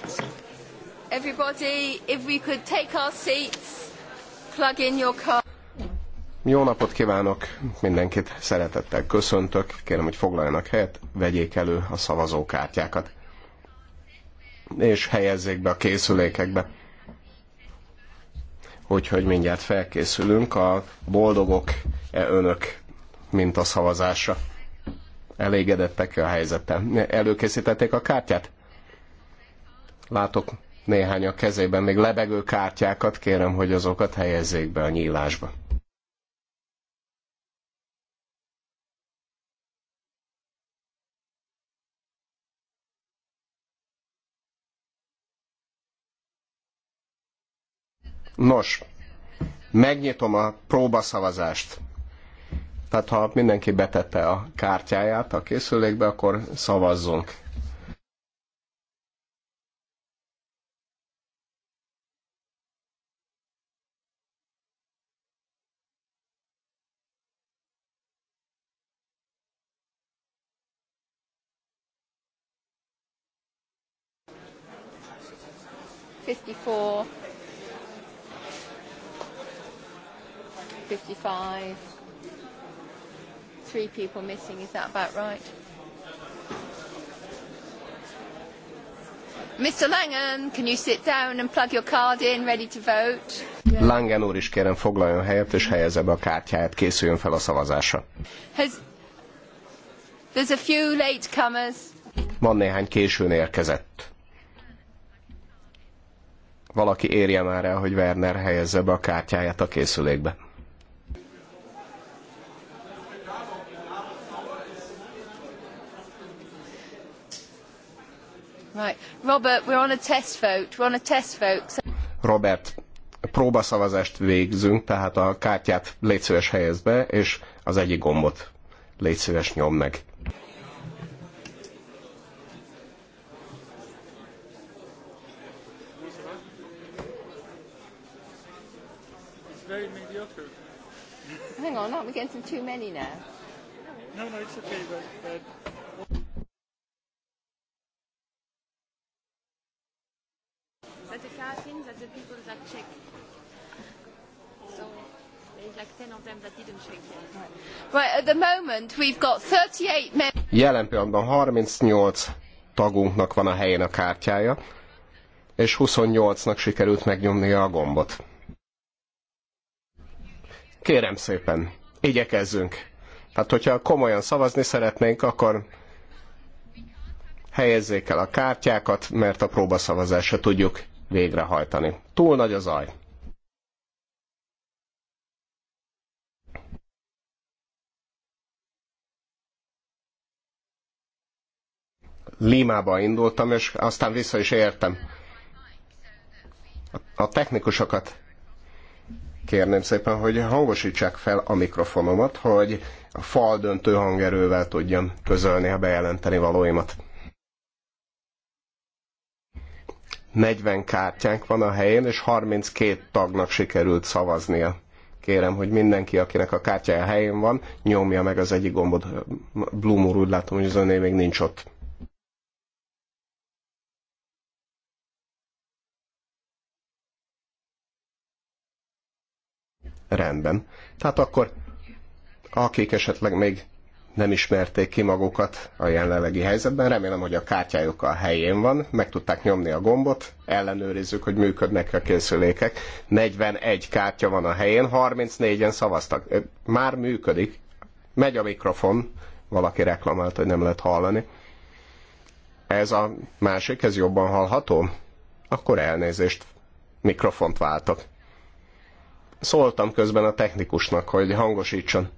Right. Everybody, if we could take our seats, plug in your car. Jó napot kívánok, mindenkit szeretettel köszöntök. Kérem, hogy foglaljanak helyet, vegyék elő a szavazókártyákat. És helyezzék be a készülékekbe. Úgyhogy mindjárt felkészülünk a boldogok-e önök mint a szavazásra. Elégedettek a helyzettel. Előkészítették a kártyát? Látok néhány a kezében még lebegő kártyákat, kérem, hogy azokat helyezzék be a nyílásba. Nos, megnyitom a próbaszavazást. Tehát ha mindenki betette a kártyáját a készülékbe, akkor szavazzunk. 55, three people missing, is that about right? Mr. Langen, can you sit down and plug your card in, ready to vote? Langen úr is kérem foglaljon helyet és helyezze be a kártyáját, készüljön fel a szavazásra. Has... There's a few latecomers. Van néhány későn érkezett valaki érje már el, hogy Werner helyezze be a kártyáját a készülékbe. Right. Robert, we're on a test vote. We're on a test vote. Robert, próbaszavazást végzünk, tehát a kártyát légy szíves be, és az egyik gombot légy szíves nyom meg. Hang on, aren't we getting too many now? No, no, it's okay, but... but... That the that the people that check. So there's like 10 of them that didn't check yet. Right. at the moment we've got 38 men... Jelen pillanatban 38 tagunknak van a helyén a kártyája, és 28-nak sikerült megnyomni a gombot. Kérem szépen, igyekezzünk. Tehát, hogyha komolyan szavazni szeretnénk, akkor helyezzék el a kártyákat, mert a próbaszavazásra tudjuk végrehajtani. Túl nagy az zaj. Limába indultam, és aztán vissza is értem. A technikusokat kérném szépen, hogy hangosítsák fel a mikrofonomat, hogy a fal döntő hangerővel tudjam közölni a bejelenteni valóimat. 40 kártyánk van a helyén, és 32 tagnak sikerült szavaznia. Kérem, hogy mindenki, akinek a kártyája helyén van, nyomja meg az egyik gombot. Blumur úgy látom, hogy az öné még nincs ott. Rendben. Tehát akkor, akik esetleg még nem ismerték ki magukat a jelenlegi helyzetben, remélem, hogy a kártyájuk a helyén van, meg tudták nyomni a gombot, ellenőrizzük, hogy működnek a készülékek. 41 kártya van a helyén, 34-en szavaztak. Már működik, megy a mikrofon, valaki reklamált, hogy nem lehet hallani. Ez a másik, ez jobban hallható? Akkor elnézést, mikrofont váltok szóltam közben a technikusnak, hogy hangosítson.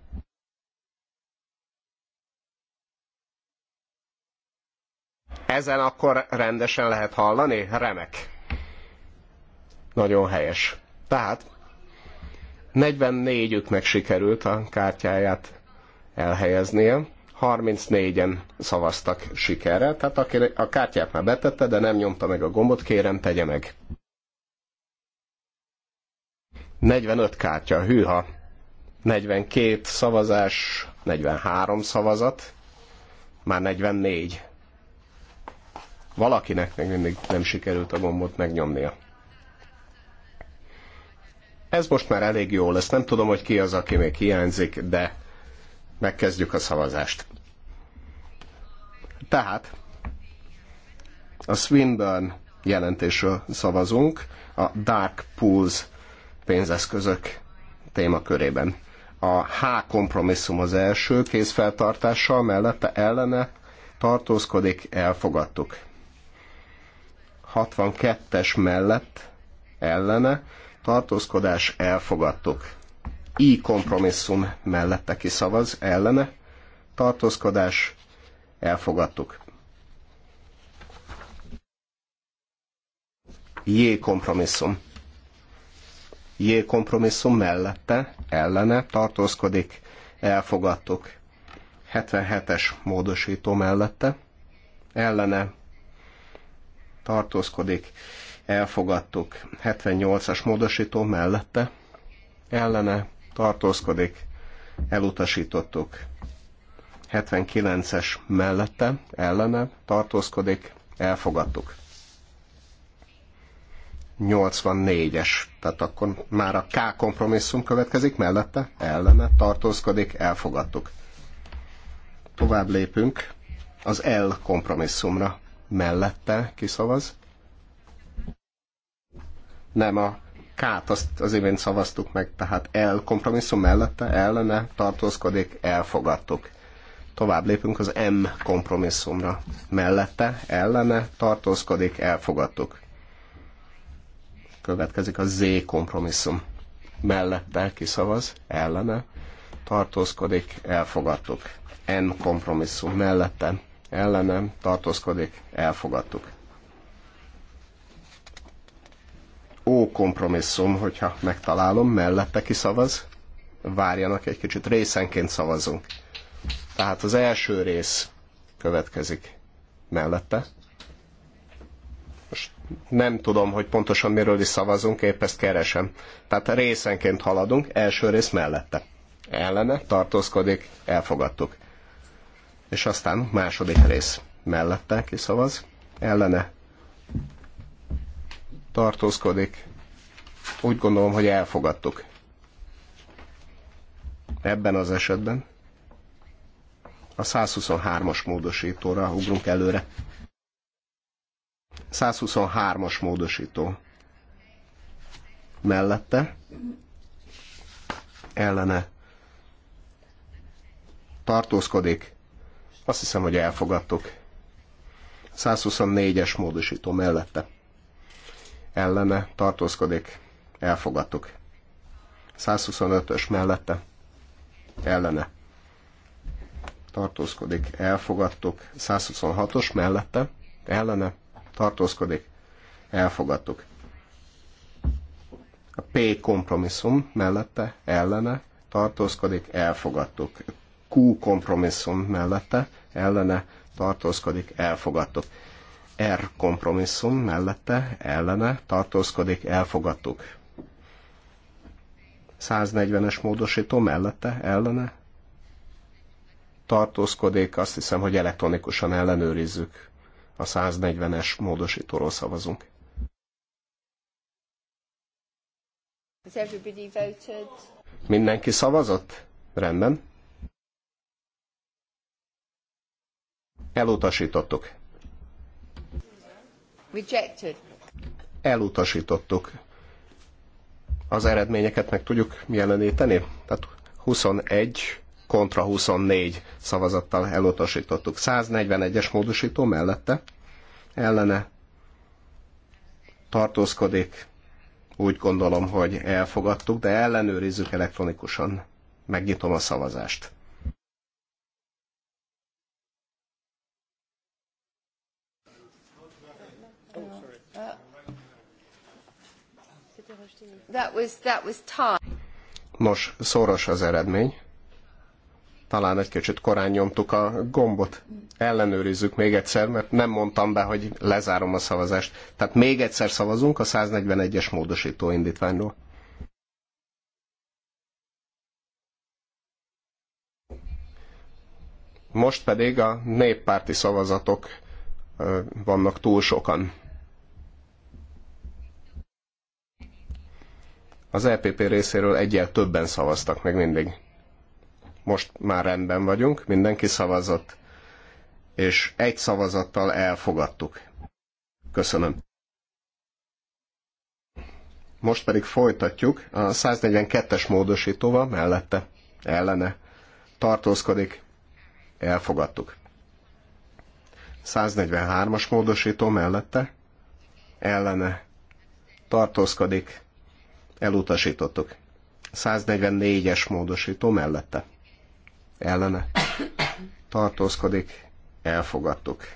Ezen akkor rendesen lehet hallani? Remek. Nagyon helyes. Tehát 44-üknek sikerült a kártyáját elhelyeznie. 34-en szavaztak sikerrel, tehát aki a kártyát már betette, de nem nyomta meg a gombot, kérem, tegye meg. 45 kártya, hűha, 42 szavazás, 43 szavazat, már 44. Valakinek még mindig nem sikerült a gombot megnyomnia. Ez most már elég jó lesz. Nem tudom, hogy ki az, aki még hiányzik, de megkezdjük a szavazást. Tehát a Swinburne jelentésről szavazunk, a Dark Pools pénzeszközök témakörében. A H kompromisszum az első kézfeltartással, mellette ellene tartózkodik, elfogadtuk. 62-es mellett ellene tartózkodás, elfogadtuk. I kompromisszum mellette kiszavaz, ellene tartózkodás, elfogadtuk. J kompromisszum J kompromisszum mellette, ellene tartózkodik, elfogadtuk. 77-es módosító mellette, ellene tartózkodik, elfogadtuk. 78-as módosító mellette, ellene tartózkodik, elutasítottuk. 79-es mellette, ellene tartózkodik, elfogadtuk. 84-es, tehát akkor már a K kompromisszum következik, mellette ellene tartózkodik, elfogadtuk. Tovább lépünk az L kompromisszumra, mellette kiszavaz. Nem a K-t, azt az imént szavaztuk meg, tehát L kompromisszum mellette ellene tartózkodik, elfogadtuk. Tovább lépünk az M kompromisszumra. Mellette, ellene tartózkodik, elfogadtuk Következik a Z kompromisszum. Mellette kiszavaz, ellene, tartózkodik, elfogadtuk. N kompromisszum mellette, ellene, tartózkodik, elfogadtuk. ó kompromisszum, hogyha megtalálom, mellette kiszavaz, várjanak egy kicsit, részenként szavazunk. Tehát az első rész következik mellette, nem tudom, hogy pontosan miről is szavazunk, épp ezt keresem. Tehát részenként haladunk, első rész mellette. Ellene tartózkodik, elfogadtuk. És aztán második rész mellette kiszavaz, ellene tartózkodik. Úgy gondolom, hogy elfogadtuk. Ebben az esetben a 123-as módosítóra ugrunk előre 123-as módosító mellette ellene tartózkodik. Azt hiszem, hogy elfogadtuk. 124-es módosító mellette ellene tartózkodik. Elfogadtuk. 125-ös mellette ellene tartózkodik. Elfogadtuk. 126-os mellette ellene tartózkodik, elfogadtuk. A P kompromisszum mellette, ellene, tartózkodik, elfogadtuk. Q kompromisszum mellette, ellene, tartózkodik, elfogadtuk. R kompromisszum mellette, ellene, tartózkodik, elfogadtuk. 140-es módosító mellette, ellene, tartózkodik, azt hiszem, hogy elektronikusan ellenőrizzük a 140-es módosítóról szavazunk. Mindenki szavazott? Rendben. Elutasítottuk. Rejected. Elutasítottuk. Az eredményeket meg tudjuk jeleníteni? Tehát 21 kontra 24 szavazattal elutasítottuk. 141-es módosító mellette ellene tartózkodik. Úgy gondolom, hogy elfogadtuk, de ellenőrizzük elektronikusan. Megnyitom a szavazást. That was, that was Nos, szoros az eredmény talán egy kicsit korán nyomtuk a gombot. Ellenőrizzük még egyszer, mert nem mondtam be, hogy lezárom a szavazást. Tehát még egyszer szavazunk a 141-es módosító indítványról. Most pedig a néppárti szavazatok vannak túl sokan. Az EPP részéről egyel többen szavaztak meg mindig. Most már rendben vagyunk, mindenki szavazott, és egy szavazattal elfogadtuk. Köszönöm. Most pedig folytatjuk a 142-es módosítóval mellette, ellene. Tartózkodik, elfogadtuk. 143-as módosító mellette, ellene. Tartózkodik, elutasítottuk. 144-es módosító mellette, ellene tartózkodik, elfogadtuk.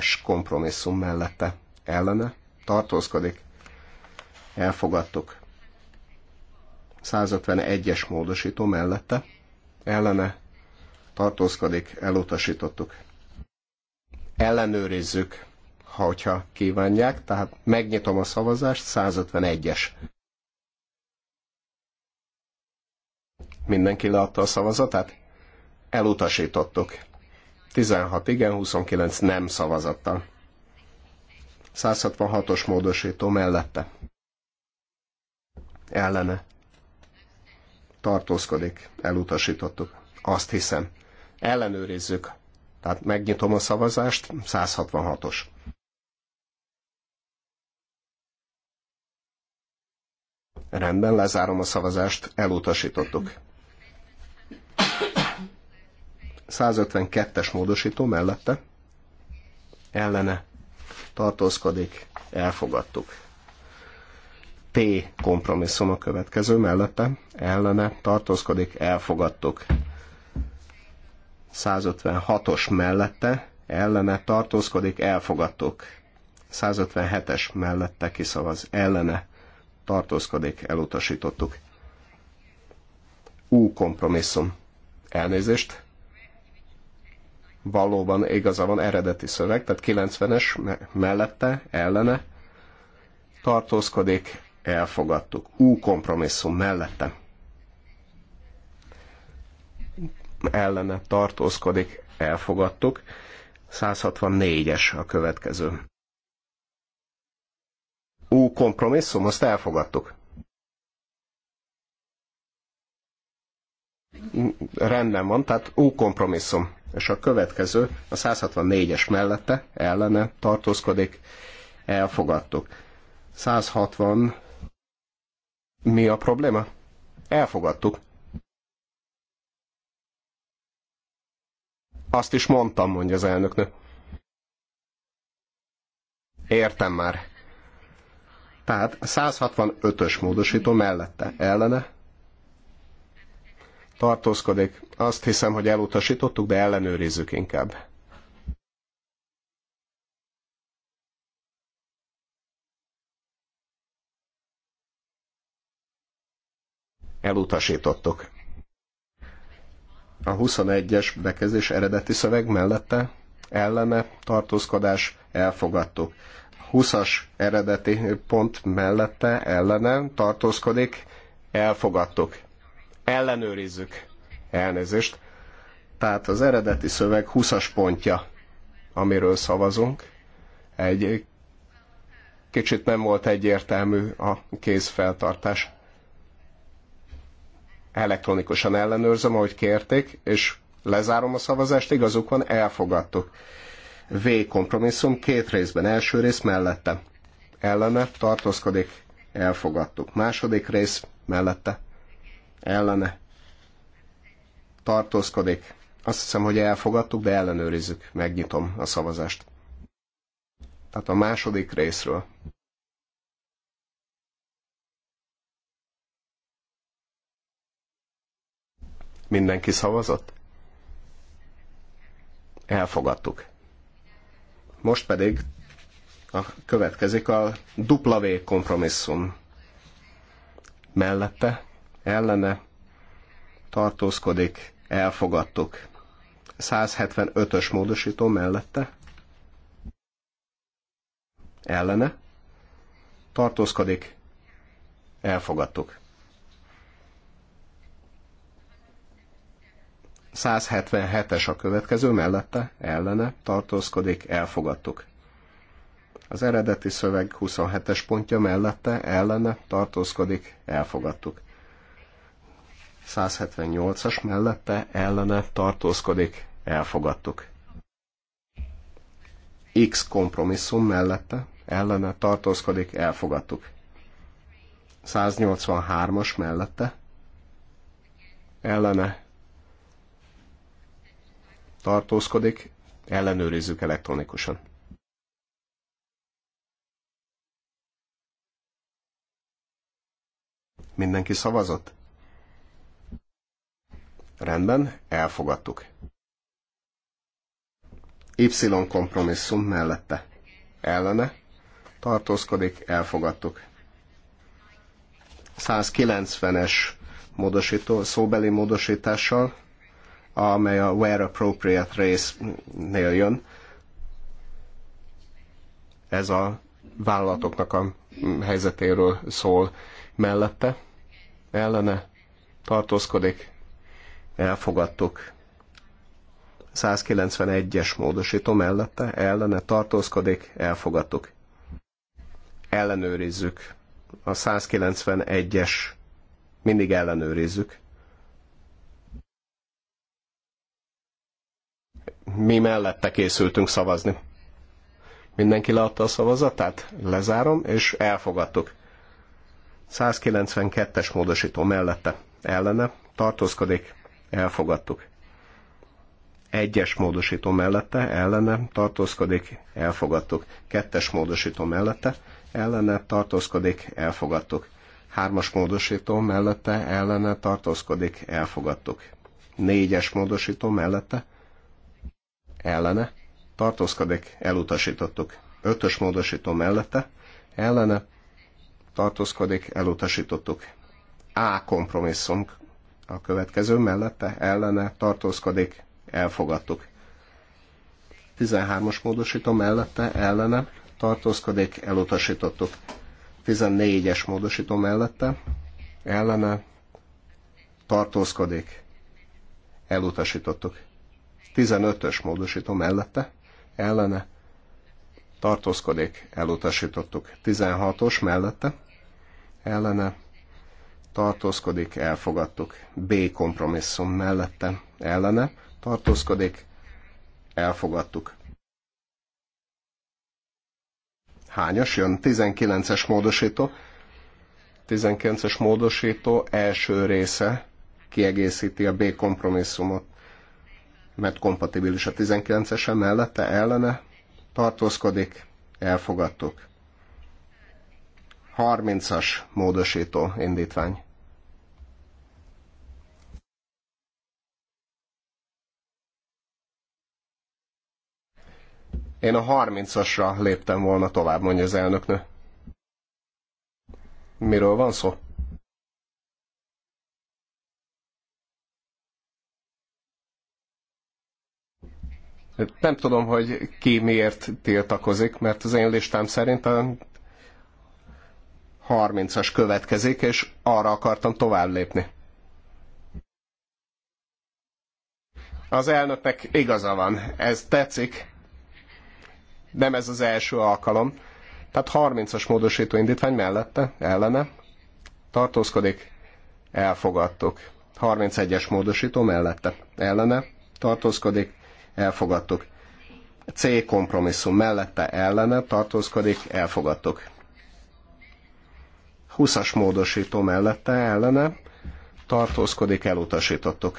S kompromisszum mellette ellene tartózkodik, elfogadtuk. 151-es módosító mellette ellene tartózkodik, elutasítottuk. Ellenőrizzük, ha hogyha kívánják, tehát megnyitom a szavazást, 151-es. Mindenki leadta a szavazatát? Elutasítottuk. 16 igen, 29 nem szavazattal. 166-os módosító mellette. Ellene. Tartózkodik. Elutasítottuk. Azt hiszem. Ellenőrizzük. Tehát megnyitom a szavazást. 166-os. Rendben, lezárom a szavazást, elutasítottuk. 152-es módosító mellette ellene tartózkodik, elfogadtuk. T kompromisszum a következő mellette, ellene tartózkodik, elfogadtuk. 156-os mellette, ellene tartózkodik, elfogadtuk. 157-es mellette kiszavaz, ellene tartózkodik, elutasítottuk. U kompromisszum elnézést, valóban igaza van eredeti szöveg, tehát 90-es mellette, ellene tartózkodik, elfogadtuk. Ú kompromisszum mellette. Ellene tartózkodik, elfogadtuk. 164-es a következő. Ú kompromisszum, azt elfogadtuk. rendben van, tehát ó kompromisszum. És a következő, a 164-es mellette, ellene tartózkodik, elfogadtuk. 160, mi a probléma? Elfogadtuk. Azt is mondtam, mondja az elnöknő. Értem már. Tehát 165-ös módosító mellette, ellene tartózkodik. Azt hiszem, hogy elutasítottuk, de ellenőrizzük inkább. Elutasítottuk. A 21-es bekezdés eredeti szöveg mellette ellene tartózkodás elfogadtuk. 20-as eredeti pont mellette ellene tartózkodik, elfogadtuk ellenőrizzük. Elnézést. Tehát az eredeti szöveg 20-as pontja, amiről szavazunk. Egy kicsit nem volt egyértelmű a kézfeltartás. Elektronikusan ellenőrzöm, ahogy kérték, és lezárom a szavazást, igazuk van, elfogadtuk. V kompromisszum két részben, első rész mellette. Ellene tartózkodik, elfogadtuk. Második rész mellette ellene tartózkodik. Azt hiszem, hogy elfogadtuk, de ellenőrizzük. Megnyitom a szavazást. Tehát a második részről. Mindenki szavazott? Elfogadtuk. Most pedig a, következik a W kompromisszum. Mellette ellene tartózkodik, elfogadtuk. 175-ös módosító mellette ellene tartózkodik, elfogadtuk. 177-es a következő mellette, ellene, tartózkodik, elfogadtuk. Az eredeti szöveg 27-es pontja mellette, ellene, tartózkodik, elfogadtuk. 178-as mellette ellene tartózkodik, elfogadtuk. X kompromisszum mellette ellene tartózkodik, elfogadtuk. 183-as mellette ellene tartózkodik, ellenőrizzük elektronikusan. Mindenki szavazott? Rendben, elfogadtuk. Y kompromisszum mellette. Ellene. Tartózkodik, elfogadtuk. 190-es módosító, szóbeli módosítással, amely a where appropriate race-nél jön. Ez a vállalatoknak a helyzetéről szól mellette, ellene tartózkodik, elfogadtuk. 191-es módosító mellette ellene tartózkodik, elfogadtuk. Ellenőrizzük. A 191-es mindig ellenőrizzük. Mi mellette készültünk szavazni. Mindenki leadta a szavazatát? Lezárom, és elfogadtuk. 192-es módosító mellette ellene tartózkodik, elfogadtuk. Egyes módosító mellette, ellene tartózkodik, elfogadtuk. Kettes módosító mellette, ellene tartózkodik, elfogadtuk. Hármas módosító mellette, ellene tartózkodik, elfogadtuk. Négyes módosító mellette, ellene tartózkodik, elutasítottuk. Ötös módosító mellette, ellene tartózkodik, elutasítottuk. A kompromisszum a következő mellette ellene tartózkodik, elfogadtuk. 13-as módosító mellette ellene tartózkodik, elutasítottuk. 14-es módosító mellette ellene tartózkodik, elutasítottuk. 15-ös módosító mellette ellene tartózkodik, elutasítottuk. 16-os mellette ellene tartózkodik, elfogadtuk. B kompromisszum mellette, ellene, tartózkodik, elfogadtuk. Hányas jön? 19-es módosító. 19-es módosító első része kiegészíti a B kompromisszumot, mert kompatibilis a 19-ese mellette, ellene, tartózkodik, elfogadtuk. 30-as módosító indítvány. Én a 30-asra léptem volna tovább, mondja az elnöknő. Miről van szó? Nem tudom, hogy ki miért tiltakozik, mert az én listám szerint a 30-as következik, és arra akartam tovább lépni. Az elnöknek igaza van, ez tetszik. Nem ez az első alkalom. Tehát 30-as módosító indítvány mellette, ellene, tartózkodik, elfogadtuk. 31-es módosító mellette, ellene, tartózkodik, elfogadtuk. C kompromisszum mellette, ellene, tartózkodik, elfogadtuk. 20-as módosító mellette ellene tartózkodik, elutasítottuk.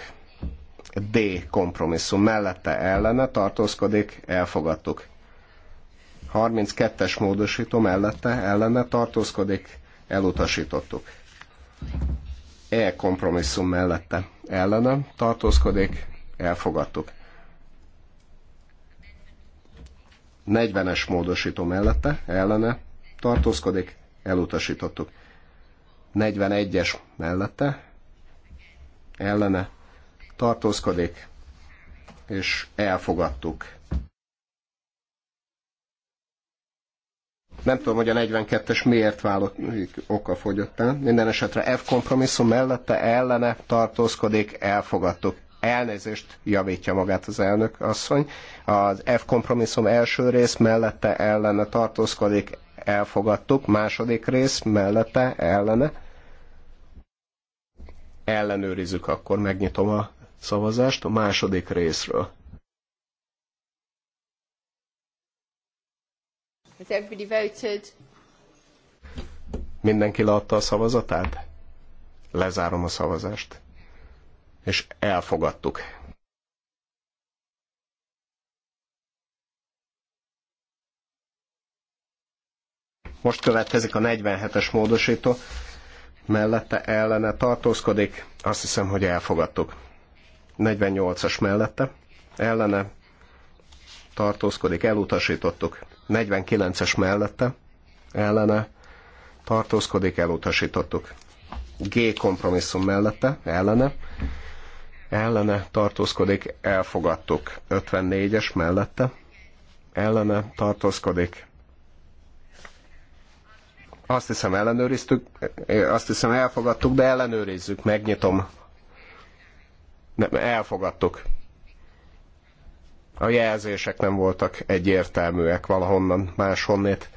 D kompromisszum mellette ellene tartózkodik, elfogadtuk. 32-es módosító mellette ellene tartózkodik, elutasítottuk. E kompromisszum mellette ellene tartózkodik, elfogadtuk. 40-es módosító mellette ellene tartózkodik, elutasítottuk. 41-es mellette ellene tartózkodik, és elfogadtuk. Nem tudom, hogy a 42-es miért válott oka el. Minden esetre F kompromisszum mellette ellene tartózkodik, elfogadtuk. Elnézést javítja magát az elnök asszony. Az F kompromisszum első rész mellette ellene tartózkodik, elfogadtuk. Második rész mellette ellene ellenőrizzük, akkor megnyitom a szavazást a második részről. Has everybody voted? Mindenki leadta a szavazatát? Lezárom a szavazást. És elfogadtuk. Most következik a 47-es módosító mellette ellene tartózkodik, azt hiszem, hogy elfogadtuk. 48-as mellette ellene tartózkodik, elutasítottuk. 49-es mellette ellene tartózkodik, elutasítottuk. G kompromisszum mellette ellene ellene tartózkodik, elfogadtuk. 54-es mellette ellene tartózkodik, azt hiszem ellenőriztük, azt hiszem elfogadtuk, de ellenőrizzük, megnyitom. Nem, elfogadtuk. A jelzések nem voltak egyértelműek valahonnan, máshonnét.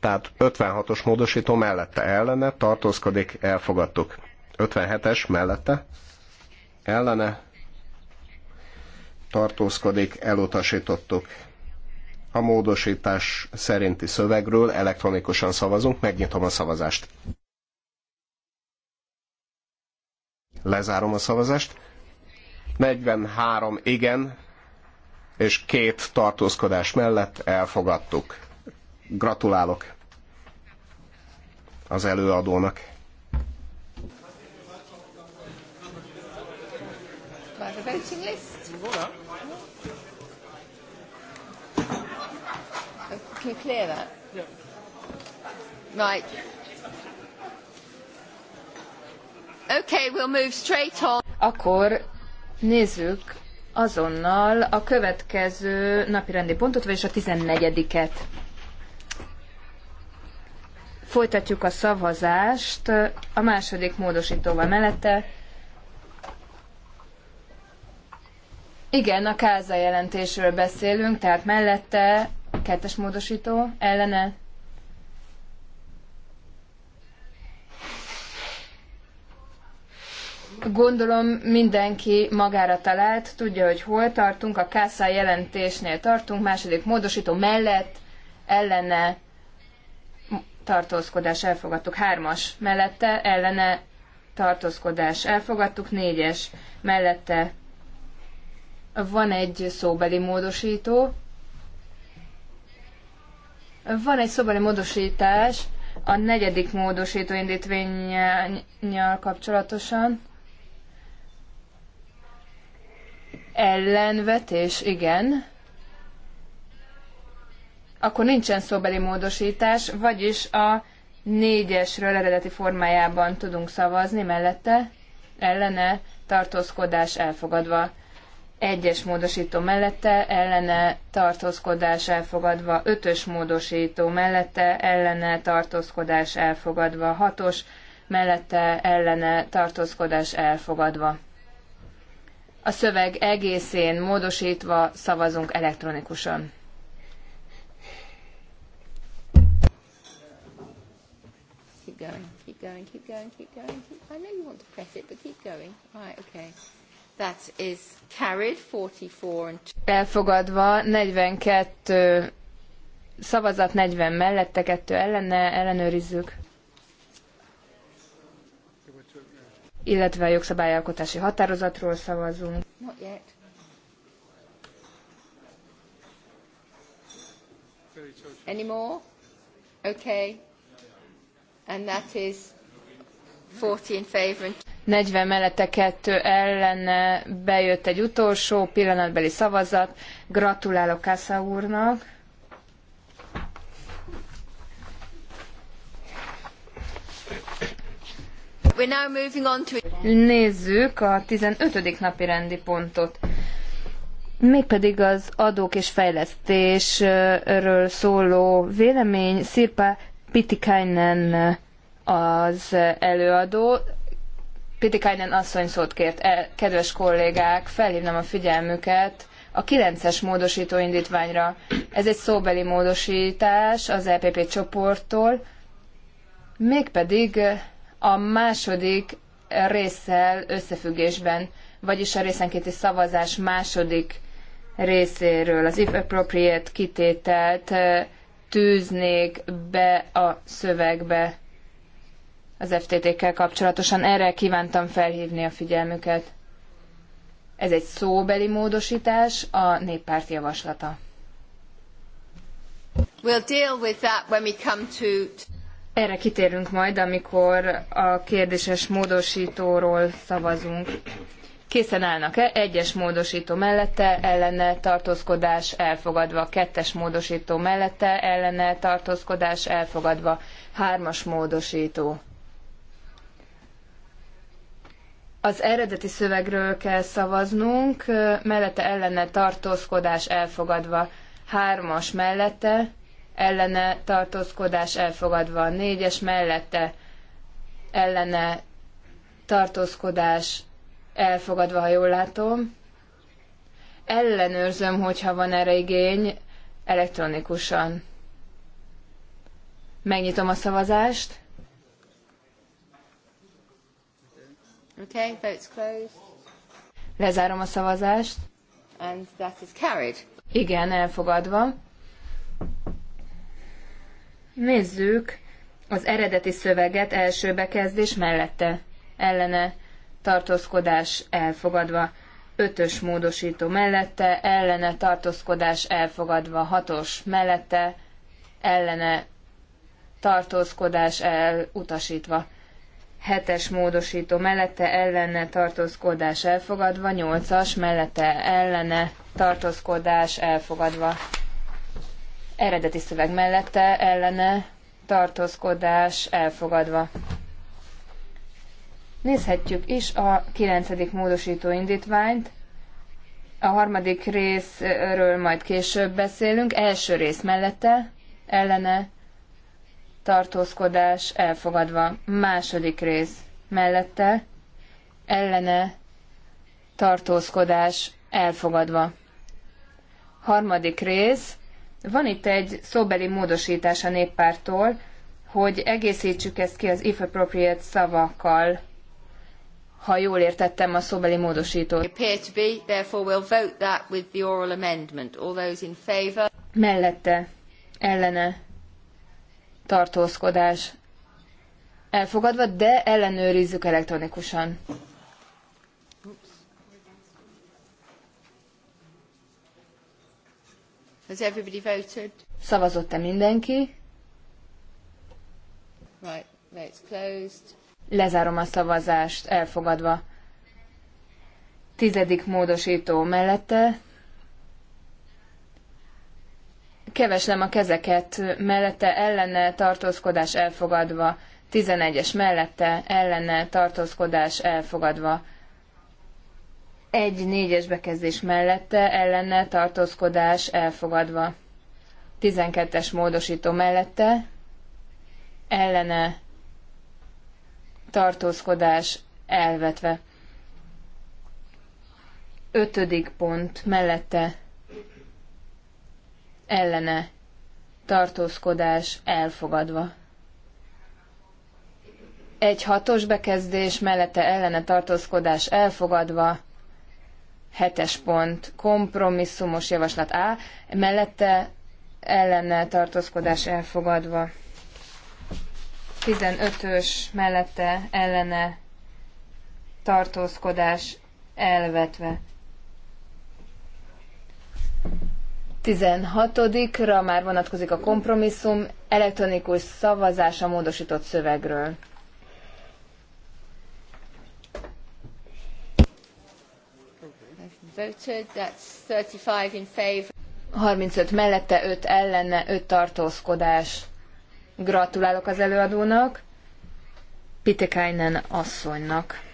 Tehát 56-os módosító mellette ellene, tartózkodik, elfogadtuk. 57-es mellette ellene, tartózkodik, elutasítottuk a módosítás szerinti szövegről elektronikusan szavazunk, megnyitom a szavazást. Lezárom a szavazást. 43 igen, és két tartózkodás mellett elfogadtuk. Gratulálok az előadónak. By a voting list. Can you clear that? Yeah. Right. Okay, we'll move straight on. Akkor nézzük azonnal a következő napirendi pontot, vagyis a 14-et. Folytatjuk a szavazást a második módosítóval mellette. Igen, a káza jelentésről beszélünk, tehát mellette Kettes módosító ellene Gondolom mindenki magára talált, tudja, hogy hol tartunk, a Kásza jelentésnél tartunk, második módosító mellett ellene tartózkodás elfogadtuk, hármas mellette ellene tartózkodás elfogadtuk, négyes mellette van egy szóbeli módosító, van egy szobani módosítás a negyedik módosító indítvényjal kapcsolatosan. Ellenvetés, igen. Akkor nincsen szóbeli módosítás, vagyis a négyesről eredeti formájában tudunk szavazni, mellette ellene tartózkodás elfogadva egyes módosító mellette ellene tartózkodás elfogadva, ötös módosító mellette ellene tartózkodás elfogadva, hatos mellette ellene tartózkodás elfogadva. A szöveg egészén módosítva szavazunk elektronikusan. Keep going, keep going, keep going, keep going. I know you want to press it, but keep going. Right, okay. That is carried 44 and... Elfogadva 42 szavazat 40 mellette, 2 ellene, ellenőrizzük. Illetve a jogszabályalkotási határozatról szavazunk. Not yet. Any more? Okay. And that is 40 in favor and 40 mellette 2 ellene bejött egy utolsó pillanatbeli szavazat. Gratulálok Kásza úrnak. Nézzük a 15. napi rendi pontot. Mégpedig az adók és fejlesztésről szóló vélemény Szirpa Pitikainen az előadó. Pitikainen asszony szót kért. E, kedves kollégák, felhívnám a figyelmüket a 9-es módosító indítványra. Ez egy szóbeli módosítás az EPP csoporttól, mégpedig a második résszel összefüggésben, vagyis a részenkéti szavazás második részéről, az if appropriate kitételt tűznék be a szövegbe az FTT-kkel kapcsolatosan. Erre kívántam felhívni a figyelmüket. Ez egy szóbeli módosítás, a néppárt javaslata. We'll deal with that when we come to... Erre kitérünk majd, amikor a kérdéses módosítóról szavazunk. Készen állnak-e? Egyes módosító mellette, ellene tartózkodás elfogadva. Kettes módosító mellette, ellene tartózkodás elfogadva. Hármas módosító Az eredeti szövegről kell szavaznunk, mellette ellene tartózkodás elfogadva. Hármas mellette ellene tartózkodás elfogadva. Négyes mellette ellene tartózkodás elfogadva, ha jól látom. Ellenőrzöm, hogyha van erre igény, elektronikusan. Megnyitom a szavazást. Okay, vote's closed. Lezárom a szavazást. And that is carried. Igen, elfogadva. Nézzük az eredeti szöveget első bekezdés mellette. Ellene tartózkodás elfogadva. Ötös módosító mellette, ellene tartózkodás elfogadva. Hatos mellette, ellene tartózkodás elutasítva hetes módosító mellette ellene tartózkodás elfogadva, nyolcas mellette ellene tartózkodás elfogadva. Eredeti szöveg mellette ellene tartózkodás elfogadva. Nézhetjük is a kilencedik módosító indítványt. A harmadik részről majd később beszélünk. Első rész mellette ellene tartózkodás elfogadva. Második rész mellette ellene tartózkodás elfogadva. Harmadik rész. Van itt egy szóbeli módosítás a néppártól, hogy egészítsük ezt ki az if appropriate szavakkal, ha jól értettem a szóbeli módosítót. Mellette, ellene, tartózkodás elfogadva, de ellenőrizzük elektronikusan. Has everybody voted? Szavazott-e mindenki? Right, it's closed. Lezárom a szavazást, elfogadva. Tizedik módosító mellette, keveslem a kezeket mellette ellene tartózkodás elfogadva, 11-es mellette ellene tartózkodás elfogadva, 1-4-es bekezdés mellette ellene tartózkodás elfogadva, 12-es módosító mellette ellene tartózkodás elvetve. Ötödik pont mellette ellene tartózkodás elfogadva. Egy hatos bekezdés mellette ellene tartózkodás elfogadva. Hetes pont. Kompromisszumos javaslat A. Mellette ellene tartózkodás elfogadva. 15-ös mellette ellene tartózkodás elvetve. 16-ra már vonatkozik a kompromisszum elektronikus szavazása módosított szövegről. Harmincöt 35 mellette, 5 ellene, 5 tartózkodás. Gratulálok az előadónak, Pitekainen asszonynak.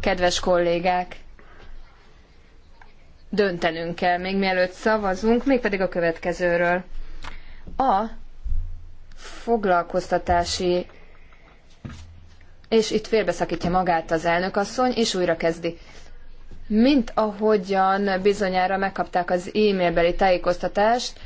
Kedves kollégák, döntenünk kell, még mielőtt szavazunk, mégpedig a következőről. A foglalkoztatási, és itt félbeszakítja magát az elnök asszony, és újra kezdi. Mint ahogyan bizonyára megkapták az e-mailbeli tájékoztatást,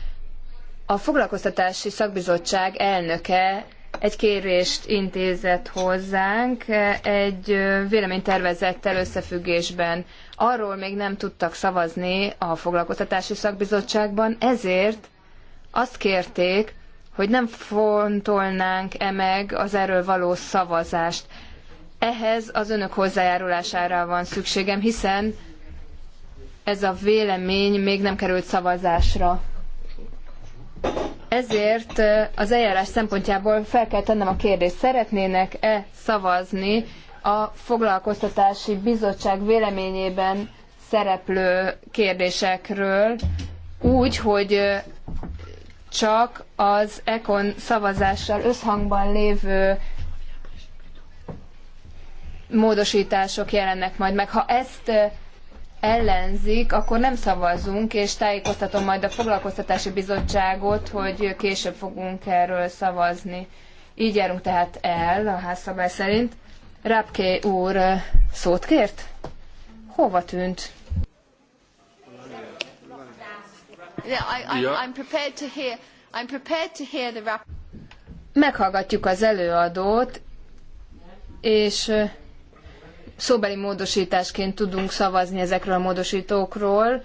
a foglalkoztatási szakbizottság elnöke egy kérést intézett hozzánk egy véleménytervezettel összefüggésben. Arról még nem tudtak szavazni a foglalkoztatási szakbizottságban, ezért azt kérték, hogy nem fontolnánk-e meg az erről való szavazást. Ehhez az önök hozzájárulására van szükségem, hiszen ez a vélemény még nem került szavazásra. Ezért az eljárás szempontjából fel kell tennem a kérdést, szeretnének-e szavazni a foglalkoztatási bizottság véleményében szereplő kérdésekről úgy, hogy csak az ECON szavazással összhangban lévő módosítások jelennek majd meg. Ha ezt ellenzik, akkor nem szavazunk, és tájékoztatom majd a foglalkoztatási bizottságot, hogy később fogunk erről szavazni. Így járunk tehát el a házszabály szerint. Rápké úr szót kért? Hova tűnt? Meghallgatjuk az előadót, és szóbeli módosításként tudunk szavazni ezekről a módosítókról.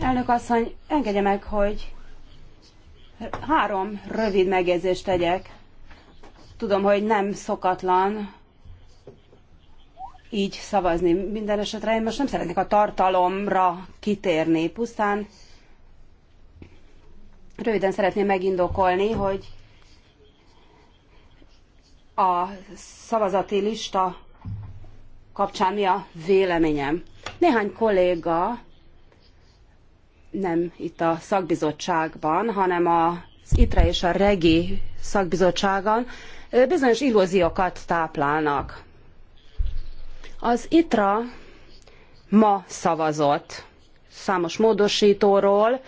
Elnök asszony, engedje meg, hogy három rövid megjegyzést tegyek. Tudom, hogy nem szokatlan így szavazni. Minden esetre én most nem szeretnék a tartalomra kitérni, pusztán röviden szeretném megindokolni, hogy a szavazati lista kapcsán mi a véleményem. Néhány kolléga nem itt a szakbizottságban, hanem az ITRE és a REGI szakbizottságon bizonyos illúziókat táplálnak. Az ITRA ma szavazott számos módosítóról,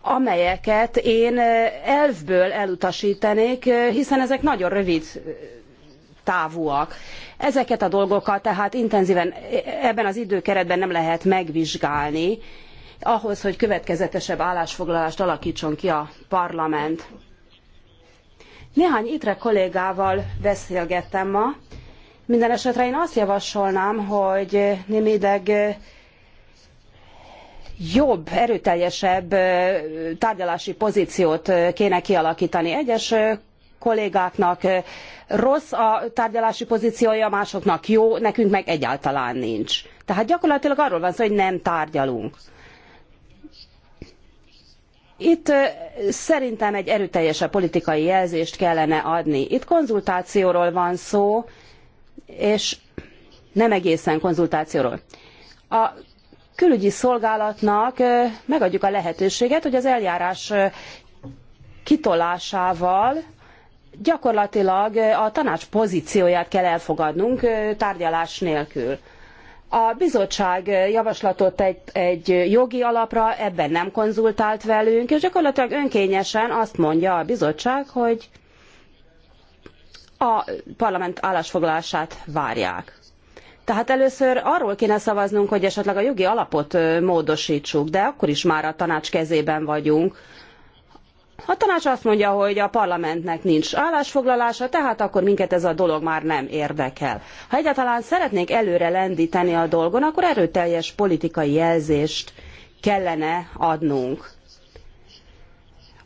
amelyeket én elvből elutasítanék, hiszen ezek nagyon rövid távúak. Ezeket a dolgokat tehát intenzíven ebben az időkeretben nem lehet megvizsgálni, ahhoz, hogy következetesebb állásfoglalást alakítson ki a parlament. Néhány itre kollégával beszélgettem ma. Minden esetre én azt javasolnám, hogy némileg jobb, erőteljesebb tárgyalási pozíciót kéne kialakítani. Egyes kollégáknak rossz a tárgyalási pozíciója, másoknak jó, nekünk meg egyáltalán nincs. Tehát gyakorlatilag arról van szó, hogy nem tárgyalunk. Itt szerintem egy erőteljesebb politikai jelzést kellene adni. Itt konzultációról van szó, és nem egészen konzultációról. A külügyi szolgálatnak megadjuk a lehetőséget, hogy az eljárás kitolásával gyakorlatilag a tanács pozícióját kell elfogadnunk tárgyalás nélkül. A bizottság javaslatot egy, egy, jogi alapra ebben nem konzultált velünk, és gyakorlatilag önkényesen azt mondja a bizottság, hogy a parlament állásfoglalását várják. Tehát először arról kéne szavaznunk, hogy esetleg a jogi alapot módosítsuk, de akkor is már a tanács kezében vagyunk, a tanács azt mondja, hogy a parlamentnek nincs állásfoglalása, tehát akkor minket ez a dolog már nem érdekel. Ha egyáltalán szeretnénk előre lendíteni a dolgon, akkor erőteljes politikai jelzést kellene adnunk.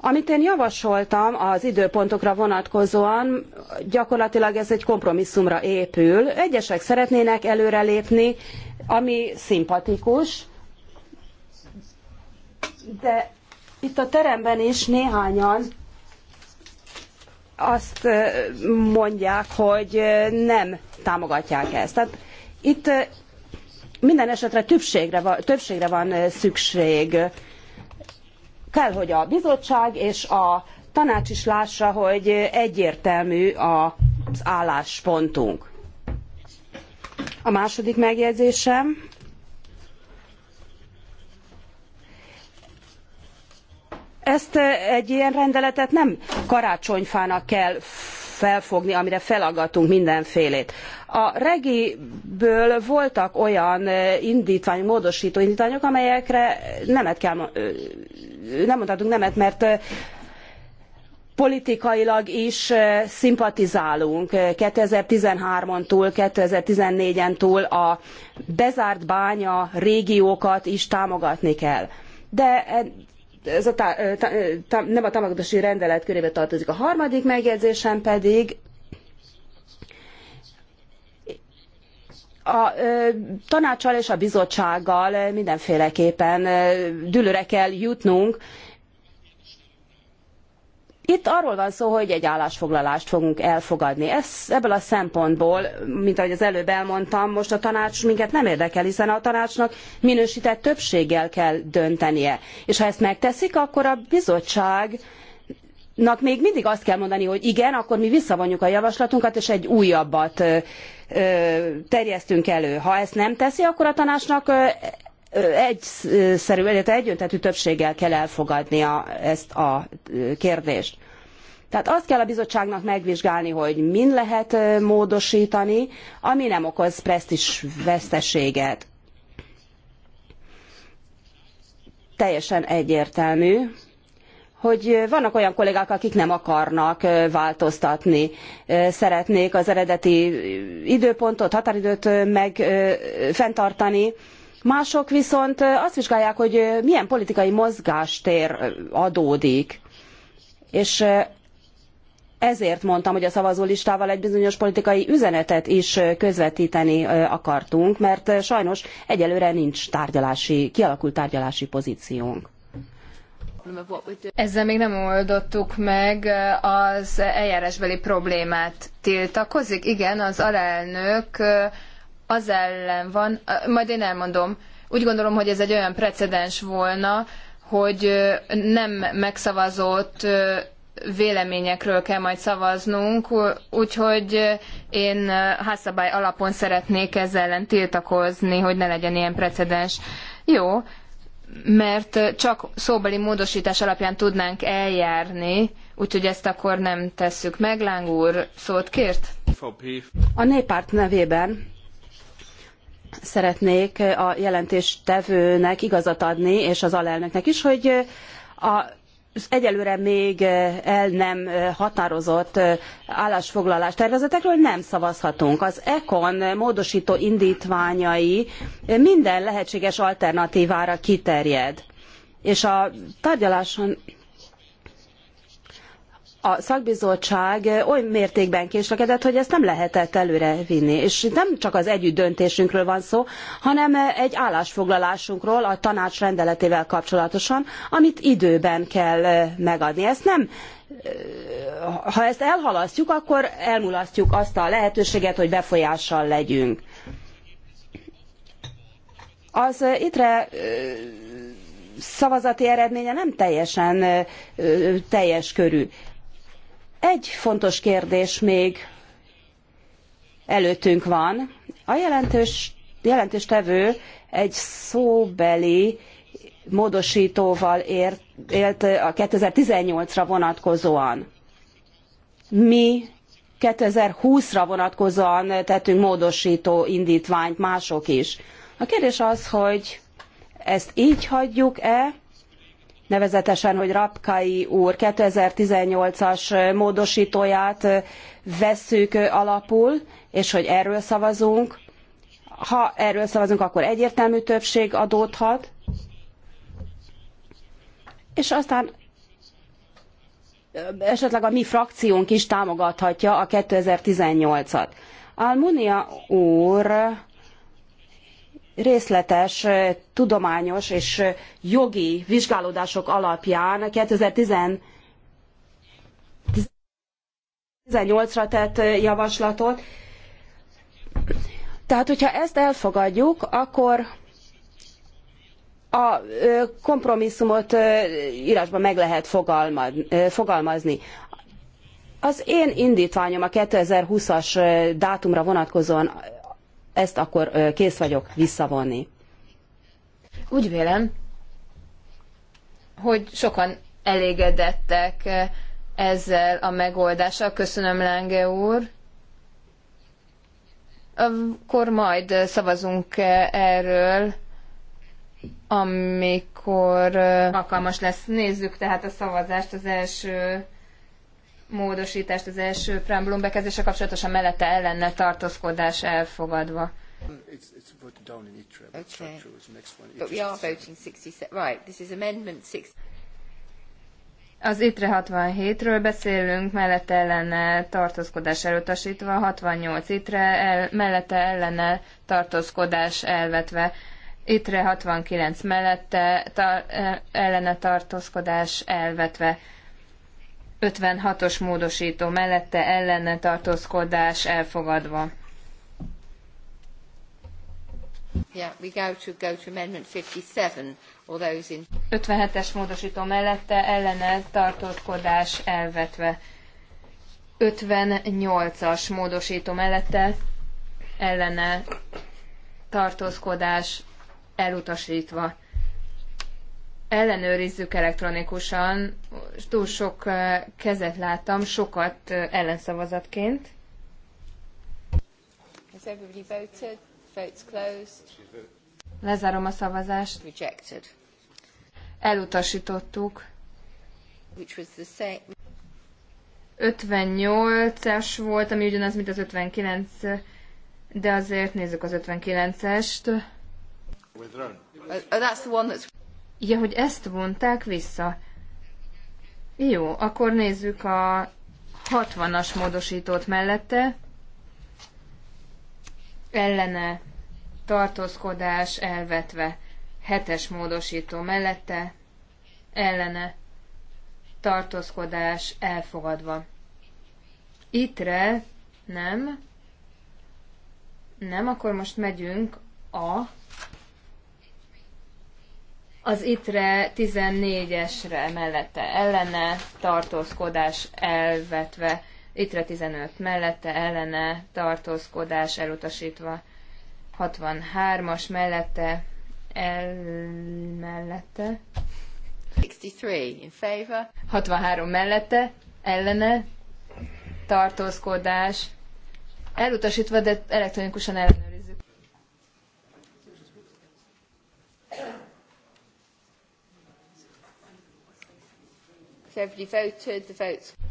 Amit én javasoltam az időpontokra vonatkozóan, gyakorlatilag ez egy kompromisszumra épül. Egyesek szeretnének előrelépni, ami szimpatikus, de itt a teremben is néhányan azt mondják, hogy nem támogatják ezt. Tehát itt minden esetre többségre van, többségre van szükség. Kell, hogy a bizottság és a tanács is lássa, hogy egyértelmű az álláspontunk. A második megjegyzésem ezt egy ilyen rendeletet nem karácsonyfának kell felfogni, amire felaggatunk mindenfélét. A regiből voltak olyan indítvány, módosító indítványok, amelyekre nemet kell, nem mondhatunk nemet, mert politikailag is szimpatizálunk 2013-on túl, 2014-en túl a bezárt bánya régiókat is támogatni kell. De e, ez a tá, tá, tá, nem a támogatási rendelet körébe tartozik. A harmadik megjegyzésem pedig a ö, és a bizottsággal mindenféleképpen ö, dülőre kell jutnunk, itt arról van szó, hogy egy állásfoglalást fogunk elfogadni. Ez, ebből a szempontból, mint ahogy az előbb elmondtam, most a tanács minket nem érdekel, hiszen a tanácsnak minősített többséggel kell döntenie. És ha ezt megteszik, akkor a bizottság nak még mindig azt kell mondani, hogy igen, akkor mi visszavonjuk a javaslatunkat, és egy újabbat terjesztünk elő. Ha ezt nem teszi, akkor a tanácsnak egyszerű, illetve hát egyöntetű többséggel kell elfogadnia ezt a kérdést. Tehát azt kell a bizottságnak megvizsgálni, hogy min lehet módosítani, ami nem okoz presztis veszteséget. Teljesen egyértelmű, hogy vannak olyan kollégák, akik nem akarnak változtatni. Szeretnék az eredeti időpontot, határidőt meg fenntartani, Mások viszont azt vizsgálják, hogy milyen politikai mozgástér adódik. És ezért mondtam, hogy a szavazólistával egy bizonyos politikai üzenetet is közvetíteni akartunk, mert sajnos egyelőre nincs tárgyalási, kialakult tárgyalási pozíciónk. Ezzel még nem oldottuk meg az eljárásbeli problémát. Tiltakozik? Igen, az alelnök az ellen van, majd én elmondom, úgy gondolom, hogy ez egy olyan precedens volna, hogy nem megszavazott véleményekről kell majd szavaznunk, úgyhogy én házszabály alapon szeretnék ezzel ellen tiltakozni, hogy ne legyen ilyen precedens. Jó, mert csak szóbeli módosítás alapján tudnánk eljárni, úgyhogy ezt akkor nem tesszük meg. Láng úr szót kért? A néppárt nevében szeretnék a jelentéstevőnek igazat adni, és az alelnöknek is, hogy a az egyelőre még el nem határozott állásfoglalás tervezetekről nem szavazhatunk. Az ECON módosító indítványai minden lehetséges alternatívára kiterjed. És a tárgyaláson a szakbizottság oly mértékben késlekedett, hogy ezt nem lehetett előre vinni. És itt nem csak az együtt döntésünkről van szó, hanem egy állásfoglalásunkról a tanács rendeletével kapcsolatosan, amit időben kell megadni. Ezt nem ha ezt elhalasztjuk, akkor elmulasztjuk azt a lehetőséget, hogy befolyással legyünk. Az ITRE szavazati eredménye nem teljesen teljes körű. Egy fontos kérdés még előttünk van. A jelentős, jelentéstevő egy szóbeli módosítóval ért, élt a 2018-ra vonatkozóan. Mi 2020-ra vonatkozóan tettünk módosító indítványt, mások is. A kérdés az, hogy ezt így hagyjuk-e, nevezetesen, hogy Rapkai úr 2018-as módosítóját vesszük alapul, és hogy erről szavazunk. Ha erről szavazunk, akkor egyértelmű többség adódhat, és aztán esetleg a mi frakciónk is támogathatja a 2018-at. Almunia úr részletes tudományos és jogi vizsgálódások alapján 2018-ra tett javaslatot. Tehát, hogyha ezt elfogadjuk, akkor a kompromisszumot írásban meg lehet fogalmazni. Az én indítványom a 2020-as dátumra vonatkozóan ezt akkor kész vagyok visszavonni. Úgy vélem, hogy sokan elégedettek ezzel a megoldással. Köszönöm, Lange úr. Akkor majd szavazunk erről, amikor alkalmas lesz. Nézzük tehát a szavazást az első módosítást az első preambulum bekezdése kapcsolatosan mellette ellenne tartózkodás elfogadva. Az ITRE 67-ről beszélünk, mellette ellene tartózkodás elutasítva, 68 ITRE el, mellette ellene tartózkodás elvetve, ITRE 69 mellette ta, e- ellene tartózkodás elvetve. 56-os módosító mellette ellene tartózkodás elfogadva. Yeah, we go to, go to amendment 57. in... 57-es módosító mellette ellene tartózkodás elvetve. 58-as módosító mellette ellene tartózkodás elutasítva ellenőrizzük elektronikusan, túl sok kezet láttam, sokat ellenszavazatként. Has everybody voted? Votes closed. Lezárom a szavazást. Rejected. Elutasítottuk. Which was the same. 58-es volt, ami ugyanaz, mint az 59, de azért nézzük az 59-est. Oh, that's the one that's... Ja, hogy ezt vonták vissza. Jó, akkor nézzük a 60-as módosítót mellette. Ellene tartózkodás elvetve. 7-es módosító mellette. Ellene tartózkodás elfogadva. Ittre nem. Nem, akkor most megyünk a az ITRE 14-esre mellette ellene tartózkodás elvetve, ITRE 15 mellette ellene tartózkodás elutasítva, 63-as mellette el mellette 63 in favor 63 mellette ellene tartózkodás elutasítva, de elektronikusan ellenőrizzük.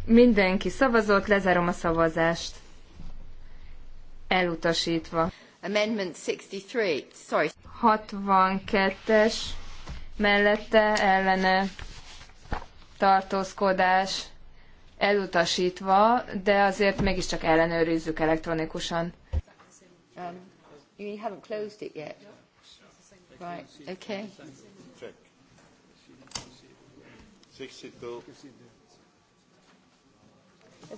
Mindenki szavazott, lezárom a szavazást. Elutasítva. Amendment 63. Sorry. 62-es mellette ellene tartózkodás elutasítva, de azért mégiscsak ellenőrizzük elektronikusan. Um, you haven't closed it yet. Right, okay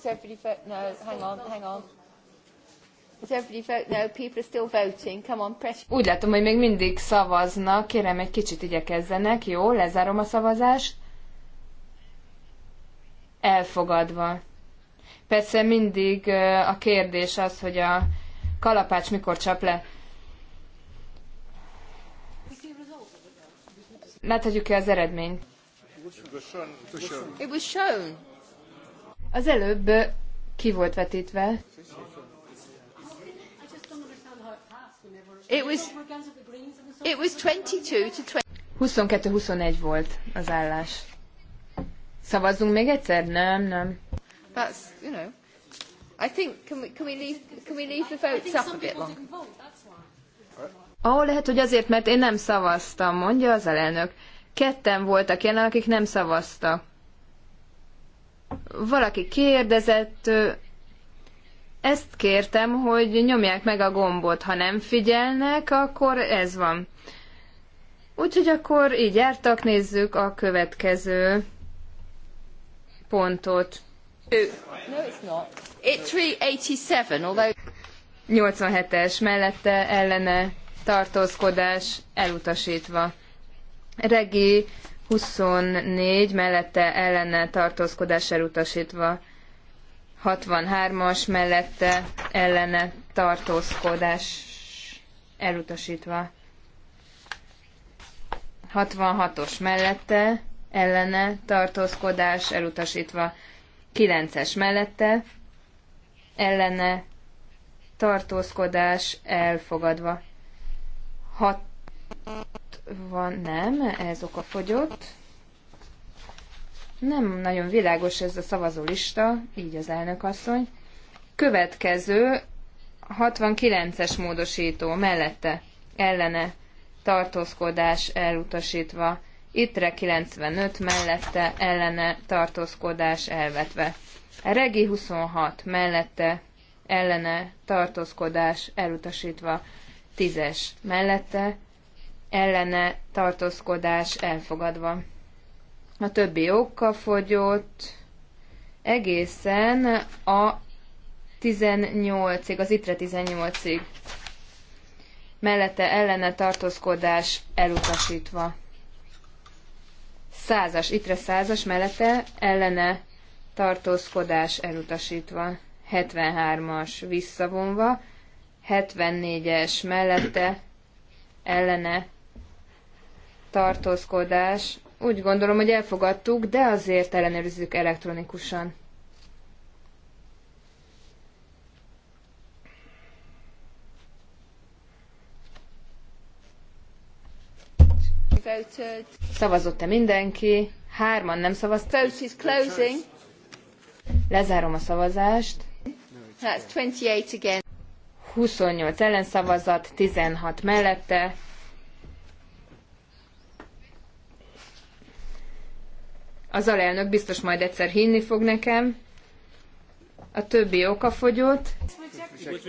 everybody No, hang on, hang on. everybody No, people are still voting. Come on, press. Úgy látom, hogy még mindig szavaznak. Kérem, egy kicsit igyekezzenek. Jó, lezárom a szavazást. Elfogadva. Persze mindig a kérdés az, hogy a kalapács mikor csap le. Láthatjuk-e az eredményt? It was shown. Az előbb ki volt vetítve. It was, it was 22 to 22-21 volt az állás. Szavazzunk még egyszer? Nem, nem. That's, you know, I think, can we, can we leave, can we leave the votes up a bit long? Ó, oh, lehet, hogy azért, mert én nem szavaztam, mondja az elnök ketten voltak jelen, akik nem szavaztak. Valaki kérdezett, ezt kértem, hogy nyomják meg a gombot. Ha nem figyelnek, akkor ez van. Úgyhogy akkor így jártak, nézzük a következő pontot. 387, 87-es mellette ellene tartózkodás elutasítva. Regi 24 mellette ellene tartózkodás elutasítva. 63-as mellette ellene tartózkodás elutasítva. 66-os mellette ellene tartózkodás elutasítva. 9-es mellette ellene tartózkodás elfogadva. 6 van, nem, ez oka fogyott. Nem nagyon világos ez a szavazólista, így az elnök asszony. Következő 69-es módosító mellette ellene tartózkodás elutasítva. Ittre 95 mellette ellene tartózkodás elvetve. Regi 26 mellette ellene tartózkodás elutasítva. 10-es mellette ellene tartózkodás elfogadva. A többi oka fogyott egészen a 18-ig, az itre 18-ig. Mellette ellene tartózkodás elutasítva. Százas, itre százas, mellette ellene tartózkodás elutasítva. 73-as visszavonva, 74-es mellette ellene tartózkodás. Úgy gondolom, hogy elfogadtuk, de azért ellenőrizzük elektronikusan. Szavazott-e mindenki? Hárman nem szavaztak. closing. Lezárom a szavazást. 28 ellen szavazat, 16 mellette, Az alelnök biztos majd egyszer hinni fog nekem. A többi oka fogyott. Then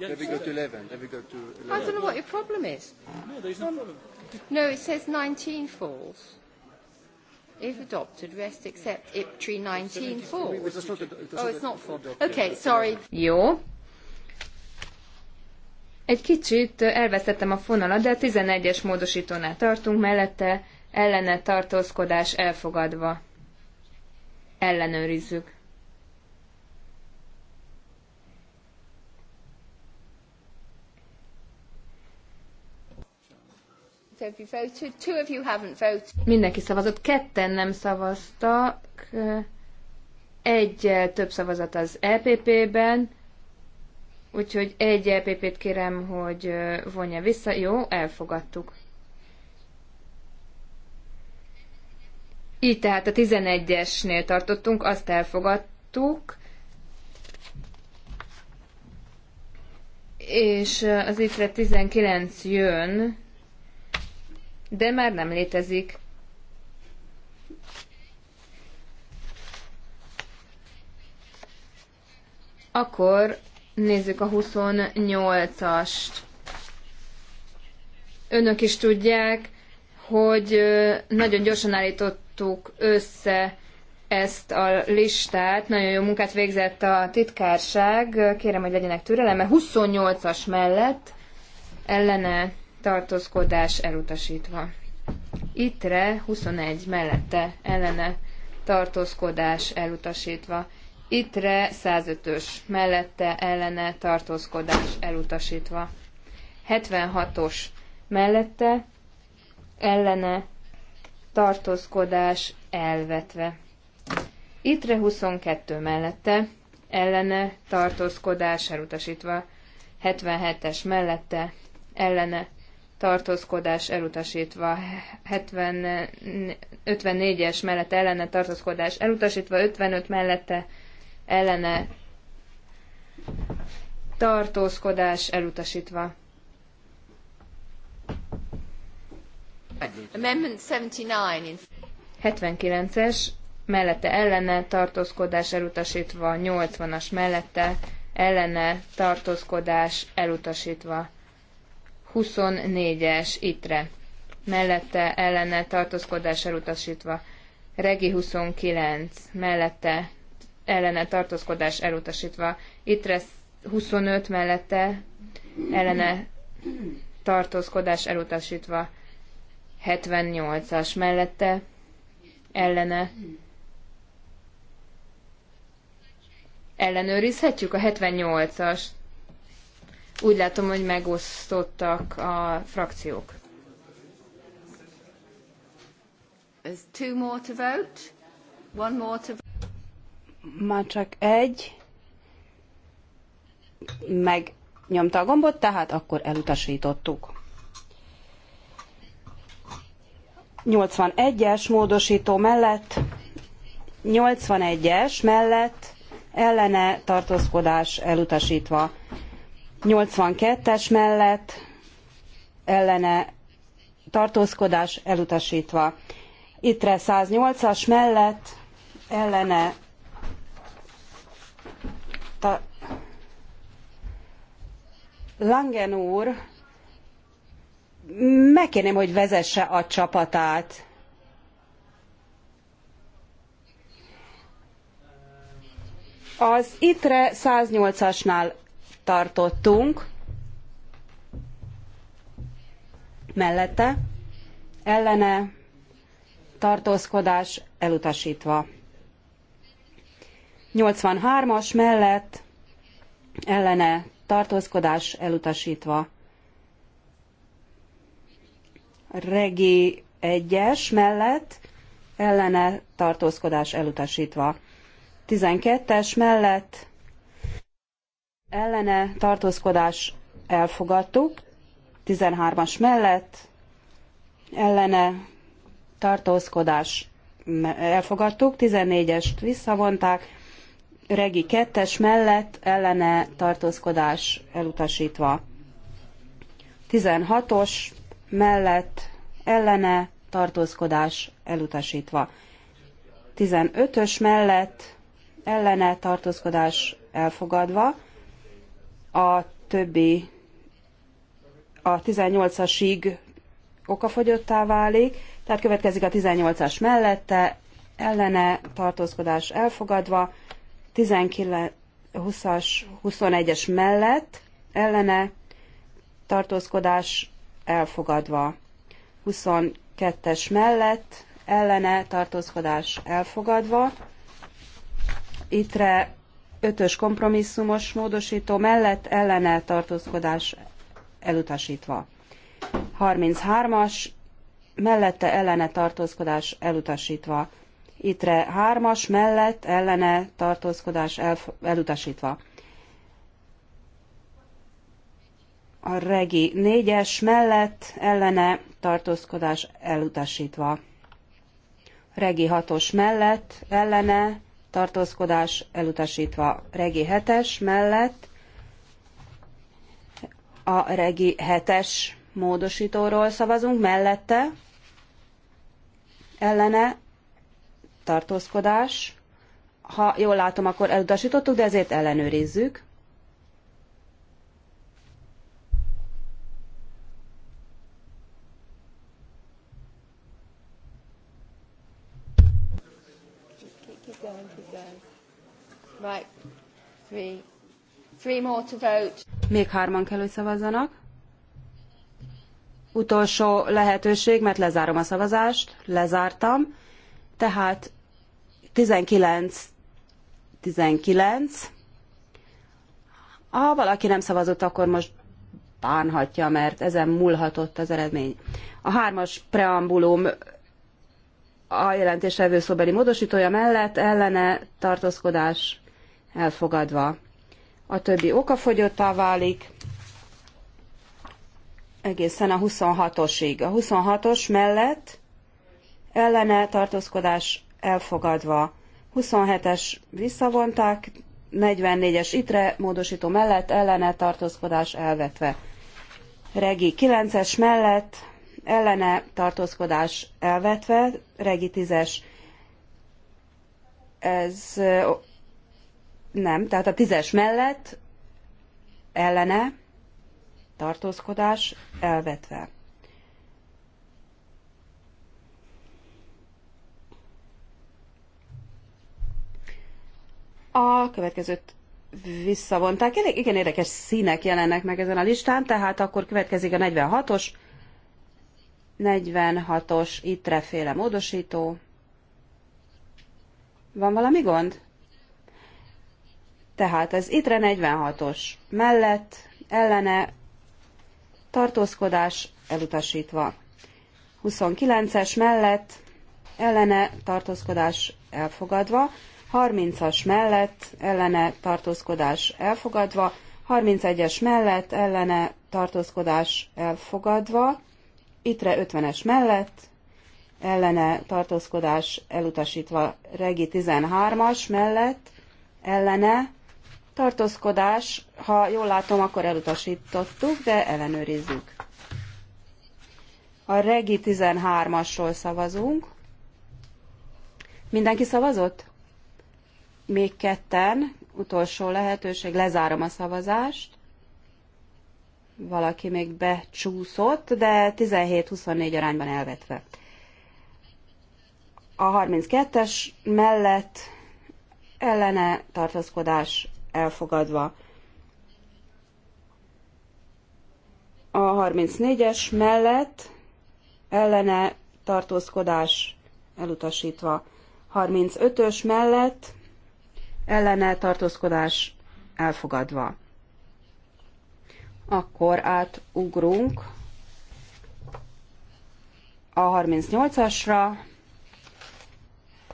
we go I don't know what your problem is. No, there no um, problem. No, it says 19 falls. If adopted, rest except IPTRI 19 falls. Oh, it's not falls. Okay, sorry. Jó. Egy kicsit elvesztettem a fonalat, de a 11-es módosítónál tartunk, mellette ellene tartózkodás elfogadva. Ellenőrizzük. Mindenki szavazott, ketten nem szavaztak, Egy több szavazat az EPP-ben, Úgyhogy egy lpp e t kérem, hogy vonja vissza. Jó, elfogadtuk. Így tehát a 11-esnél tartottunk, azt elfogadtuk. És az IFRE 19 jön, de már nem létezik. Akkor Nézzük a 28-ast. Önök is tudják, hogy nagyon gyorsan állítottuk össze ezt a listát. Nagyon jó munkát végzett a titkárság. Kérem, hogy legyenek türelem, mert 28-as mellett ellene tartózkodás elutasítva. Ittre 21 mellette ellene tartózkodás elutasítva. Itre 105-ös mellette ellene tartózkodás elutasítva. 76-os mellette ellene tartózkodás elvetve. Itre 22 mellette ellene tartózkodás elutasítva. 77-es mellette ellene tartózkodás elutasítva, 70, 54-es mellett ellene tartózkodás elutasítva, 55 mellette ellene tartózkodás elutasítva. Amendment 79. 79-es, mellette ellene tartózkodás elutasítva, 80-as mellette ellene tartózkodás elutasítva. 24-es itre. Mellette ellene tartózkodás elutasítva. Regi 29. Mellette ellene tartózkodás elutasítva. itt lesz 25 mellette ellene tartózkodás elutasítva. 78-as mellette ellene ellenőrizhetjük a 78-as. Úgy látom, hogy megosztottak a frakciók. There's two more to vote. One more to vote már csak egy megnyomta a gombot, tehát akkor elutasítottuk. 81-es módosító mellett, 81-es mellett ellene tartózkodás elutasítva. 82-es mellett ellene tartózkodás elutasítva. Ittre 108-as mellett ellene Ta, Langen úr, megkérném, hogy vezesse a csapatát. Az ITRE 108-asnál tartottunk. Mellette, ellene, tartózkodás elutasítva. 83-as mellett ellene tartózkodás elutasítva. Regi 1-es mellett ellene tartózkodás elutasítva. 12-es mellett ellene tartózkodás elfogadtuk. 13-as mellett ellene tartózkodás elfogadtuk. 14-est visszavonták regi kettes mellett ellene tartózkodás elutasítva. 16-os mellett ellene tartózkodás elutasítva. 15-ös mellett ellene tartózkodás elfogadva. A többi a 18-asig okafogyottá válik, tehát következik a 18-as mellette, ellene tartózkodás elfogadva, 19, 20-as, 21-es mellett ellene tartózkodás elfogadva. 22-es mellett ellene tartózkodás elfogadva. Ittre 5-ös kompromisszumos módosító mellett ellene tartózkodás elutasítva. 33-as mellette ellene tartózkodás elutasítva. Itre hármas mellett ellene tartózkodás el, elutasítva. A regi négyes mellett ellene tartózkodás elutasítva. Regi hatos mellett ellene tartózkodás elutasítva. Regi hetes mellett a regi hetes módosítóról szavazunk mellette ellene tartózkodás. Ha jól látom, akkor elutasítottuk, de ezért ellenőrizzük. Még hárman kell, hogy szavazzanak. Utolsó lehetőség, mert lezárom a szavazást, lezártam. Tehát 19 19. Ha valaki nem szavazott, akkor most bánhatja, mert ezen múlhatott az eredmény. A hármas preambulum a jelentéstevő szóbeli módosítója mellett ellene tartózkodás elfogadva. A többi okafogyottá válik egészen a 26-osig. A 26-os mellett ellene tartózkodás elfogadva. 27-es visszavonták, 44-es itre módosító mellett ellene tartózkodás elvetve. Regi 9-es mellett ellene tartózkodás elvetve, Regi 10-es ez nem, tehát a 10-es mellett ellene tartózkodás elvetve. A következőt visszavonták. Elég, igen érdekes színek jelennek meg ezen a listán, tehát akkor következik a 46-os, 46-os ittreféle módosító. Van valami gond? Tehát ez ittre 46-os mellett, ellene, tartózkodás elutasítva. 29-es mellett, ellene, tartózkodás elfogadva. 30-as mellett ellene tartózkodás elfogadva, 31-es mellett ellene tartózkodás elfogadva, itre 50-es mellett ellene tartózkodás elutasítva, regi 13-as mellett ellene tartózkodás, ha jól látom, akkor elutasítottuk, de ellenőrizzük. A regi 13-asról szavazunk. Mindenki szavazott? még ketten, utolsó lehetőség, lezárom a szavazást. Valaki még becsúszott, de 17-24 arányban elvetve. A 32-es mellett ellene tartózkodás elfogadva. A 34-es mellett ellene tartózkodás elutasítva. 35-ös mellett ellene tartózkodás elfogadva. Akkor átugrunk a 38-asra,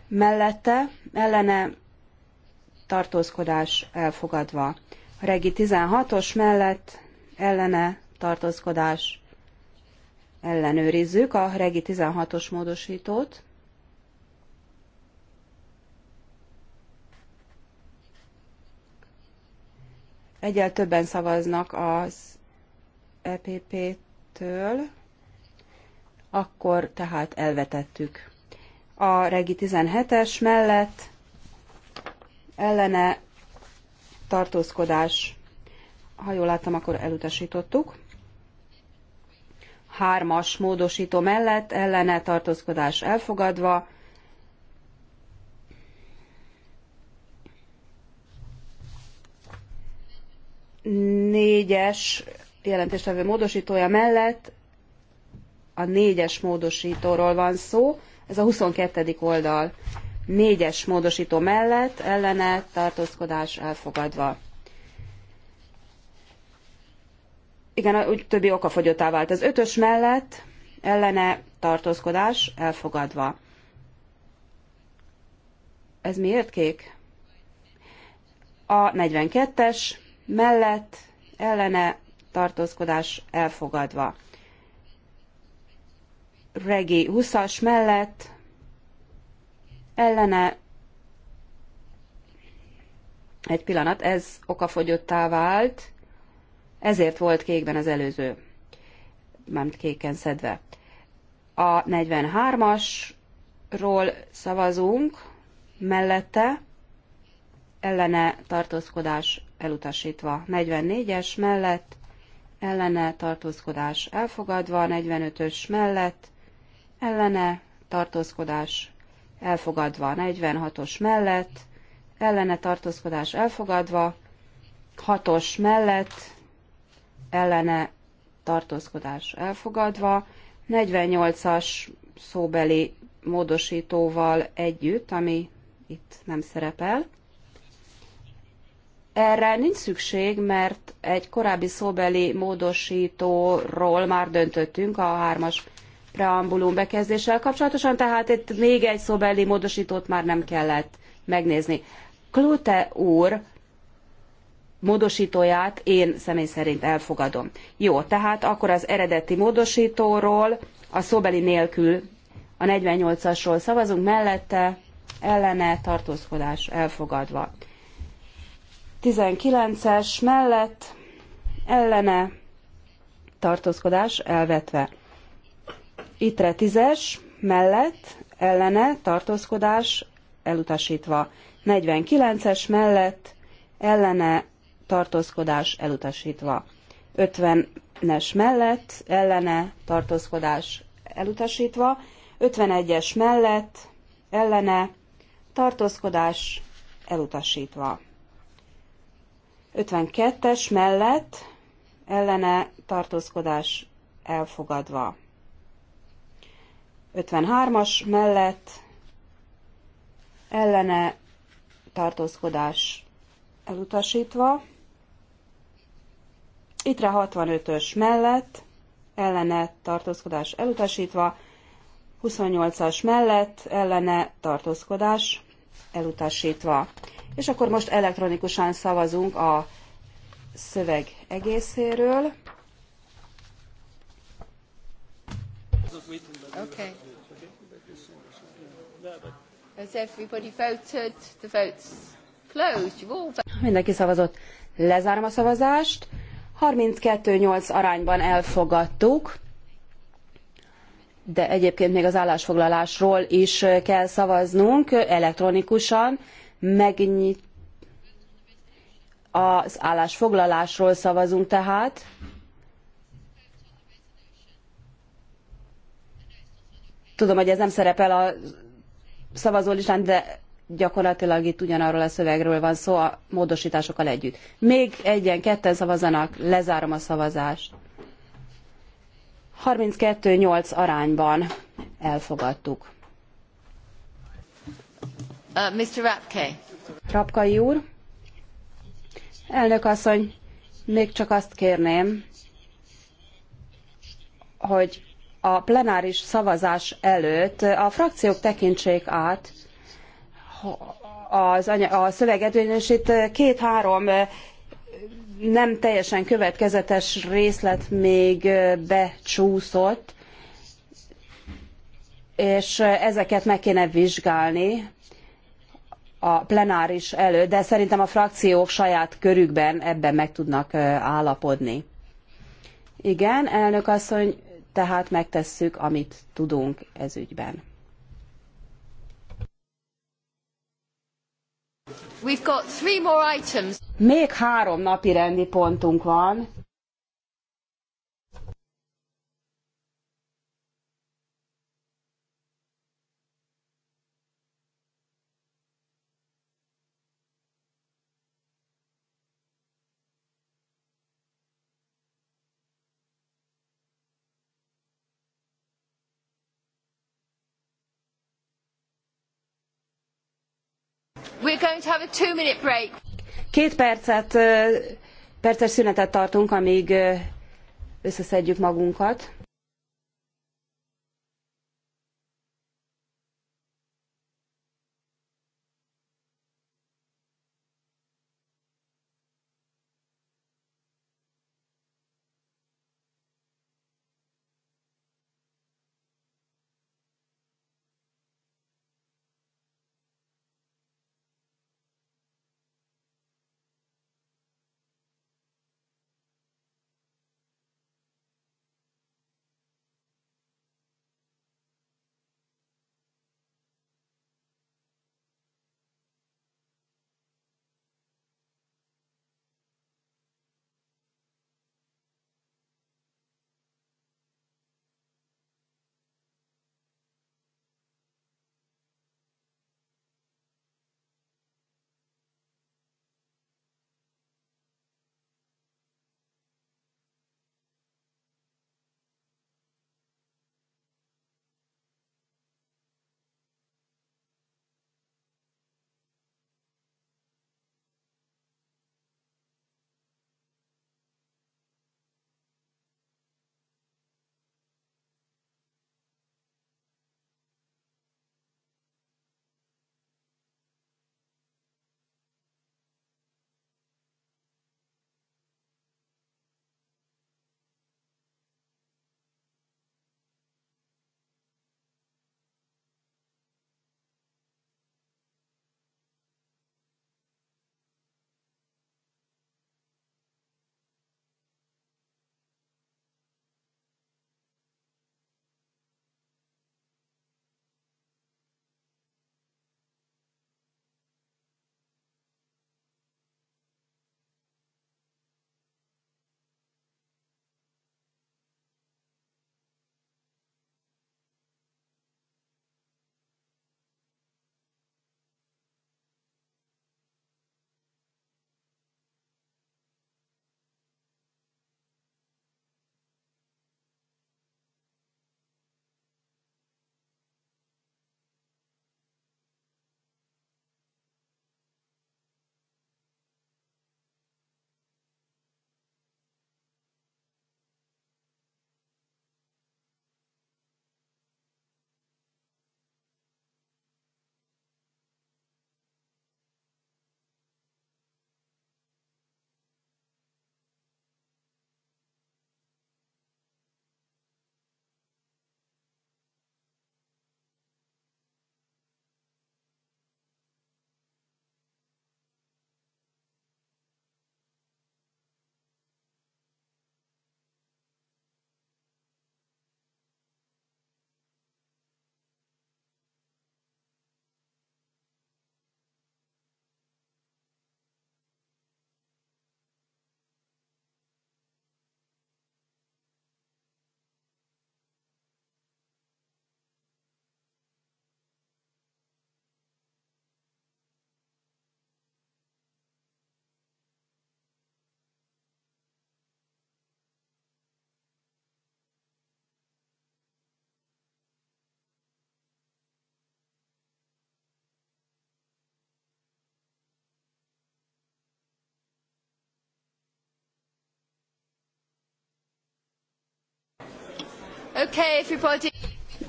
mellette ellene tartózkodás elfogadva. A Regi 16-os mellett ellene tartózkodás ellenőrizzük a Regi 16-os módosítót. egyel többen szavaznak az EPP-től, akkor tehát elvetettük. A regi 17-es mellett ellene tartózkodás, ha jól láttam, akkor elutasítottuk. Hármas módosító mellett ellene tartózkodás elfogadva, négyes jelentéstevő módosítója mellett a négyes módosítóról van szó, ez a 22. oldal. Négyes módosító mellett ellene tartózkodás elfogadva. Igen, úgy többi fogyottá vált. Az ötös mellett ellene tartózkodás elfogadva. Ez miért kék? A 42-es mellett ellene tartózkodás elfogadva. Regi 20-as mellett ellene egy pillanat, ez okafogyottá vált, ezért volt kékben az előző, nem kéken szedve. A 43-asról szavazunk, mellette ellene tartózkodás elutasítva. 44-es mellett ellene tartózkodás elfogadva, 45-ös mellett ellene tartózkodás elfogadva, 46-os mellett ellene tartózkodás elfogadva, 6-os mellett ellene tartózkodás elfogadva, 48-as szóbeli módosítóval együtt, ami itt nem szerepel, erre nincs szükség, mert egy korábbi szóbeli módosítóról már döntöttünk a hármas preambulum bekezdéssel kapcsolatosan, tehát itt még egy szóbeli módosítót már nem kellett megnézni. Klute úr módosítóját én személy szerint elfogadom. Jó, tehát akkor az eredeti módosítóról, a szóbeli nélkül a 48-asról szavazunk, mellette ellene tartózkodás elfogadva. 19-es mellett ellene tartózkodás elvetve. Itre 10-es mellett ellene tartózkodás elutasítva. 49-es mellett ellene tartózkodás elutasítva. 50-es mellett ellene tartózkodás elutasítva. 51-es mellett ellene tartózkodás elutasítva. 52-es mellett ellene tartózkodás elfogadva. 53-as mellett ellene tartózkodás elutasítva. Itre 65-ös mellett ellene tartózkodás elutasítva. 28-as mellett ellene tartózkodás elutasítva. És akkor most elektronikusan szavazunk a szöveg egészéről. Okay. As everybody voted? The vote's closed. You've all Mindenki szavazott. Lezárom a szavazást. 32-8 arányban elfogadtuk, de egyébként még az állásfoglalásról is kell szavaznunk elektronikusan megnyit az állásfoglalásról szavazunk tehát. Tudom, hogy ez nem szerepel a szavazólistán, de gyakorlatilag itt ugyanarról a szövegről van szó a módosításokkal együtt. Még egyen, ketten szavazanak, lezárom a szavazást. 32-8 arányban elfogadtuk. Uh, rapkay Mr. úr. Elnök asszony, még csak azt kérném, hogy a plenáris szavazás előtt a frakciók tekintsék át az anya, a szöveget, ugyanis itt két-három eh, nem teljesen következetes részlet még eh, becsúszott, és eh, ezeket meg kéne vizsgálni, a plenáris elő, de szerintem a frakciók saját körükben ebben meg tudnak állapodni. Igen, elnök asszony, tehát megtesszük, amit tudunk ez ügyben. We've got three more items. Még három napirendi pontunk van. We're going to have a two minute break. Két percet, perces szünetet tartunk, amíg összeszedjük magunkat.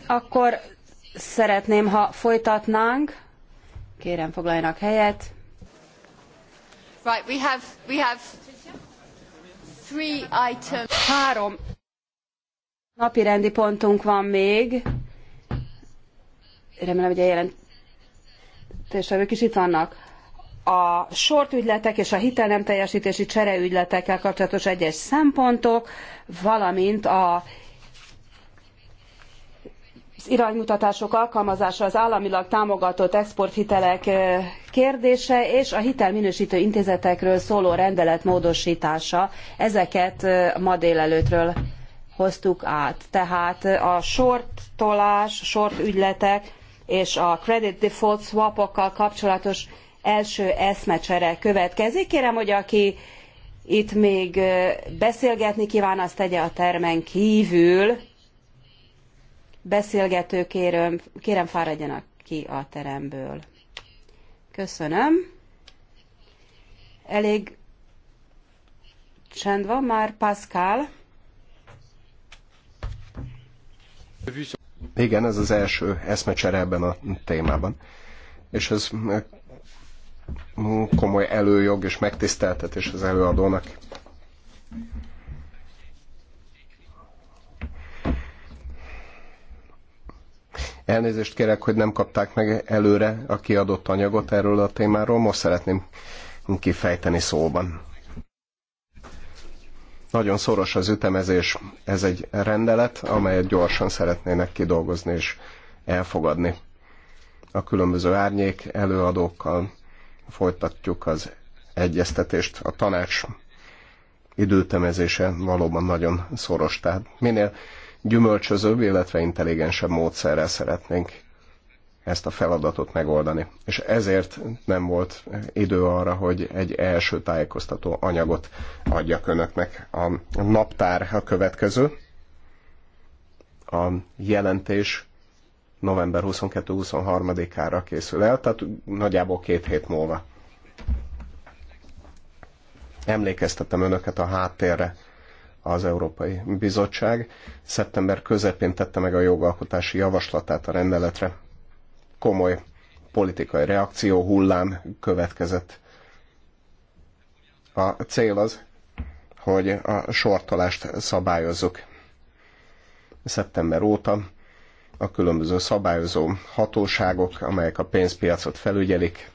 Akkor szeretném, ha folytatnánk. Kérem, foglaljanak helyet. Right, we have, we have three items. Három napirendi pontunk van még. Remélem, hogy a jelentésevők is itt vannak a sortügyletek és a hitelnemteljesítési csereügyletekkel kapcsolatos egyes szempontok, valamint a az iránymutatások alkalmazása az államilag támogatott exporthitelek kérdése és a hitelminőstő intézetekről szóló rendelet módostása ezeket ma délelőttről hoztuk át. Tehát a short ügyletek és a credit default swapokkal kapcsolatos első eszmecsere következik. Kérem, hogy aki itt még beszélgetni kíván, azt tegye a termen kívül, beszélgető kérem, kérem fáradjanak ki a teremből. Köszönöm. Elég csend van már, Pascal. Igen, ez az első eszmecsere ebben a témában. És ez eh, komoly előjog és megtiszteltetés az előadónak. Elnézést kérek, hogy nem kapták meg előre a kiadott anyagot erről a témáról, most szeretném kifejteni szóban. Nagyon szoros az ütemezés, ez egy rendelet, amelyet gyorsan szeretnének kidolgozni és elfogadni. A különböző árnyék előadókkal folytatjuk az egyeztetést. A tanács időtemezése valóban nagyon szoros, tehát minél gyümölcsözőbb, illetve intelligensebb módszerrel szeretnénk ezt a feladatot megoldani. És ezért nem volt idő arra, hogy egy első tájékoztató anyagot adjak önöknek. A naptár a következő. A jelentés november 22-23-ára készül el, tehát nagyjából két hét múlva. Emlékeztetem önöket a háttérre az Európai Bizottság szeptember közepén tette meg a jogalkotási javaslatát a rendeletre. Komoly politikai reakció hullám következett. A cél az, hogy a sortolást szabályozzuk. Szeptember óta a különböző szabályozó hatóságok, amelyek a pénzpiacot felügyelik,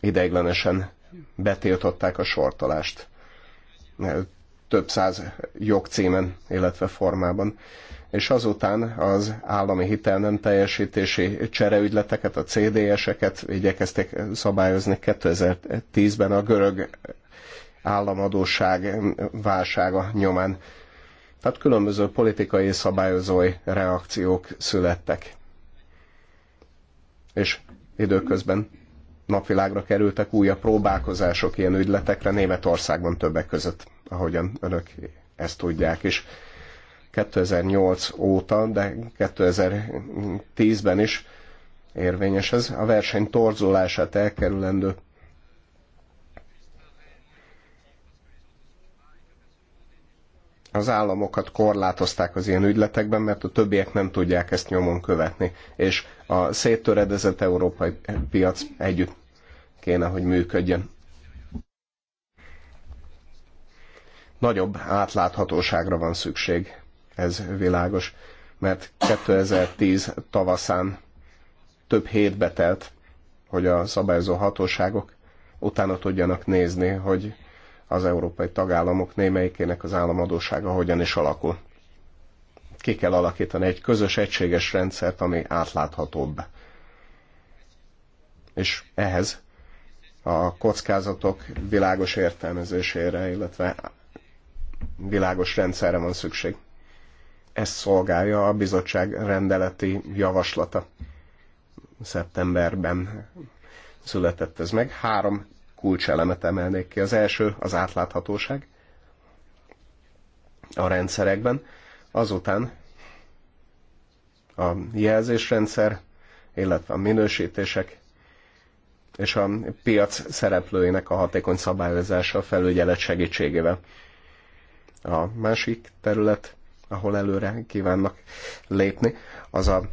ideiglenesen betiltották a sortolást több száz jogcímen, illetve formában. És azután az állami hitel nem teljesítési csereügyleteket, a CDS-eket igyekezték szabályozni 2010-ben a görög államadóság válsága nyomán. Tehát különböző politikai és szabályozói reakciók születtek. És időközben napvilágra kerültek újabb próbálkozások ilyen ügyletekre Németországban többek között, ahogyan önök ezt tudják is. 2008 óta, de 2010-ben is érvényes ez. A verseny torzulását elkerülendő az államokat korlátozták az ilyen ügyletekben, mert a többiek nem tudják ezt nyomon követni. És a széttöredezett európai piac együtt kéne, hogy működjön. Nagyobb átláthatóságra van szükség, ez világos, mert 2010 tavaszán több hét betelt, hogy a szabályozó hatóságok utána tudjanak nézni, hogy az európai tagállamok némelyikének az államadósága hogyan is alakul. Ki kell alakítani egy közös, egységes rendszert, ami átláthatóbb. És ehhez a kockázatok világos értelmezésére, illetve világos rendszerre van szükség. Ezt szolgálja a bizottság rendeleti javaslata. Szeptemberben született ez meg. Három kulcselemet emelnék ki. Az első az átláthatóság a rendszerekben, azután a jelzésrendszer, illetve a minősítések és a piac szereplőinek a hatékony szabályozása a felügyelet segítségével. A másik terület, ahol előre kívánnak lépni, az a,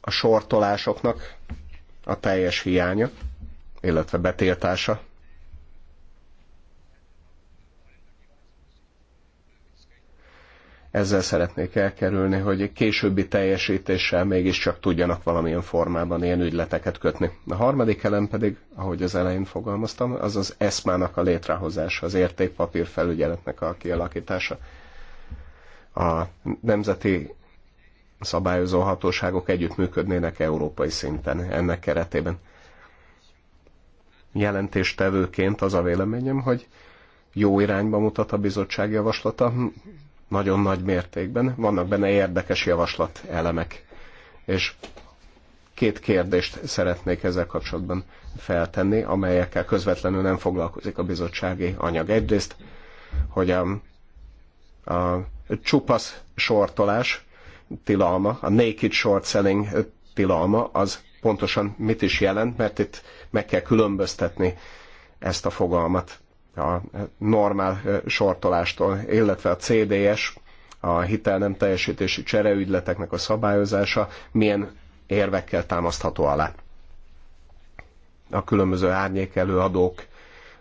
a sortolásoknak a teljes hiánya, illetve betiltása. Ezzel szeretnék elkerülni, hogy későbbi teljesítéssel mégiscsak tudjanak valamilyen formában ilyen ügyleteket kötni. A harmadik elem pedig, ahogy az elején fogalmaztam, az az eszmának a létrehozása, az értékpapír felügyeletnek a kialakítása. A nemzeti szabályozó hatóságok együttműködnének európai szinten ennek keretében jelentéstevőként az a véleményem, hogy jó irányba mutat a bizottság javaslata, nagyon nagy mértékben. Vannak benne érdekes javaslat elemek. És két kérdést szeretnék ezzel kapcsolatban feltenni, amelyekkel közvetlenül nem foglalkozik a bizottsági anyag. Egyrészt, hogy a, a csupasz sortolás tilalma, a naked short selling tilalma, az pontosan mit is jelent, mert itt meg kell különböztetni ezt a fogalmat a normál sortolástól, illetve a CDS, a hitel nem teljesítési csereügyleteknek a szabályozása milyen érvekkel támasztható alá. A különböző árnyék előadók,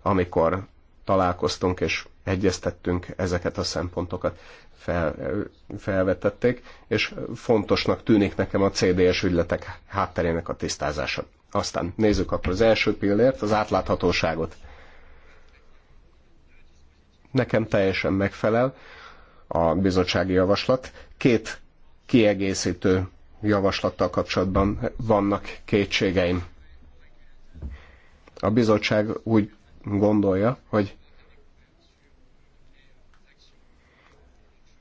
amikor találkoztunk és egyeztettünk, ezeket a szempontokat fel, felvetették, és fontosnak tűnik nekem a CDS ügyletek hátterének a tisztázása. Aztán nézzük akkor az első pillért, az átláthatóságot. Nekem teljesen megfelel a bizottsági javaslat. Két kiegészítő javaslattal kapcsolatban vannak kétségeim. A bizottság úgy gondolja, hogy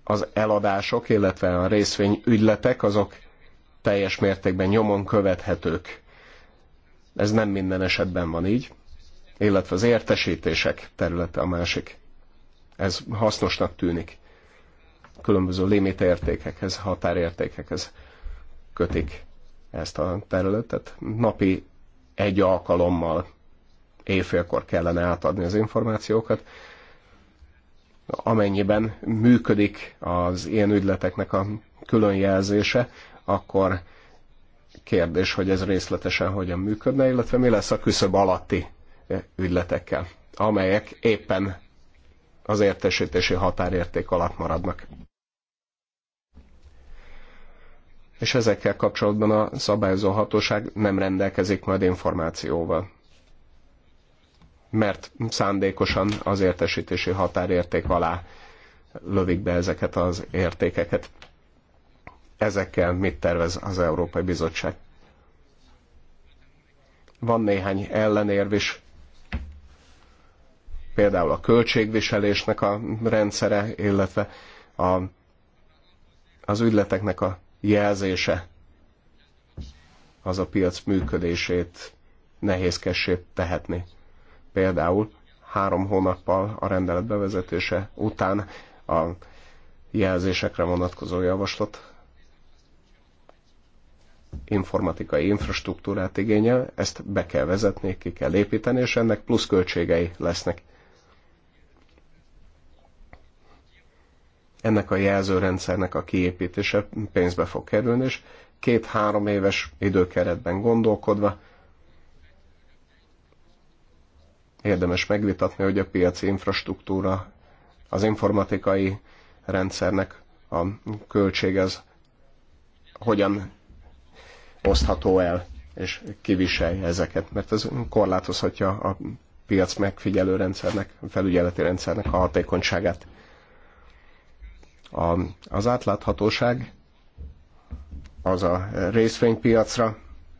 az eladások, illetve a részvényügyletek azok teljes mértékben nyomon követhetők. Ez nem minden esetben van így, illetve az értesítések területe a másik. Ez hasznosnak tűnik. Különböző limitértékekhez, határértékekhez kötik ezt a területet. Napi egy alkalommal éjfélkor kellene átadni az információkat. Amennyiben működik az ilyen ügyleteknek a különjelzése, akkor kérdés, hogy ez részletesen hogyan működne, illetve mi lesz a küszöb alatti eh, ügyletekkel, amelyek éppen az értesítési határérték alatt maradnak. És ezekkel kapcsolatban a szabályozó hatóság nem rendelkezik majd információval mert szándékosan az értesítési határérték alá lövik be ezeket az értékeket ezekkel mit tervez az Európai Bizottság. Van néhány ellenérv is, például a költségviselésnek a rendszere, illetve a, az ügyleteknek a jelzése az a piac működését nehézkessé tehetni. Például három hónappal a rendelet bevezetése után a jelzésekre vonatkozó javaslat informatikai infrastruktúrát igényel, ezt be kell vezetni, ki kell építeni, és ennek plusz költségei lesznek. Ennek a jelzőrendszernek a kiépítése pénzbe fog kerülni, és két-három éves időkeretben gondolkodva érdemes megvitatni, hogy a piaci infrastruktúra, az informatikai rendszernek a költség az hogyan osztható el, és kiviselje ezeket, mert ez korlátozhatja a piac megfigyelő rendszernek, felügyeleti rendszernek a hatékonyságát. A, az átláthatóság az a részvénypiacra,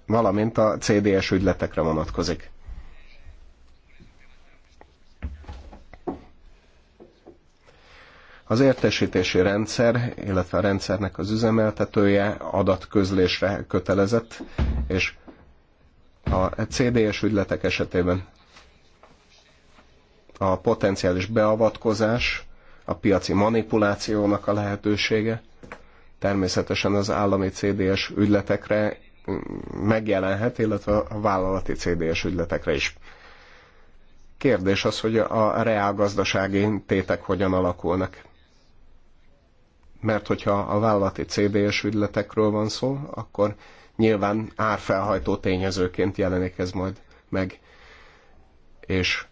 valamint a CDS ügyletekre vonatkozik. Az értesítési rendszer, illetve a rendszernek az üzemeltetője adatközlésre kötelezett, és a CDS ügyletek esetében a potenciális beavatkozás, a piaci manipulációnak a lehetősége, természetesen az állami CDS ügyletekre megjelenhet, illetve a vállalati CDS ügyletekre is. Kérdés az, hogy a reálgazdasági tétek hogyan alakulnak mert hogyha a vállalati CDS ügyletekről van szó, akkor nyilván árfelhajtó tényezőként jelenik ez majd meg. És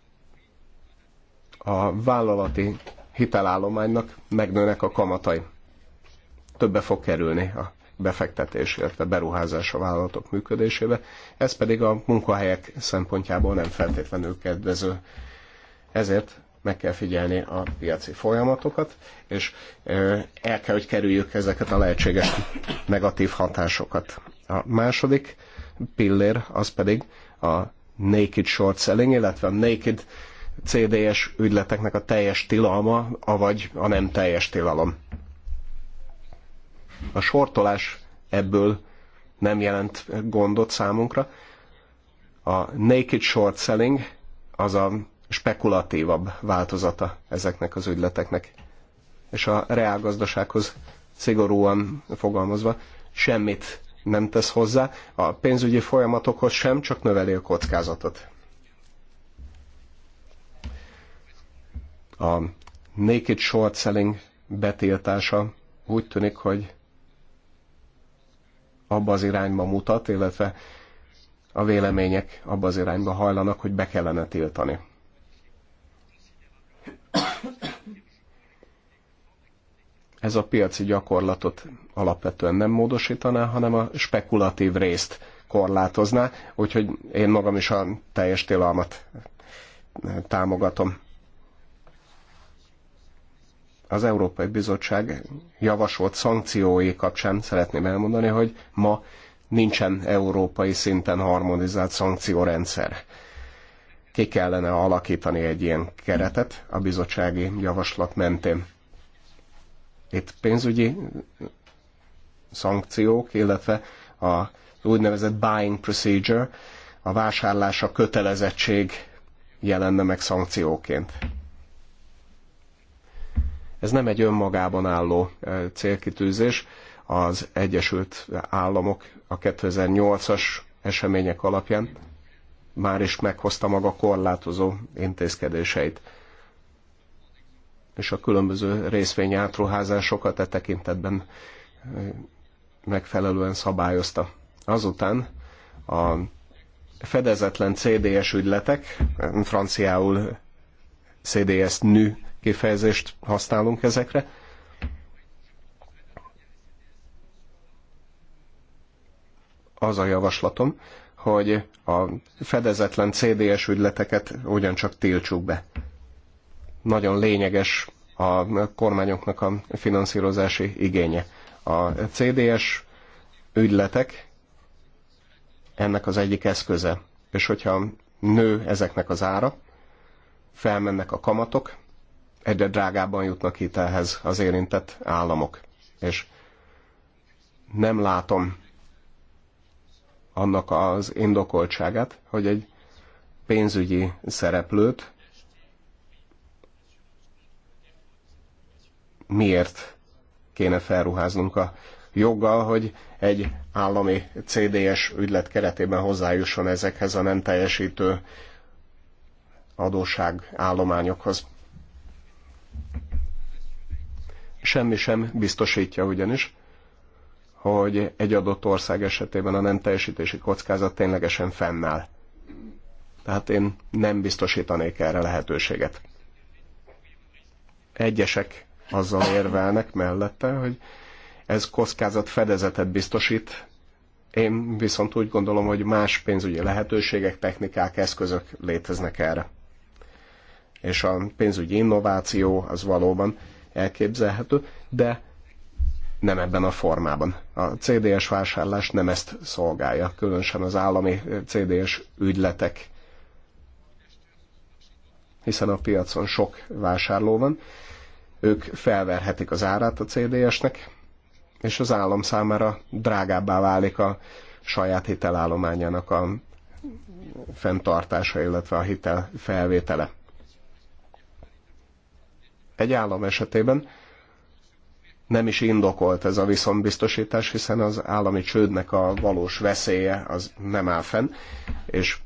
a vállalati hitelállománynak megnőnek a kamatai. Többe fog kerülni a befektetés, illetve beruházás a vállalatok működésébe. Ez pedig a munkahelyek szempontjából nem feltétlenül kedvező. Ezért meg kell figyelni a piaci folyamatokat, és el kell, hogy kerüljük ezeket a lehetséges negatív hatásokat. A második pillér az pedig a naked short selling, illetve a naked CDS ügyleteknek a teljes tilalma, avagy a nem teljes tilalom. A sortolás ebből nem jelent gondot számunkra. A naked short selling az a spekulatívabb változata ezeknek az ügyleteknek. És a reálgazdasághoz szigorúan fogalmazva semmit nem tesz hozzá, a pénzügyi folyamatokhoz sem, csak növeli a kockázatot. A naked short selling betiltása úgy tűnik, hogy abba az irányba mutat, illetve a vélemények abba az irányba hajlanak, hogy be kellene tiltani Ez a piaci gyakorlatot alapvetően nem módosítaná, hanem a spekulatív részt korlátozná, úgyhogy én magam is a teljes tilalmat támogatom. Az Európai Bizottság javasolt szankciói kapcsán szeretném elmondani, hogy ma nincsen európai szinten harmonizált szankciórendszer ki kellene alakítani egy ilyen keretet a bizottsági javaslat mentén. Itt pénzügyi szankciók, illetve a úgynevezett buying procedure, a vásárlása kötelezettség jelenne meg szankcióként. Ez nem egy önmagában álló célkitűzés. Az Egyesült Államok a 2008-as események alapján már is meghozta maga korlátozó intézkedéseit. És a különböző részvény átruházásokat e tekintetben megfelelően szabályozta. Azután a fedezetlen CDS ügyletek, franciául CDS nő kifejezést használunk ezekre, az a javaslatom, hogy a fedezetlen CDS ügyleteket ugyancsak tiltsuk be. Nagyon lényeges a kormányoknak a finanszírozási igénye. A CDS ügyletek ennek az egyik eszköze. És hogyha nő ezeknek az ára, felmennek a kamatok, egyre drágábban jutnak hitelhez az érintett államok. És nem látom annak az indokoltságát, hogy egy pénzügyi szereplőt miért kéne felruháznunk a joggal, hogy egy állami CDS ügylet keretében hozzájusson ezekhez a nem teljesítő adósság állományokhoz. Semmi sem biztosítja ugyanis, hogy egy adott ország esetében a nem teljesítési kockázat ténylegesen fennáll. Tehát én nem biztosítanék erre lehetőséget. Egyesek azzal érvelnek mellette, hogy ez kockázat fedezetet biztosít, én viszont úgy gondolom, hogy más pénzügyi lehetőségek, technikák, eszközök léteznek erre. És a pénzügyi innováció az valóban elképzelhető, de nem ebben a formában. A CDS vásárlás nem ezt szolgálja, különösen az állami eh, CDS ügyletek, hiszen a piacon sok vásárló van, ők felverhetik az árát a CDS-nek, és az állam számára drágábbá válik a saját hitelállományának a fenntartása, illetve a hitel felvétele. Egy állam esetében nem is indokolt ez a viszontbiztosítás, hiszen az állami csődnek a valós veszélye az nem áll fenn, és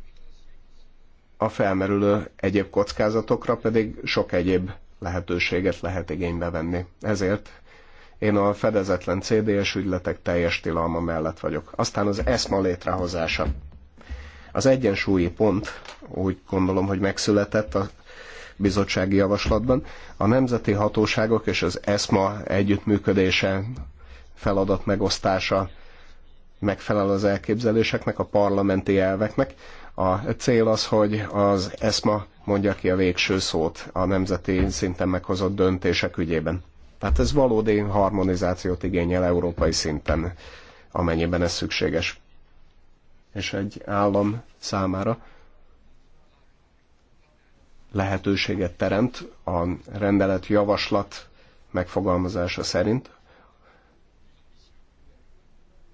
a felmerülő egyéb kockázatokra pedig sok egyéb lehetőséget lehet igénybe venni. Ezért én a fedezetlen CDS ügyletek teljes tilalma mellett vagyok. Aztán az ESMA létrehozása. Az egyensúlyi pont, úgy gondolom, hogy megszületett a bizottsági javaslatban. A nemzeti hatóságok és az ESMA együttműködése, feladat megosztása megfelel az elképzeléseknek, a parlamenti elveknek. A cél az, hogy az ESMA mondja ki a végső szót a nemzeti szinten meghozott döntések ügyében. Tehát ez valódi harmonizációt igényel európai szinten, amennyiben ez szükséges. És egy állam számára lehetőséget teremt a rendelet javaslat megfogalmazása szerint.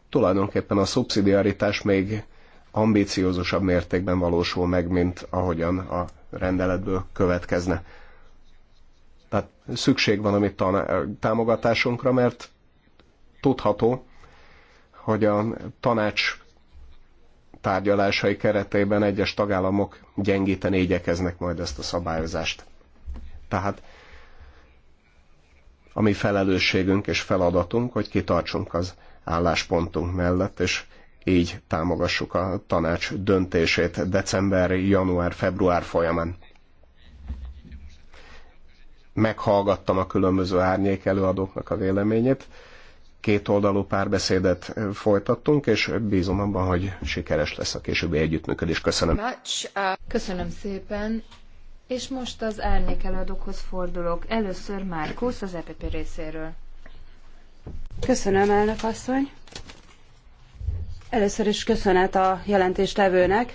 Tulajdonképpen a szubszidiaritás még ambíciózusabb mértékben valósul meg, mint ahogyan a rendeletből következne. Tehát szükség van a mi támogatásunkra, mert tudható, hogy a tanács tárgyalásai keretében egyes tagállamok gyengíteni igyekeznek majd ezt a szabályozást. Tehát a mi felelősségünk és feladatunk, hogy kitartsunk az álláspontunk mellett, és így támogassuk a tanács döntését december, január, február folyamán. Meghallgattam a különböző árnyék előadóknak a véleményét, kétoldalú párbeszédet folytattunk, és bízom abban, hogy sikeres lesz a későbbi együttműködés. Köszönöm. Uh, Köszönöm szépen. És most az árnyék fordulok. Először Márkusz az EPP részéről. Köszönöm, elnök asszony. Először is köszönet a jelentéstevőnek.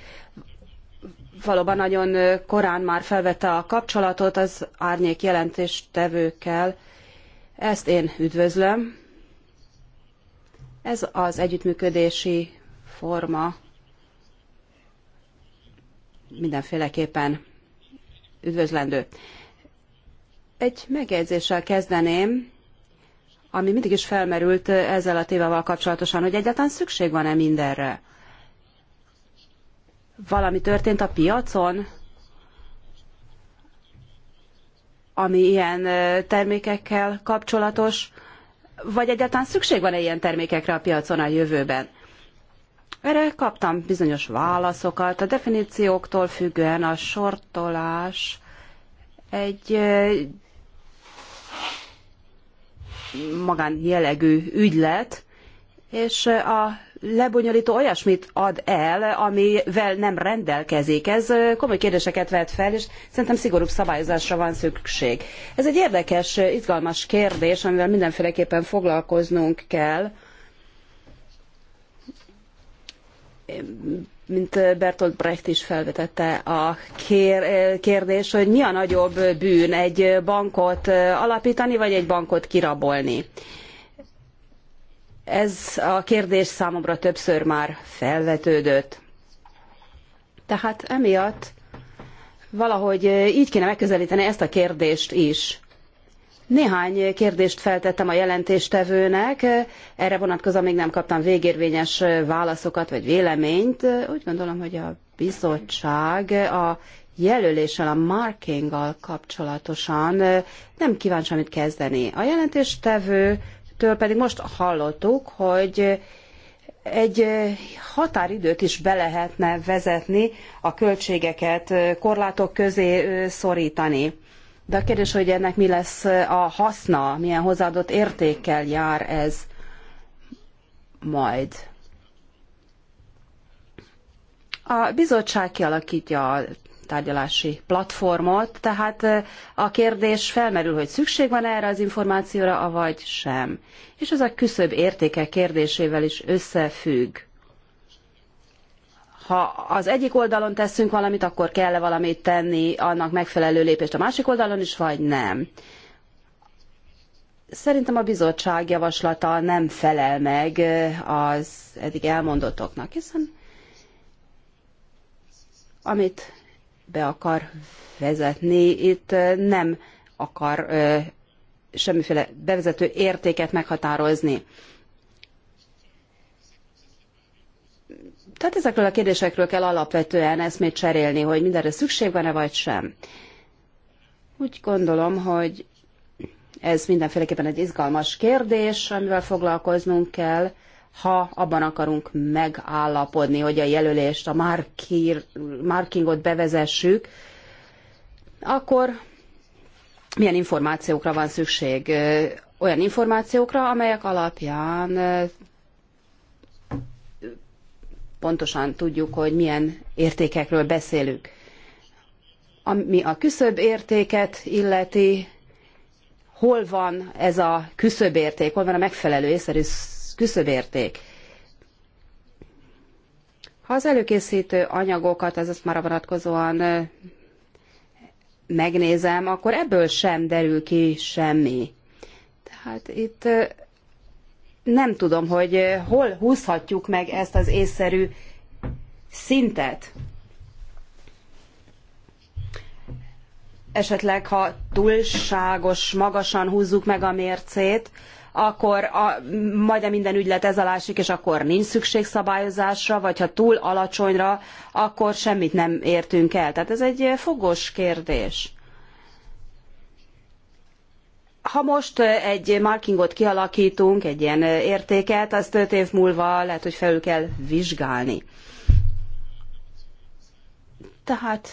Valóban nagyon korán már felvette a kapcsolatot az árnyék jelentéstevőkkel. Ezt én üdvözlöm. Ez az együttműködési forma mindenféleképpen üdvözlendő. Egy megjegyzéssel kezdeném, ami mindig is felmerült ezzel a tévával kapcsolatosan, hogy egyáltalán szükség van-e mindenre. Valami történt a piacon, ami ilyen termékekkel kapcsolatos, vagy egyáltalán szükség van-e ilyen termékekre a piacon a jövőben? Erre kaptam bizonyos válaszokat. A definícióktól függően a sortolás egy magánjellegű ügylet, és a lebonyolító olyasmit ad el, amivel nem rendelkezik. Ez komoly kérdéseket vet fel, és szerintem szigorúbb szabályozásra van szükség. Ez egy érdekes, izgalmas kérdés, amivel mindenféleképpen foglalkoznunk kell. Mint Bertolt Brecht is felvetette a kérdés, hogy mi a nagyobb bűn, egy bankot alapítani, vagy egy bankot kirabolni. Ez a kérdés számomra többször már felvetődött. Tehát emiatt valahogy így kéne megközelíteni ezt a kérdést is. Néhány kérdést feltettem a jelentéstevőnek, erre vonatkozóan még nem kaptam végérvényes válaszokat vagy véleményt. Úgy gondolom, hogy a bizottság a jelöléssel, a markinggal kapcsolatosan nem kíváncsi, amit kezdeni. A jelentéstevő től pedig most hallottuk, hogy egy határidőt is be lehetne vezetni, a költségeket korlátok közé szorítani. De a kérdés, hogy ennek mi lesz a haszna, milyen hozzáadott értékkel jár ez majd. A bizottság kialakítja a tárgyalási platformot, tehát a kérdés felmerül, hogy szükség van erre az információra, avagy sem. És ez a küszöbb értéke kérdésével is összefügg. Ha az egyik oldalon teszünk valamit, akkor kell-e valamit tenni, annak megfelelő lépést a másik oldalon is, vagy nem. Szerintem a bizottság javaslata nem felel meg az eddig elmondottoknak, hiszen amit be akar vezetni, itt nem akar semmiféle bevezető értéket meghatározni. Tehát ezekről a kérdésekről kell alapvetően eszmét cserélni, hogy mindenre szükség van-e vagy sem. Úgy gondolom, hogy ez mindenféleképpen egy izgalmas kérdés, amivel foglalkoznunk kell ha abban akarunk megállapodni, hogy a jelölést, a markir, markingot bevezessük, akkor milyen információkra van szükség? Olyan információkra, amelyek alapján pontosan tudjuk, hogy milyen értékekről beszélünk. Ami a küszöbb értéket illeti, hol van ez a érték, hol van a megfelelő észszerű küszöbérték. Ha az előkészítő anyagokat, azaz már vonatkozóan megnézem, akkor ebből sem derül ki semmi. Tehát itt nem tudom, hogy hol húzhatjuk meg ezt az észszerű szintet. Esetleg, ha túlságos magasan húzzuk meg a mércét, akkor a, majdnem minden ügylet ez alá esik, és akkor nincs szükség szabályozásra, vagy ha túl alacsonyra, akkor semmit nem értünk el. Tehát ez egy fogos kérdés. Ha most egy markingot kialakítunk, egy ilyen értéket, azt öt év múlva lehet, hogy felül kell vizsgálni. Tehát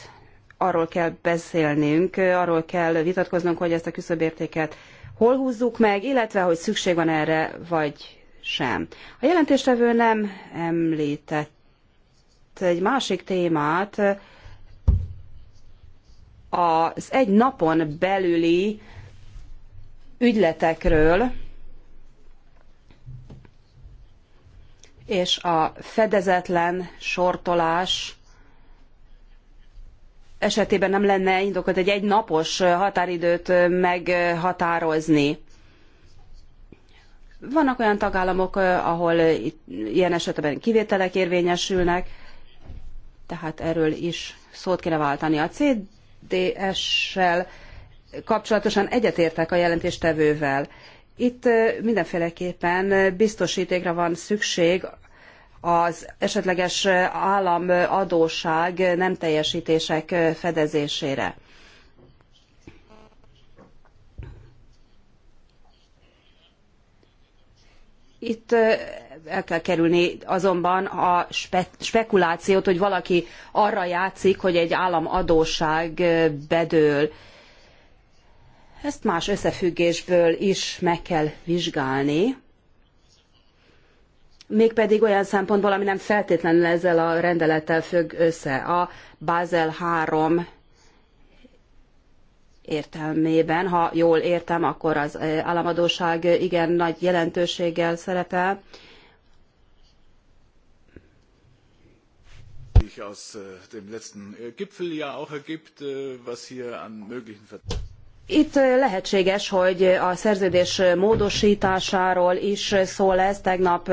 arról kell beszélnünk, arról kell vitatkoznunk, hogy ezt a küszöbértéket hol húzzuk meg, illetve hogy szükség van erre, vagy sem. A jelentéstevő nem említett egy másik témát, az egy napon belüli ügyletekről, és a fedezetlen sortolás esetében nem lenne indokolt egy egynapos határidőt meghatározni. Vannak olyan tagállamok, ahol ilyen esetben kivételek érvényesülnek, tehát erről is szót kéne váltani. A CDS-sel kapcsolatosan egyetértek a jelentéstevővel. Itt mindenféleképpen biztosítékra van szükség az esetleges államadósság nem teljesítések fedezésére. Itt el kell kerülni azonban a spe spekulációt, hogy valaki arra játszik, hogy egy államadósság bedől. Ezt más összefüggésből is meg kell vizsgálni mégpedig olyan szempontból, ami nem feltétlenül ezzel a rendelettel függ össze. A Basel 3 értelmében, ha jól értem, akkor az eh, államadóság eh, igen nagy jelentőséggel szerepel. Eh, itt lehetséges, hogy a szerződés módosításáról is szó lesz. Tegnap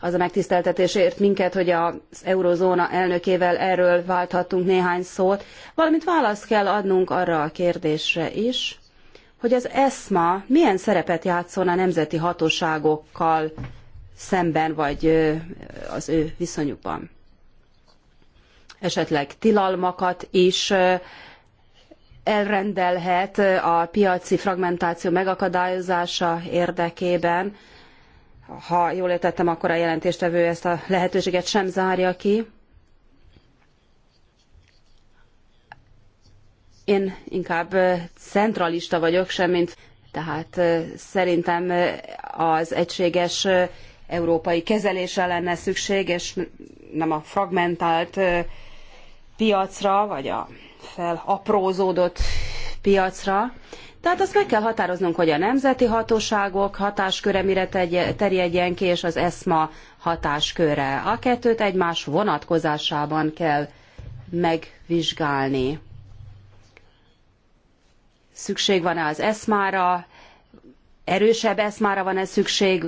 az a megtiszteltetés ért minket, hogy az eurozóna elnökével erről válthattunk néhány szót, valamint választ kell adnunk arra a kérdésre is, hogy az ESMA milyen szerepet játszon a nemzeti hatóságokkal szemben, vagy az ő viszonyukban. Esetleg tilalmakat is elrendelhet a piaci fragmentáció megakadályozása érdekében, ha jól értettem, akkor a jelentéstevő ezt a lehetőséget sem zárja ki. Én inkább centralista vagyok, semmint, tehát szerintem az egységes európai kezelésre lenne szükség, és nem a fragmentált piacra, vagy a felaprózódott piacra. Tehát azt meg kell határoznunk, hogy a nemzeti hatóságok hatásköre mire terjedjen ki, és az ESMA hatásköre. A kettőt egymás vonatkozásában kell megvizsgálni. Szükség van-e az ESMA-ra, erősebb ESMA-ra van-e szükség,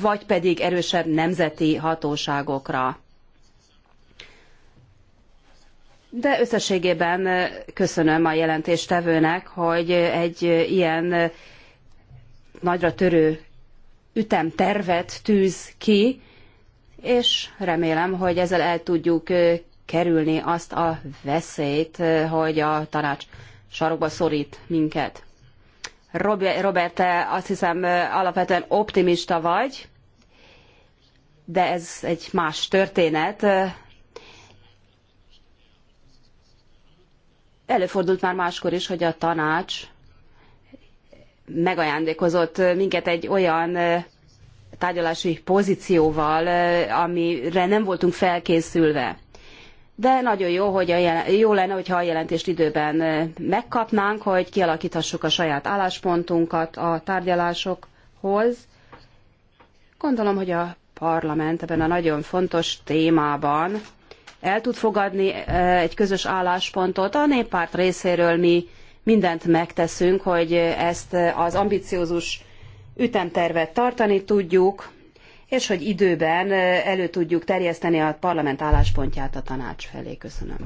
vagy pedig erősebb nemzeti hatóságokra de összességében köszönöm a jelentéstevőnek, hogy egy ilyen nagyra törő ütemtervet tűz ki, és remélem, hogy ezzel el tudjuk kerülni azt a veszélyt, hogy a tanács sarokba szorít minket. Robert, te azt hiszem alapvetően optimista vagy, de ez egy más történet. Előfordult már máskor is, hogy a tanács megajándékozott minket egy olyan tárgyalási pozícióval, amire nem voltunk felkészülve. De nagyon jó, hogy a jó lenne, hogyha a jelentést időben megkapnánk, hogy kialakíthassuk a saját álláspontunkat a tárgyalásokhoz. Gondolom, hogy a parlament ebben a nagyon fontos témában el tud fogadni egy közös álláspontot. A néppárt részéről mi mindent megteszünk, hogy ezt az ambiciózus ütemtervet tartani tudjuk, és hogy időben elő tudjuk terjeszteni a parlament álláspontját a tanács felé. Köszönöm.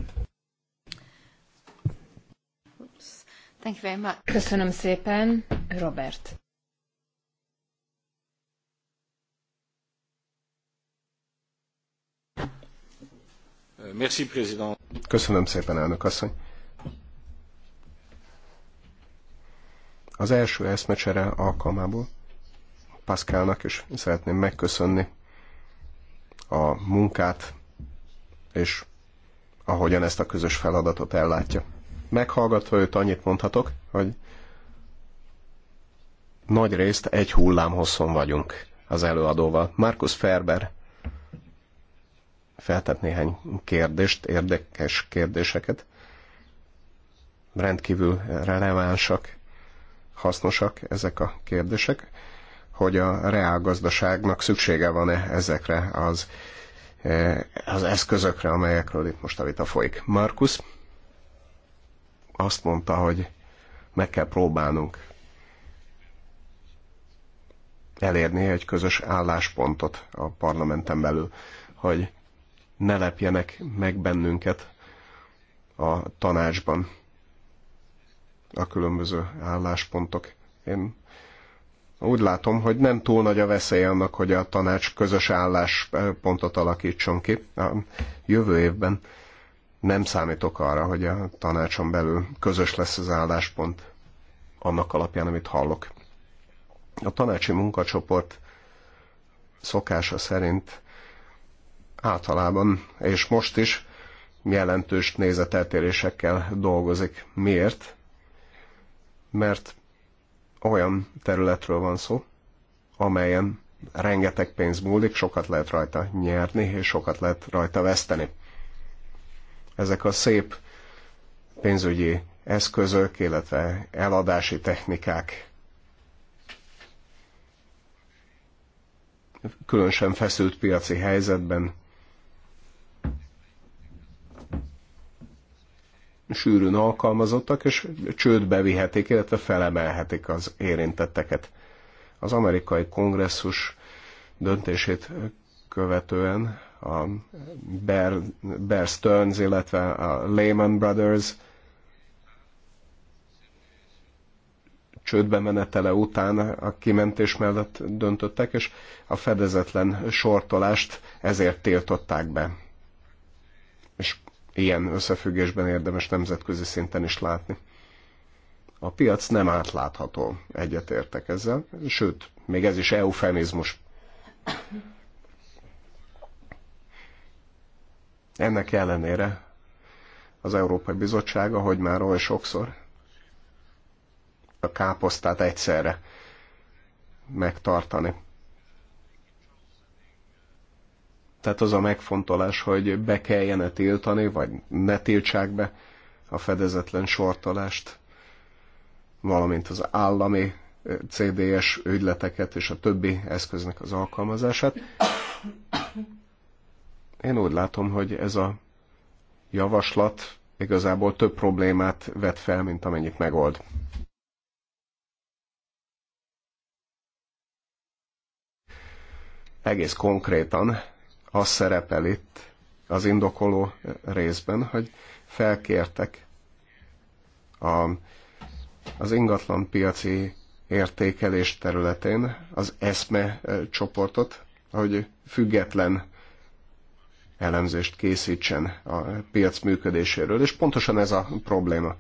Köszönöm szépen, Robert. Merci, président. Köszönöm szépen, elnök asszony. Az első eszmecsere alkalmából Pascalnak is szeretném megköszönni a munkát, és ahogyan ezt a közös feladatot ellátja. Meghallgatva őt annyit mondhatok, hogy nagy részt egy hullám hosszon vagyunk az előadóval. Markus Ferber feltett néhány kérdést, érdekes kérdéseket. Rendkívül relevánsak, hasznosak ezek a kérdések, hogy a reálgazdaságnak szüksége van-e ezekre az, e, az eszközökre, amelyekről itt most a vita folyik. Markus azt mondta, hogy meg kell próbálnunk elérni egy közös álláspontot a parlamenten belül, hogy ne lepjenek meg bennünket a tanácsban a különböző álláspontok. Én úgy látom, hogy nem túl nagy a veszély annak, hogy a tanács közös álláspontot alakítson ki. A jövő évben nem számítok arra, hogy a tanácson belül közös lesz az álláspont annak alapján, amit hallok. A tanácsi munkacsoport szokása szerint általában és most is jelentős nézeteltérésekkel dolgozik. Miért? Mert olyan területről van szó, amelyen rengeteg pénz múlik, sokat lehet rajta nyerni, és sokat lehet rajta veszteni. Ezek a szép pénzügyi eszközök, illetve eladási technikák különösen feszült piaci helyzetben sűrűn alkalmazottak, és csődbe vihetik, illetve felemelhetik az érintetteket. Az amerikai kongresszus döntését követően a Bear, Bear Stearns, illetve a Lehman Brothers csődbe menetele után a kimentés mellett döntöttek, és a fedezetlen sortolást ezért tiltották be ilyen összefüggésben érdemes nemzetközi szinten is látni. A piac nem átlátható, egyetértek ezzel, sőt, még ez is eufemizmus. Ennek ellenére az Európai Bizottság, ahogy már oly sokszor, a káposztát egyszerre megtartani Tehát az a megfontolás, hogy be kelljen-e tiltani, vagy ne tiltsák be a fedezetlen sortolást, valamint az állami CDS ügyleteket és a többi eszköznek az alkalmazását. Én úgy látom, hogy ez a javaslat igazából több problémát vet fel, mint amennyit megold. Egész konkrétan az szerepel itt az indokoló részben, hogy felkértek a, az ingatlan piaci értékelés területén az eszme eh, csoportot, hogy független elemzést készítsen a piac működéséről, és pontosan ez a probléma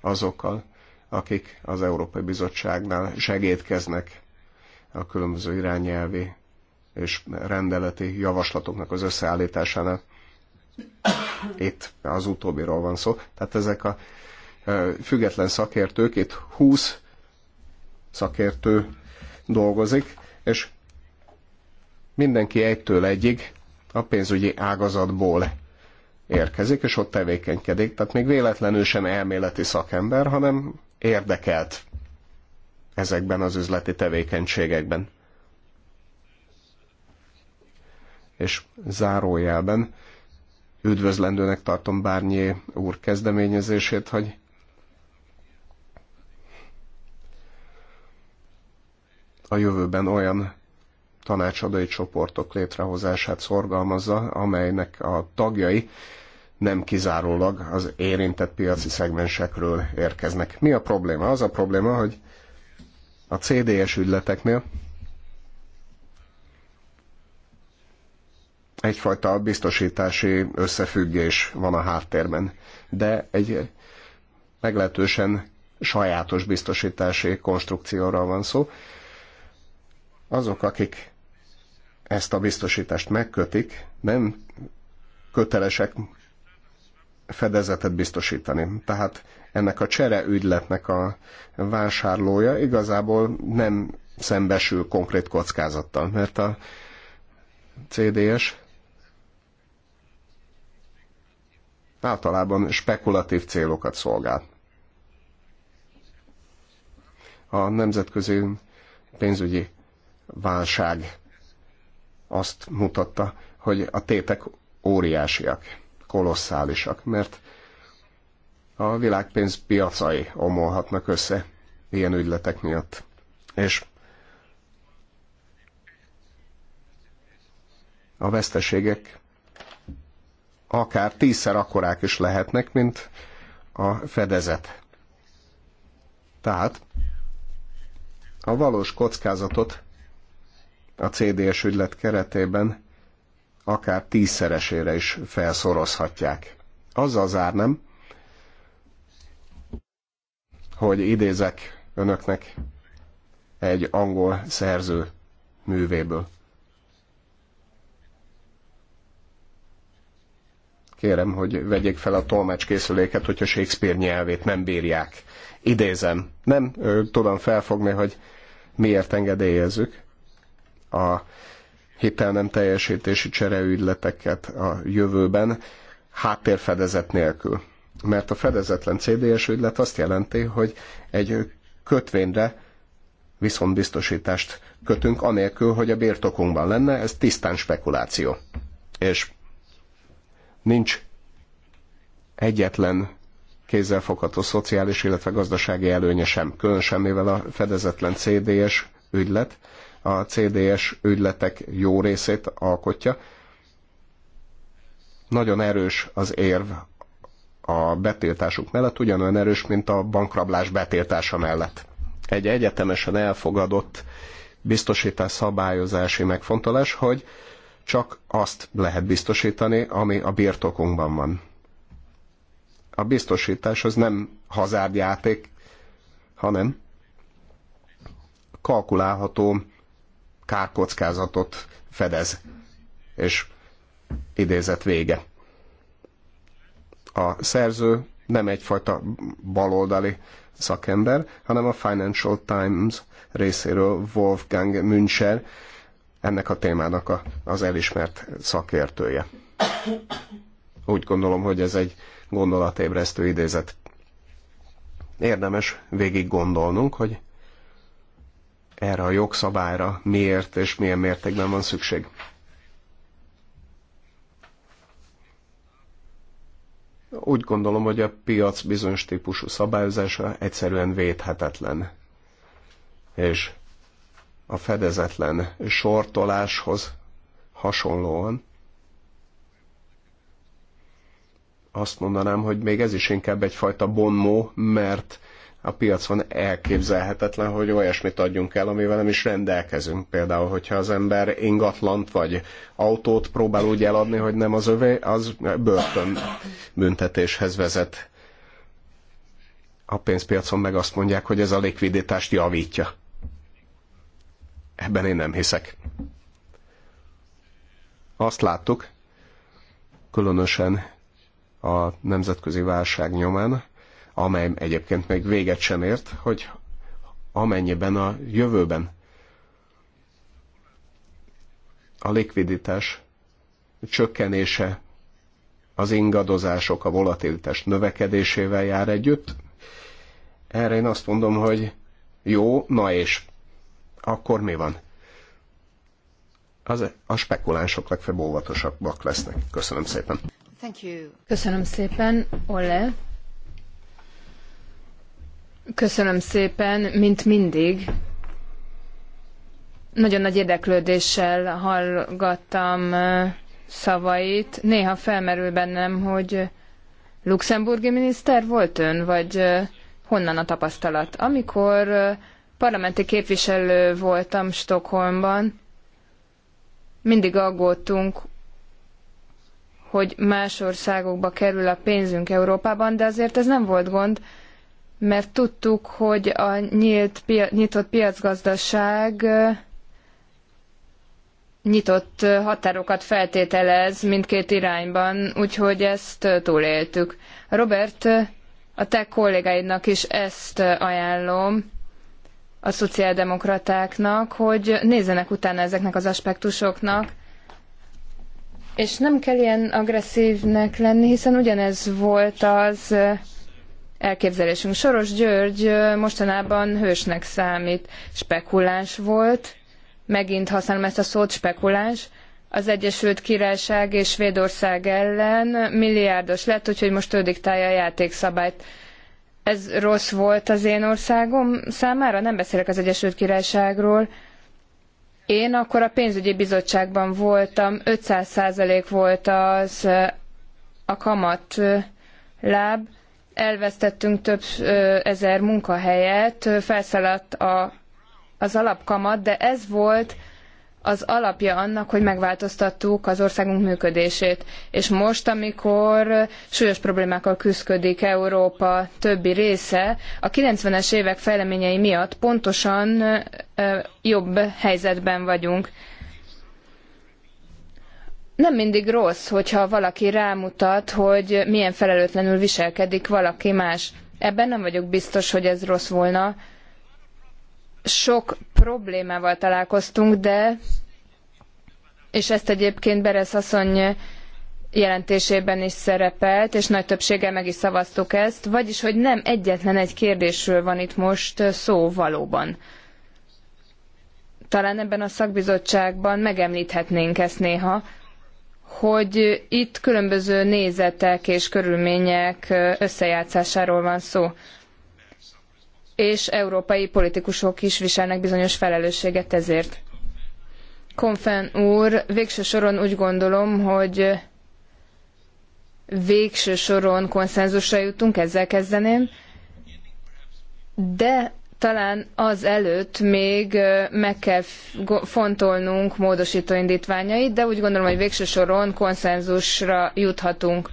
azokkal, akik az Európai Bizottságnál segítkeznek a különböző irányelvi és rendeleti javaslatoknak az összeállításánál. Itt az utóbbiról van szó. Tehát ezek a független szakértők, itt 20 szakértő dolgozik, és mindenki egytől egyig a pénzügyi ágazatból érkezik, és ott tevékenykedik. Tehát még véletlenül sem elméleti szakember, hanem érdekelt ezekben az üzleti tevékenységekben. és zárójelben üdvözlendőnek tartom bárnyi úr kezdeményezését, hogy a jövőben olyan tanácsadói csoportok létrehozását szorgalmazza, amelynek a tagjai nem kizárólag az érintett piaci szegmensekről érkeznek. Mi a probléma? Az a probléma, hogy a CDS ügyleteknél egyfajta biztosítási összefüggés van a háttérben, de egy meglehetősen sajátos biztosítási konstrukcióra van szó. Azok, akik ezt a biztosítást megkötik, nem kötelesek fedezetet biztosítani. Tehát ennek a csere ügyletnek a vásárlója igazából nem szembesül konkrét kockázattal, mert a CDS általában spekulatív célokat szolgál. A nemzetközi pénzügyi válság azt mutatta, hogy a tétek óriásiak, kolosszálisak, mert a világpénz piacai omolhatnak össze ilyen ügyletek miatt. És a veszteségek akár tízszer akkorák is lehetnek, mint a fedezet. Tehát a valós kockázatot a CDS ügylet keretében akár tízszeresére is felszorozhatják. Azzal zárnám, hogy idézek önöknek egy angol szerző művéből. kérem, hogy vegyék fel a tolmácskészüléket, hogyha Shakespeare nyelvét nem bírják. Idézem. Nem ő, tudom felfogni, hogy miért engedélyezzük a hitel nem teljesítési csereügyleteket a jövőben háttérfedezet nélkül. Mert a fedezetlen CDS ügylet azt jelenti, hogy egy kötvényre biztosítást kötünk, anélkül, hogy a birtokunkban lenne, ez tisztán spekuláció. És Nincs egyetlen kézzelfogható szociális, illetve gazdasági előnye sem. Különösen mivel a fedezetlen CDS ügylet, a CDS ügyletek jó részét alkotja. Nagyon erős az érv a betiltásuk mellett, ugyanolyan erős, mint a bankrablás betiltása mellett. Egy egyetemesen elfogadott biztosítás szabályozási megfontolás, hogy csak azt lehet biztosítani, ami a birtokunkban van. A biztosítás az nem hazárdjáték, hanem kalkulálható kárkockázatot fedez. És idézet vége. A szerző nem egyfajta baloldali szakember, hanem a Financial Times részéről Wolfgang Müncher ennek a témának a, az elismert szakértője. Úgy gondolom, hogy ez egy gondolatébresztő idézet. Érdemes végig gondolnunk, hogy erre a jogszabályra miért és milyen mértékben van szükség. Úgy gondolom, hogy a piac bizonyos típusú szabályozása egyszerűen védhetetlen. És a fedezetlen sortoláshoz hasonlóan azt mondanám, hogy még ez is inkább egyfajta bonmó, mert a piacon elképzelhetetlen, hogy olyasmit adjunk el, amivel nem is rendelkezünk. Például, hogyha az ember ingatlant vagy autót próbál úgy eladni, hogy nem az övé, az börtön büntetéshez vezet. A pénzpiacon meg azt mondják, hogy ez a likviditást javítja. Ebben én nem hiszek. Azt láttuk, különösen a nemzetközi válság nyomán, amely egyébként még véget sem ért, hogy amennyiben a jövőben a likviditás csökkenése, az ingadozások, a volatilitás növekedésével jár együtt. Erre én azt mondom, hogy jó, na és akkor mi van? Az, e- a spekulánsok legfőbb óvatosabbak lesznek. Köszönöm szépen. Thank you. Köszönöm szépen, Ole. Köszönöm szépen, mint mindig. Nagyon nagy érdeklődéssel hallgattam szavait. Néha felmerül bennem, hogy luxemburgi miniszter volt ön, vagy honnan a tapasztalat? Amikor parlamenti képviselő voltam Stockholmban, mindig aggódtunk, hogy más országokba kerül a pénzünk Európában, de azért ez nem volt gond, mert tudtuk, hogy a nyílt, pia, nyitott piacgazdaság nyitott határokat feltételez mindkét irányban, úgyhogy ezt túléltük. Robert, a te kollégáidnak is ezt ajánlom, a szociáldemokratáknak, hogy nézzenek utána ezeknek az aspektusoknak, és nem kell ilyen agresszívnek lenni, hiszen ugyanez volt az elképzelésünk. Soros György mostanában hősnek számít, spekuláns volt, megint használom ezt a szót, spekuláns, az Egyesült Királyság és Svédország ellen milliárdos lett, úgyhogy most ő diktálja a játékszabályt ez rossz volt az én országom számára, nem beszélek az Egyesült Királyságról. Én akkor a pénzügyi bizottságban voltam, 500% volt az a kamat láb, elvesztettünk több ezer munkahelyet, felszaladt a, az alapkamat, de ez volt az alapja annak, hogy megváltoztattuk az országunk működését. És most, amikor súlyos problémákkal küzdik Európa többi része, a 90-es évek fejleményei miatt pontosan jobb helyzetben vagyunk. Nem mindig rossz, hogyha valaki rámutat, hogy milyen felelőtlenül viselkedik valaki más. Ebben nem vagyok biztos, hogy ez rossz volna, sok problémával találkoztunk, de, és ezt egyébként Beresz asszony jelentésében is szerepelt, és nagy többséggel meg is szavaztuk ezt, vagyis, hogy nem egyetlen egy kérdésről van itt most szó valóban. Talán ebben a szakbizottságban megemlíthetnénk ezt néha, hogy itt különböző nézetek és körülmények összejátszásáról van szó és európai politikusok is viselnek bizonyos felelősséget ezért. Konfen úr, végső soron úgy gondolom, hogy végső soron konszenzusra jutunk, ezzel kezdeném, de talán az előtt még meg kell fontolnunk módosító indítványait, de úgy gondolom, hogy végső soron konszenzusra juthatunk.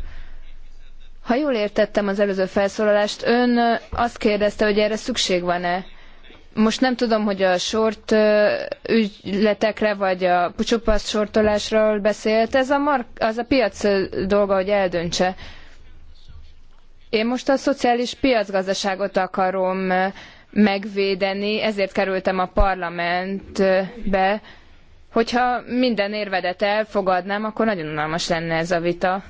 Ha jól értettem az előző felszólalást, ön azt kérdezte, hogy erre szükség van-e? Most nem tudom, hogy a sort ügyletekre vagy a csupasz sortolásról beszélt. Ez a, mark, az a piac dolga, hogy eldöntse. Én most a szociális piacgazdaságot akarom megvédeni, ezért kerültem a parlamentbe. Hogyha minden érvedet elfogadnám, akkor nagyon unalmas lenne ez a vita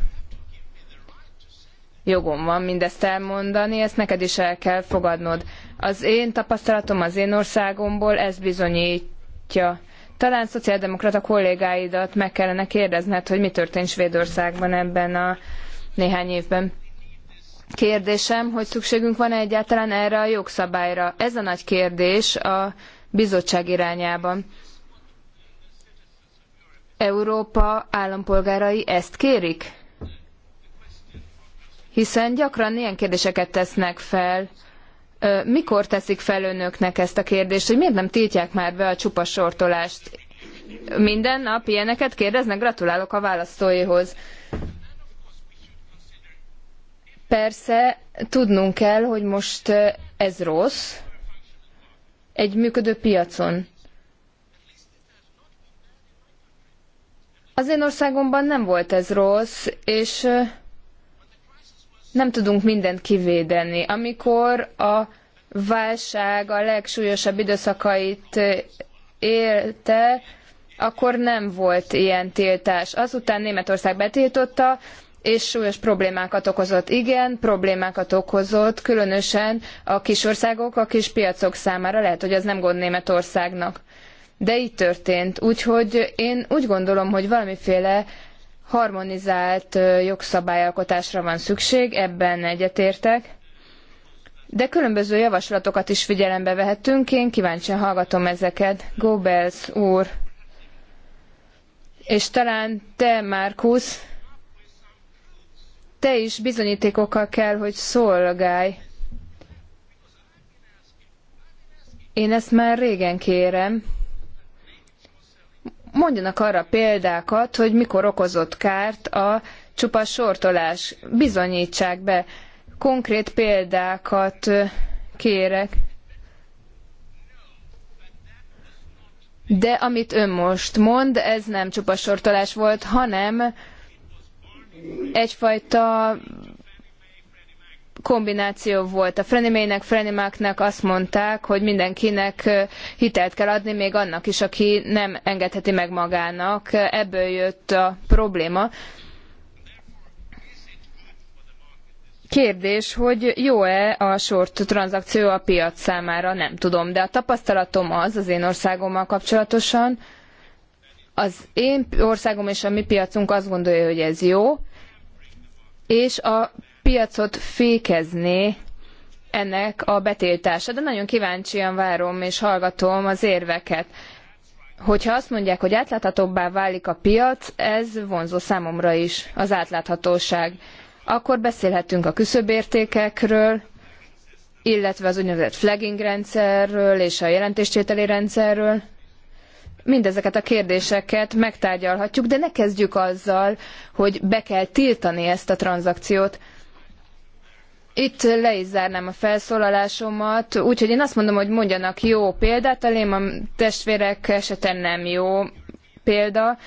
jogom van mindezt elmondani, ezt neked is el kell fogadnod. Az én tapasztalatom az én országomból ez bizonyítja. Talán szociáldemokrata kollégáidat meg kellene kérdezned, hogy mi történt Svédországban ebben a néhány évben. Kérdésem, hogy szükségünk van-e egyáltalán erre a jogszabályra? Ez a nagy kérdés a bizottság irányában. Európa állampolgárai ezt kérik? hiszen gyakran ilyen kérdéseket tesznek fel. Mikor teszik fel önöknek ezt a kérdést, hogy miért nem tiltják már be a csupasortolást? Minden nap ilyeneket kérdeznek, gratulálok a választóihoz. Persze, tudnunk kell, hogy most ez rossz egy működő piacon. Az én országomban nem volt ez rossz, és nem tudunk mindent kivédeni. Amikor a válság a legsúlyosabb időszakait eh, élte, akkor nem volt ilyen tiltás. Azután Németország betiltotta, és súlyos problémákat okozott. Igen, problémákat okozott, különösen a kis országok, a kis piacok számára. Lehet, hogy ez nem gond Németországnak. De így történt. Úgyhogy én úgy gondolom, hogy valamiféle harmonizált jogszabályalkotásra van szükség, ebben egyetértek. De különböző javaslatokat is figyelembe vehetünk, én kíváncsian hallgatom ezeket. Goebbels úr, és talán te, Márkusz, te is bizonyítékokkal kell, hogy szolgálj. Én ezt már régen kérem mondjanak arra példákat, hogy mikor okozott kárt a csupa sortolás. Bizonyítsák be. Konkrét példákat kérek. De amit ön most mond, ez nem csupa sortolás volt, hanem egyfajta kombináció volt. A mac Frenimáknak azt mondták, hogy mindenkinek hitelt kell adni, még annak is, aki nem engedheti meg magának. Ebből jött a probléma. Kérdés, hogy jó-e a short tranzakció a piac számára, nem tudom, de a tapasztalatom az az én országommal kapcsolatosan, az én országom és a mi piacunk azt gondolja, hogy ez jó, és a piacot fékezné ennek a betiltása, de nagyon kíváncsian várom és hallgatom az érveket. Hogyha azt mondják, hogy átláthatóbbá válik a piac, ez vonzó számomra is, az átláthatóság. Akkor beszélhetünk a küszöbértékekről, illetve az úgynevezett flagging rendszerről és a jelentéstételi rendszerről. Mindezeket a kérdéseket megtárgyalhatjuk, de ne kezdjük azzal, hogy be kell tiltani ezt a tranzakciót. Itt le is zárnám a felszólalásomat, úgyhogy én azt mondom, hogy mondjanak jó példát, a léma testvérek esetén nem jó példa.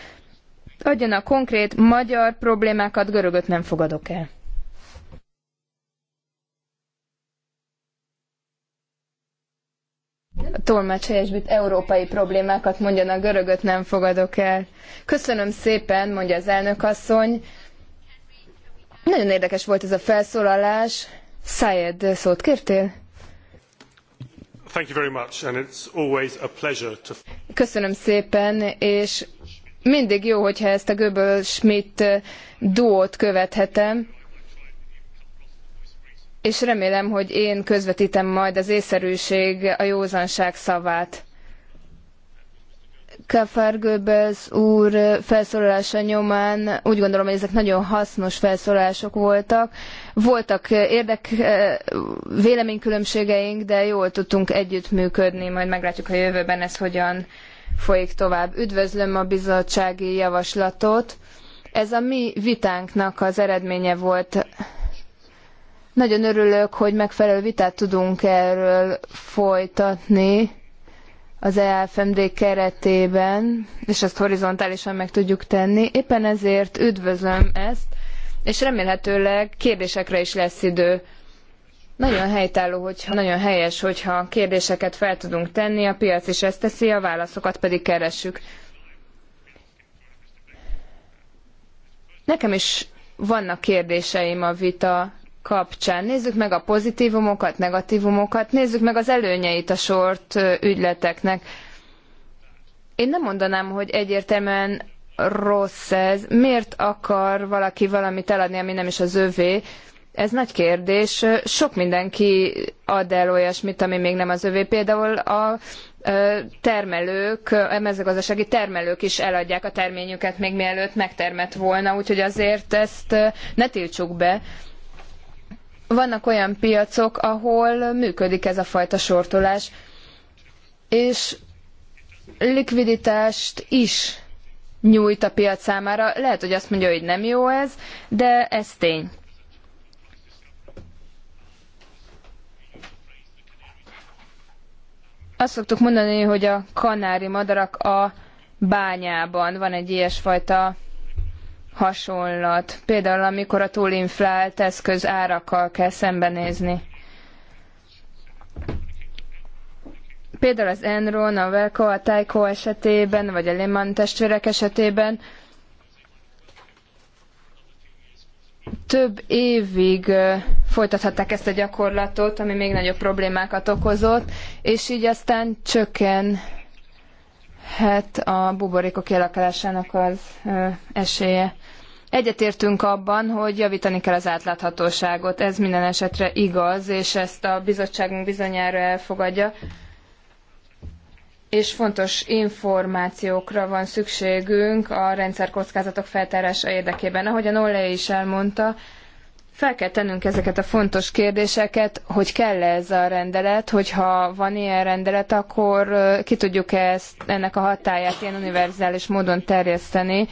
Adjanak konkrét magyar problémákat, görögöt nem fogadok el. tolmács helyesbit, európai problémákat mondjanak, görögöt nem fogadok el. Köszönöm szépen, mondja az elnök asszony. Nagyon érdekes volt ez a felszólalás. Szájed szót kértél? Köszönöm szépen, és mindig jó, hogyha ezt a Göbel-Schmidt eh, duót követhetem, és remélem, hogy én közvetítem majd az észszerűség, a józanság szavát. Kafargőböz úr felszólalása nyomán úgy gondolom, hogy ezek nagyon hasznos felszólalások voltak. Voltak eh, érdek eh, véleménykülönbségeink, de jól tudtunk együttműködni, majd meglátjuk a jövőben ez hogyan folyik tovább. Üdvözlöm a bizottsági javaslatot. Ez a mi vitánknak az eredménye volt. Nagyon örülök, hogy megfelelő vitát tudunk erről folytatni az EFMD keretében, és ezt horizontálisan meg tudjuk tenni. Éppen ezért üdvözlöm ezt, és remélhetőleg kérdésekre is lesz idő. Nagyon helytálló, hogyha nagyon helyes, hogyha kérdéseket fel tudunk tenni, a piac is ezt teszi, a válaszokat pedig keressük. Nekem is vannak kérdéseim a vita kapcsán. Nézzük meg a pozitívumokat, negatívumokat, nézzük meg az előnyeit a sort ügyleteknek. Én nem mondanám, hogy egyértelműen rossz ez. Miért akar valaki valamit eladni, ami nem is az övé? Ez nagy kérdés. Sok mindenki ad el olyasmit, ami még nem az övé. Például a termelők, a mezőgazdasági termelők is eladják a terményüket még mielőtt megtermett volna, úgyhogy azért ezt ne tiltsuk be vannak olyan piacok, ahol működik ez a fajta sortolás, és likviditást is nyújt a piac számára. Lehet, hogy azt mondja, hogy nem jó ez, de ez tény. Azt szoktuk mondani, hogy a kanári madarak a bányában van egy ilyesfajta hasonlat. Például, amikor a túlinflált eszköz árakkal kell szembenézni. Például az Enron, a Velko, a Tyco esetében, vagy a Lehman testvérek esetében több évig folytathatták ezt a gyakorlatot, ami még nagyobb problémákat okozott, és így aztán csökken hát a buborékok kialakulásának az esélye. Egyetértünk abban, hogy javítani kell az átláthatóságot. Ez minden esetre igaz, és ezt a bizottságunk bizonyára elfogadja és fontos információkra van szükségünk a kockázatok feltárása érdekében. Ahogy a Nolle is elmondta, fel kell tennünk ezeket a fontos kérdéseket, hogy kell -e ez a rendelet, hogyha van ilyen rendelet, akkor ki tudjuk -e ezt, ennek a hatáját ilyen univerzális módon terjeszteni,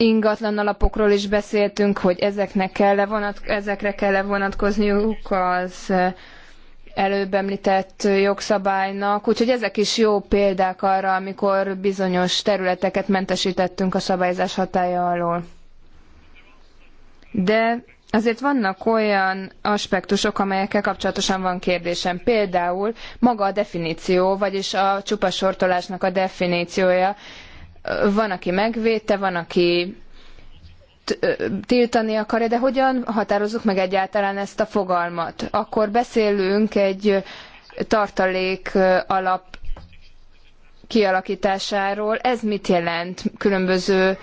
ingatlan alapokról is beszéltünk, hogy ezeknek kell ezekre kell -e vonatkozniuk az eh, előbb említett jogszabálynak, úgyhogy ezek is jó példák arra, amikor bizonyos területeket mentesítettünk a szabályzás hatálya alól. De azért vannak olyan aspektusok, amelyekkel kapcsolatosan van kérdésem. Például maga a definíció, vagyis a csupasortolásnak a definíciója. Van, aki megvédte, van, aki tiltani akarja, de hogyan határozzuk meg egyáltalán ezt a fogalmat? Akkor beszélünk egy tartalék alap kialakításáról. Ez mit jelent különböző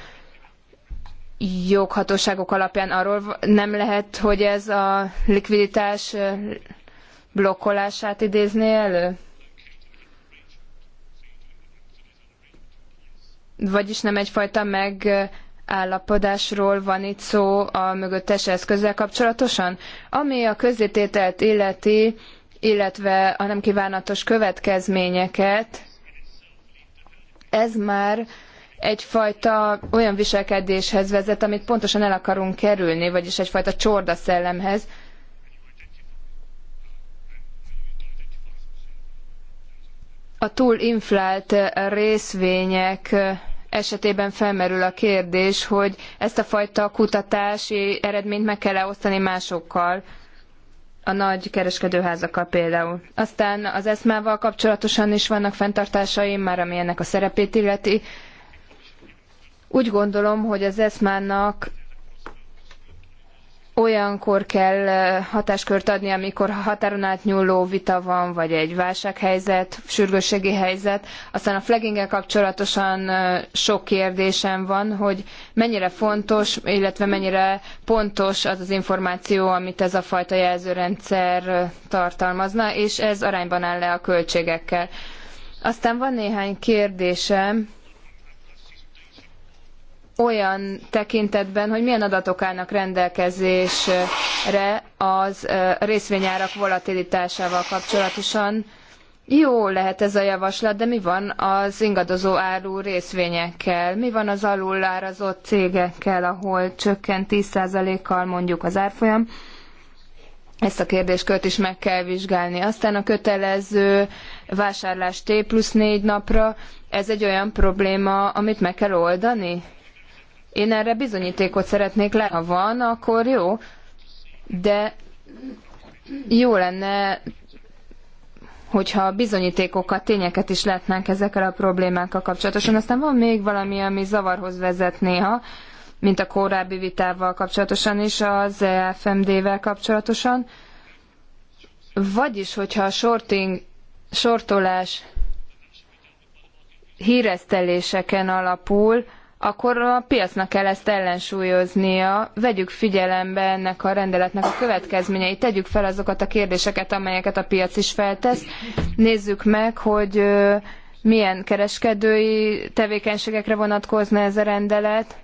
joghatóságok alapján arról nem lehet, hogy ez a likviditás blokkolását idézné elő? vagyis nem egyfajta megállapodásról van itt szó a mögöttes eszközzel kapcsolatosan? Ami a közzétételt illeti, illetve a nem kívánatos következményeket, ez már egyfajta olyan viselkedéshez vezet, amit pontosan el akarunk kerülni, vagyis egyfajta csorda szellemhez. A túlinflált részvények esetében felmerül a kérdés, hogy ezt a fajta kutatási eredményt meg kell -e osztani másokkal, a nagy kereskedőházakkal például. Aztán az eszmával kapcsolatosan is vannak fenntartásaim, már ami ennek a szerepét illeti. Úgy gondolom, hogy az eszmának olyankor kell hatáskört adni, amikor határon átnyúló vita van, vagy egy válsághelyzet, sürgősségi helyzet. Aztán a flagginggel kapcsolatosan sok kérdésem van, hogy mennyire fontos, illetve mennyire pontos az az információ, amit ez a fajta jelzőrendszer tartalmazna, és ez arányban áll le a költségekkel. Aztán van néhány kérdésem, olyan tekintetben, hogy milyen adatok állnak rendelkezésre az részvényárak volatilitásával kapcsolatosan. Jó lehet ez a javaslat, de mi van az ingadozó áru részvényekkel? Mi van az alulárazott cégekkel, ahol csökken 10%-kal mondjuk az árfolyam? Ezt a kérdéskört is meg kell vizsgálni. Aztán a kötelező vásárlás T plusz négy napra, ez egy olyan probléma, amit meg kell oldani? Én erre bizonyítékot szeretnék le. Ha van, akkor jó, de jó lenne, hogyha bizonyítékokat, tényeket is lehetnánk ezekkel a problémákkal kapcsolatosan. Aztán van még valami, ami zavarhoz vezet néha, mint a korábbi vitával kapcsolatosan is, az e FMD-vel kapcsolatosan. Vagyis, hogyha a shorting, sortolás híreszteléseken alapul, akkor a piacnak kell ezt ellensúlyoznia. Vegyük figyelembe ennek a rendeletnek a következményeit, tegyük fel azokat a kérdéseket, amelyeket a piac is feltesz. Nézzük meg, hogy milyen kereskedői tevékenységekre vonatkozna ez a rendelet,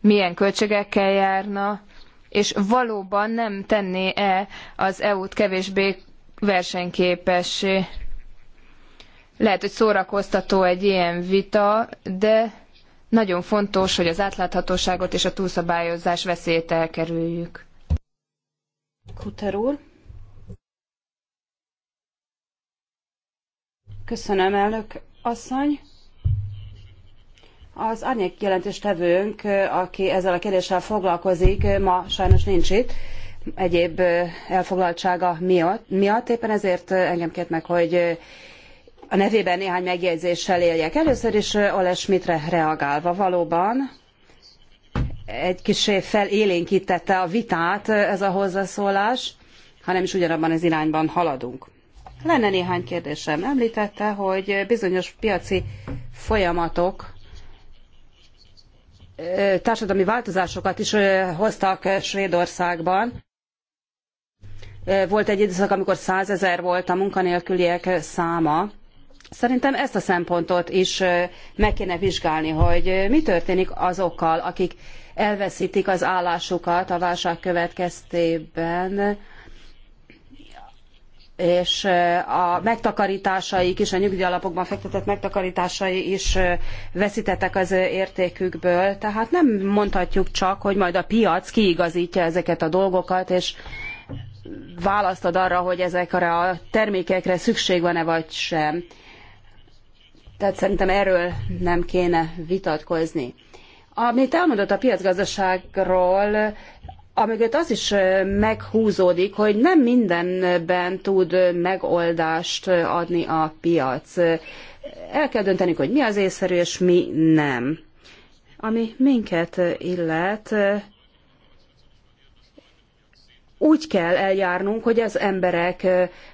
milyen költségekkel járna, és valóban nem tenné-e az EU-t kevésbé versenyképessé. Lehet, hogy szórakoztató egy ilyen vita, de nagyon fontos, hogy az átláthatóságot és a túlszabályozás veszélyét elkerüljük. Kuter úr. Köszönöm, elnök asszony. Az árnyék jelentéstevőnk, aki ezzel a kérdéssel foglalkozik, ma sajnos nincs itt, egyéb eh, elfoglaltsága miatt. miatt éppen ezért eh, engem kért meg, hogy eh, a nevében néhány megjegyzéssel éljek. Először is Ole Schmidtre reagálva valóban egy kis felélénkítette a vitát ez a hozzászólás, hanem is ugyanabban az irányban haladunk. Lenne néhány kérdésem. Említette, hogy bizonyos piaci folyamatok társadalmi változásokat is hoztak Svédországban. Volt egy időszak, amikor százezer volt a munkanélküliek száma. Szerintem ezt a szempontot is meg kéne vizsgálni, hogy mi történik azokkal, akik elveszítik az állásukat a válság következtében, és a megtakarításaik is, a nyugdíjalapokban fektetett megtakarításai is veszítettek az értékükből, tehát nem mondhatjuk csak, hogy majd a piac kiigazítja ezeket a dolgokat, és választ ad arra, hogy ezekre a termékekre szükség van-e vagy sem. Tehát szerintem erről nem kéne vitatkozni. Amit elmondott a piacgazdaságról, amögött az is meghúzódik, hogy nem mindenben tud megoldást adni a piac. El kell döntenünk, hogy mi az észszerű és mi nem. Ami minket illet, úgy kell eljárnunk, hogy az emberek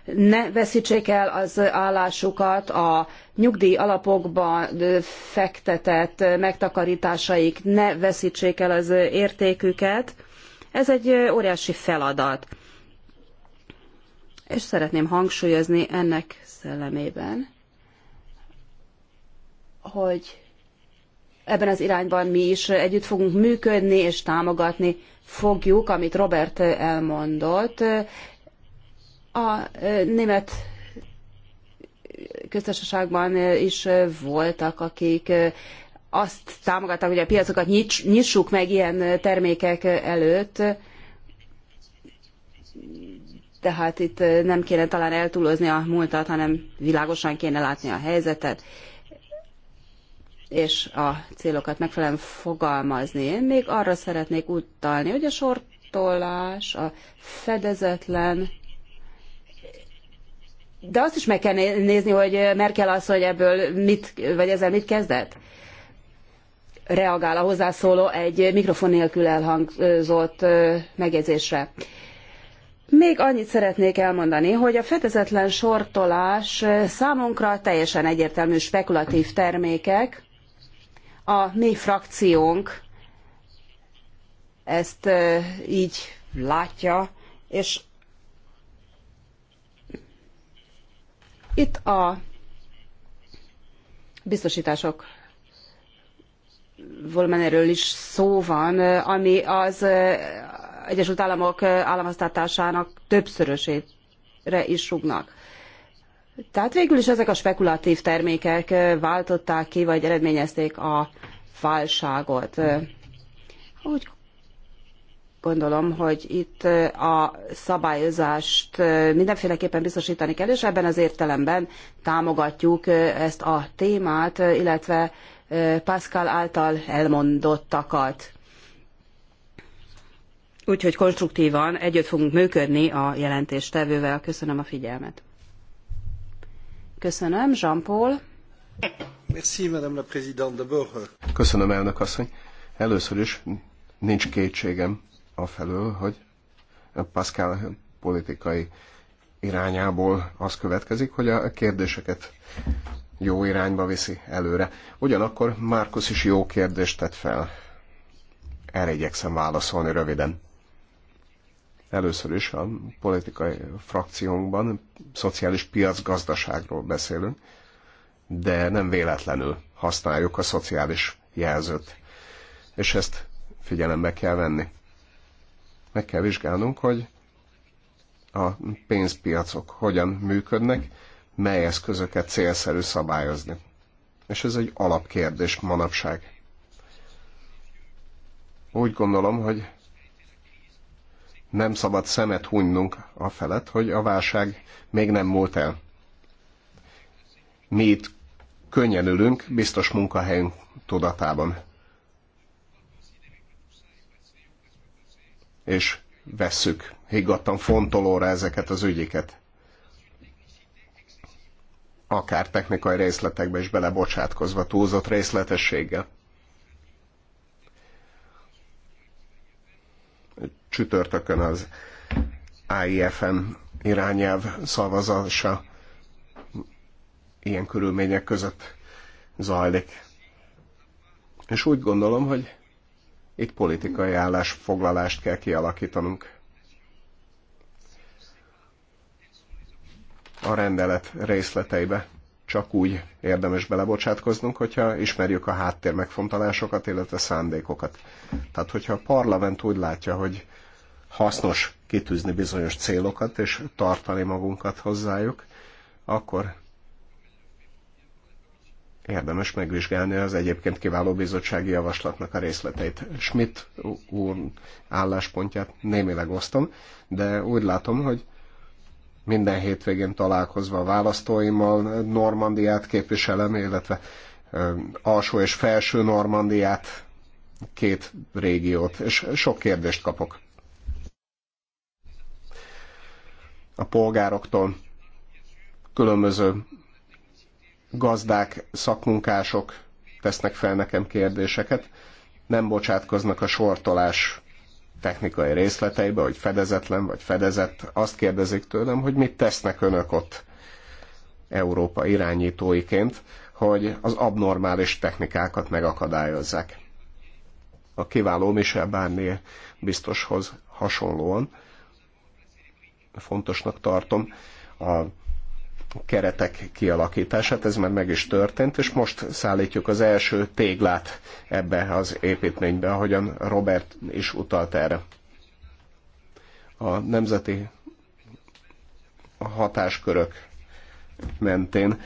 ne veszítsék el az állásukat, a nyugdíj alapokba fektetett megtakarításaik ne veszítsék el az értéküket. Ez egy óriási feladat. És szeretném hangsúlyozni ennek szellemében, hogy ebben az irányban mi is együtt fogunk működni és támogatni fogjuk, amit Robert elmondott. A német köztársaságban is voltak, akik azt támogatták, hogy a piacokat nyissuk meg ilyen termékek előtt, tehát itt nem kéne talán eltúlozni a múltat, hanem világosan kéne látni a helyzetet és a célokat megfelelően fogalmazni. Én még arra szeretnék utalni, hogy a sortolás, a fedezetlen, de azt is meg kell nézni, hogy Merkel asszony ebből mit, vagy ezzel mit kezdett. Reagál a hozzászóló egy mikrofon nélkül elhangzott megjegyzésre. Még annyit szeretnék elmondani, hogy a fedezetlen sortolás számunkra teljesen egyértelmű spekulatív termékek, a mi frakciónk ezt így látja, és itt a biztosítások volumenéről is szó van, ami az Egyesült Államok államháztartásának többszörösére is rúgnak. Tehát végül is ezek a spekulatív termékek váltották ki, vagy eredményezték a válságot. Úgy gondolom, hogy itt a szabályozást mindenféleképpen biztosítani kell, és ebben az értelemben támogatjuk ezt a témát, illetve Pascal által elmondottakat. Úgyhogy konstruktívan együtt fogunk működni a jelentéstevővel. Köszönöm a figyelmet. Köszönöm, Jean-Paul. Merci, Madame la Présidente, d'abord. Euh, Köszönöm, elnök asszony. Először is nincs kétségem afelől, hogy Pascal politikai irányából az következik, hogy a kérdéseket jó irányba viszi előre. Ugyanakkor Márkusz is jó kérdést tett fel. Erre igyekszem válaszolni röviden. Először is a politikai frakciónkban szociális piacgazdaságról beszélünk, de nem véletlenül használjuk a szociális jelzőt. És ezt figyelembe kell venni. Meg kell vizsgálnunk, hogy a pénzpiacok hogyan működnek, mely eszközöket célszerű szabályozni. És ez egy alapkérdés manapság. Úgy gondolom, hogy nem szabad szemet hunynunk a felett, hogy a válság még nem múlt el. Mi itt könnyen ülünk, biztos munkahelyünk tudatában. És vesszük higgadtan fontolóra ezeket az ügyeket. Akár technikai részletekbe is belebocsátkozva túlzott részletességgel. csütörtökön az AIFM irányelv szavazása ilyen körülmények között zajlik. És úgy gondolom, hogy itt politikai állásfoglalást kell kialakítanunk. A rendelet részleteibe csak úgy érdemes belebocsátkoznunk, hogyha ismerjük a háttér megfontolásokat, illetve szándékokat. Tehát, hogyha a parlament úgy látja, hogy hasznos kitűzni bizonyos célokat, és tartani magunkat hozzájuk, akkor érdemes megvizsgálni az egyébként kiváló bizottsági javaslatnak a részleteit. Schmidt úr álláspontját némileg osztom, de úgy látom, hogy minden hétvégén találkozva a választóimmal Normandiát képviselem, illetve alsó és felső Normandiát, két régiót, és sok kérdést kapok a polgároktól, különböző gazdák, szakmunkások tesznek fel nekem kérdéseket, nem bocsátkoznak a sortolás technikai részleteibe, hogy fedezetlen vagy fedezett, azt kérdezik tőlem, hogy mit tesznek önök ott Európa irányítóiként, hogy az abnormális technikákat megakadályozzák. A kiváló Michel Barnier biztoshoz hasonlóan fontosnak tartom a keretek kialakítását, ez már meg is történt, és most szállítjuk az első téglát ebbe az építménybe, ahogyan Robert is utalt erre. A nemzeti hatáskörök mentén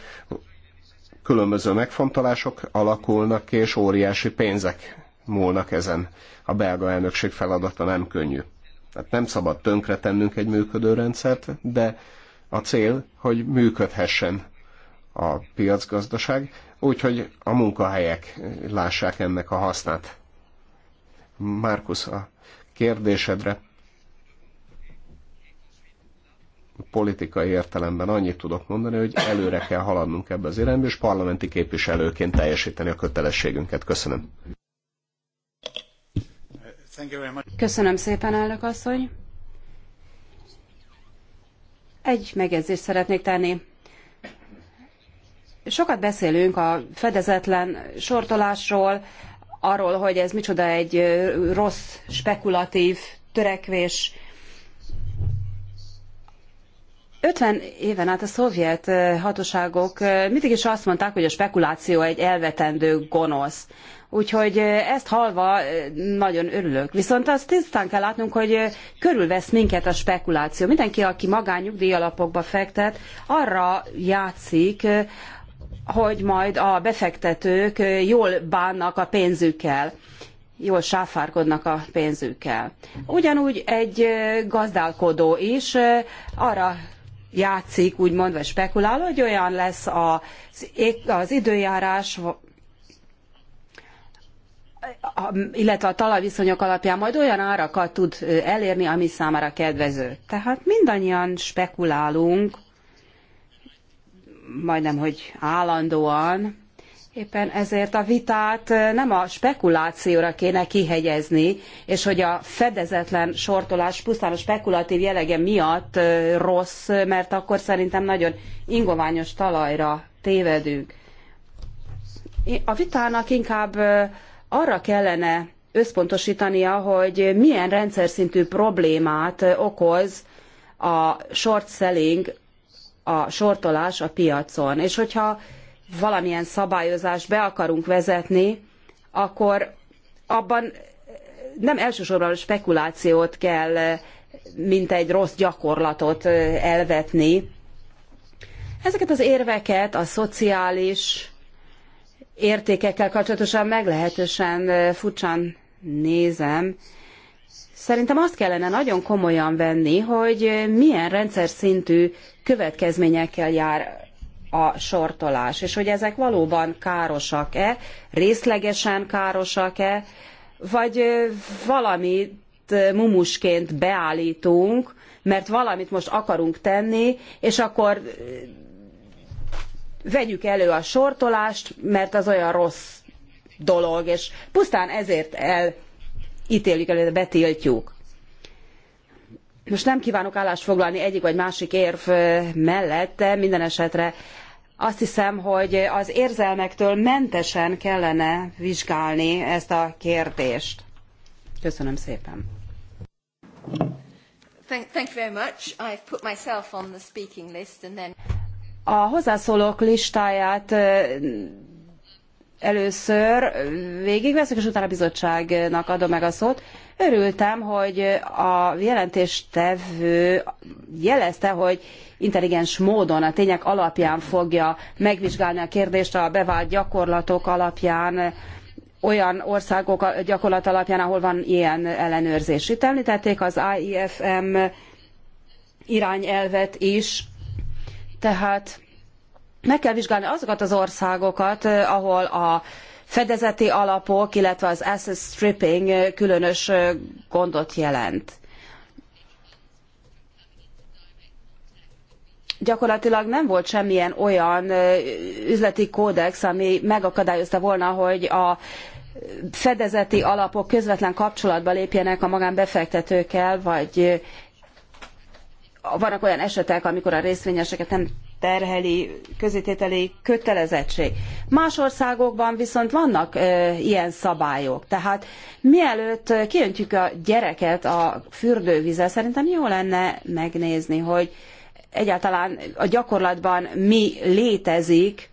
különböző megfontolások alakulnak ki, és óriási pénzek múlnak ezen. A belga elnökség feladata nem könnyű. Tehát nem szabad tönkretennünk egy működő rendszert, de a cél, hogy működhessen a piacgazdaság, úgyhogy a munkahelyek lássák ennek a hasznát. Márkusz, a kérdésedre politikai értelemben annyit tudok mondani, hogy előre kell haladnunk ebbe az irányba, és parlamenti képviselőként teljesíteni a kötelességünket. Köszönöm. Köszönöm szépen, elnök asszony. Egy megjegyzést szeretnék tenni. Sokat beszélünk a fedezetlen sortolásról, arról, hogy ez micsoda egy rossz, spekulatív törekvés. 50 éven át a szovjet hatóságok mindig is azt mondták, hogy a spekuláció egy elvetendő gonosz. Úgyhogy ezt hallva nagyon örülök. Viszont azt tisztán kell látnunk, hogy körülvesz minket a spekuláció. Mindenki, aki alapokba fektet, arra játszik, hogy majd a befektetők jól bánnak a pénzükkel jól sáfárkodnak a pénzükkel. Ugyanúgy egy gazdálkodó is arra játszik, úgymond, vagy spekulál, hogy olyan lesz az időjárás, illetve a talajviszonyok alapján majd olyan árakat tud elérni, ami számára kedvező. Tehát mindannyian spekulálunk, majdnem, hogy állandóan. Éppen ezért a vitát nem a spekulációra kéne kihegyezni, és hogy a fedezetlen sortolás pusztán a spekulatív jellege miatt rossz, mert akkor szerintem nagyon ingoványos talajra tévedünk. A vitának inkább arra kellene összpontosítania, hogy milyen rendszer szintű problémát okoz a short selling, a sortolás a piacon. És hogyha valamilyen szabályozást be akarunk vezetni, akkor abban nem elsősorban a spekulációt kell, mint egy rossz gyakorlatot elvetni. Ezeket az érveket a szociális értékekkel kapcsolatosan meglehetősen furcsán nézem. Szerintem azt kellene nagyon komolyan venni, hogy milyen rendszer szintű következményekkel jár a sortolás, és hogy ezek valóban károsak-e, részlegesen károsak-e, vagy valamit mumusként beállítunk, mert valamit most akarunk tenni, és akkor vegyük elő a sortolást, mert az olyan rossz dolog, és pusztán ezért elítéljük, el, betiltjuk. Most nem kívánok állást foglalni egyik vagy másik érv mellett, de minden esetre azt hiszem, hogy az érzelmektől mentesen kellene vizsgálni ezt a kérdést. Köszönöm szépen. Thank, you very much. I've put myself on the speaking list and then... A hozzászólók listáját először végigveszek, és utána a bizottságnak adom meg a szót. Örültem, hogy a jelentéstevő jelezte, hogy intelligens módon, a tények alapján fogja megvizsgálni a kérdést a bevált gyakorlatok alapján, olyan országok gyakorlat alapján, ahol van ilyen ellenőrzés. Itt említették az IFM e irányelvet is, tehát meg kell vizsgálni azokat az országokat, eh, ahol a fedezeti alapok, illetve az asset stripping különös eh, gondot jelent. Gyakorlatilag nem volt semmilyen olyan eh, üzleti kódex, ami megakadályozta volna, hogy a fedezeti alapok közvetlen kapcsolatba lépjenek a magánbefektetőkkel, vagy vannak olyan esetek, amikor a részvényeseket nem terheli közétételi kötelezettség. Más országokban viszont vannak ilyen szabályok. Tehát mielőtt kiöntjük a gyereket a fürdővízzel, szerintem jó lenne megnézni, hogy egyáltalán a gyakorlatban mi létezik,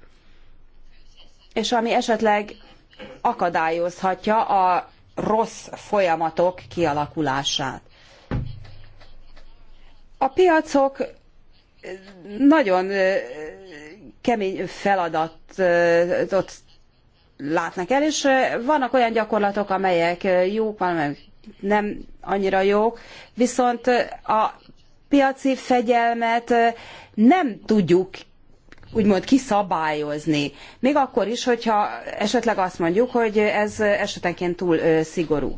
és ami esetleg akadályozhatja a rossz folyamatok kialakulását. A piacok nagyon kemény feladatot látnak el, és vannak olyan gyakorlatok, amelyek jók, amelyek nem annyira jók, viszont a piaci fegyelmet nem tudjuk úgymond kiszabályozni. Még akkor is, hogyha esetleg azt mondjuk, hogy ez esetenként túl szigorú.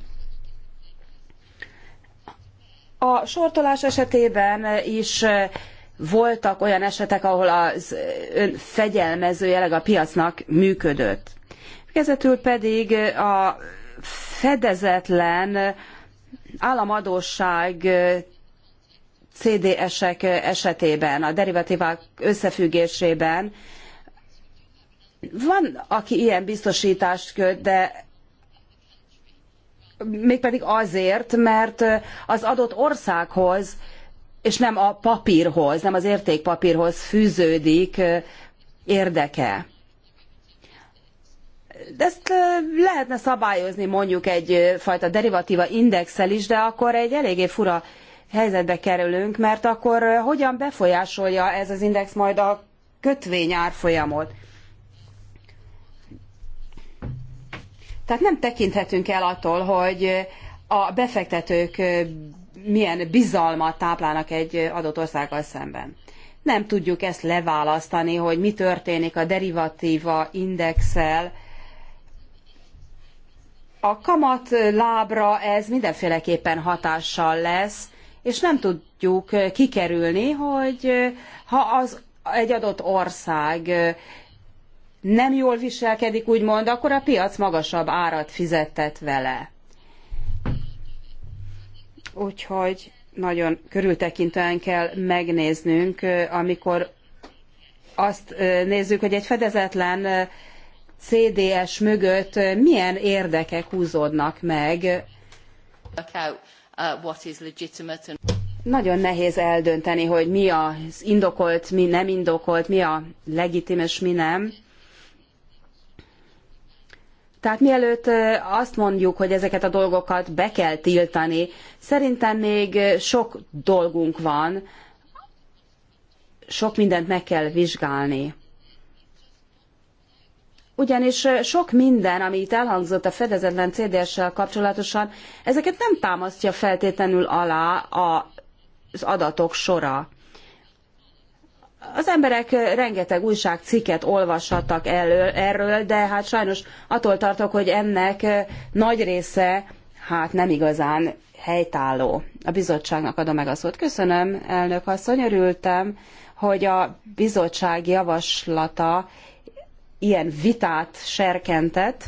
A sortolás esetében is eh, voltak olyan esetek, ahol az eh, fegyelmező jelleg a piacnak működött. Kezetül pedig eh, a fedezetlen államadósság CDS-ek esetében, a derivatívák összefüggésében van, aki ilyen biztosítást köt, de mégpedig azért, mert az adott országhoz, és nem a papírhoz, nem az értékpapírhoz fűződik érdeke. De ezt lehetne szabályozni mondjuk egyfajta derivatíva indexel is, de akkor egy eléggé fura helyzetbe kerülünk, mert akkor hogyan befolyásolja ez az index majd a kötvényárfolyamot? Tehát nem tekinthetünk el attól, hogy a befektetők milyen bizalmat táplálnak egy adott országgal szemben. Nem tudjuk ezt leválasztani, hogy mi történik a derivatíva indexel. A kamat lábra ez mindenféleképpen hatással lesz, és nem tudjuk kikerülni, hogy ha az egy adott ország nem jól viselkedik, úgymond, akkor a piac magasabb árat fizettet vele. Úgyhogy nagyon körültekintően kell megnéznünk, amikor azt nézzük, hogy egy fedezetlen CDS mögött milyen érdekek húzódnak meg. Nagyon nehéz eldönteni, hogy mi az indokolt, mi nem indokolt, mi a legitim és mi nem. Tehát mielőtt azt mondjuk, hogy ezeket a dolgokat be kell tiltani, szerintem még sok dolgunk van, sok mindent meg kell vizsgálni. Ugyanis sok minden, ami itt elhangzott a fedezetlen CDS-sel kapcsolatosan, ezeket nem támasztja feltétlenül alá az adatok sora. Az emberek rengeteg újságcikket olvashattak elől, erről, de hát sajnos attól tartok, hogy ennek nagy része hát nem igazán helytálló. A bizottságnak adom meg a szót. Köszönöm, elnök asszony, örültem, hogy a bizottság javaslata ilyen vitát serkentett.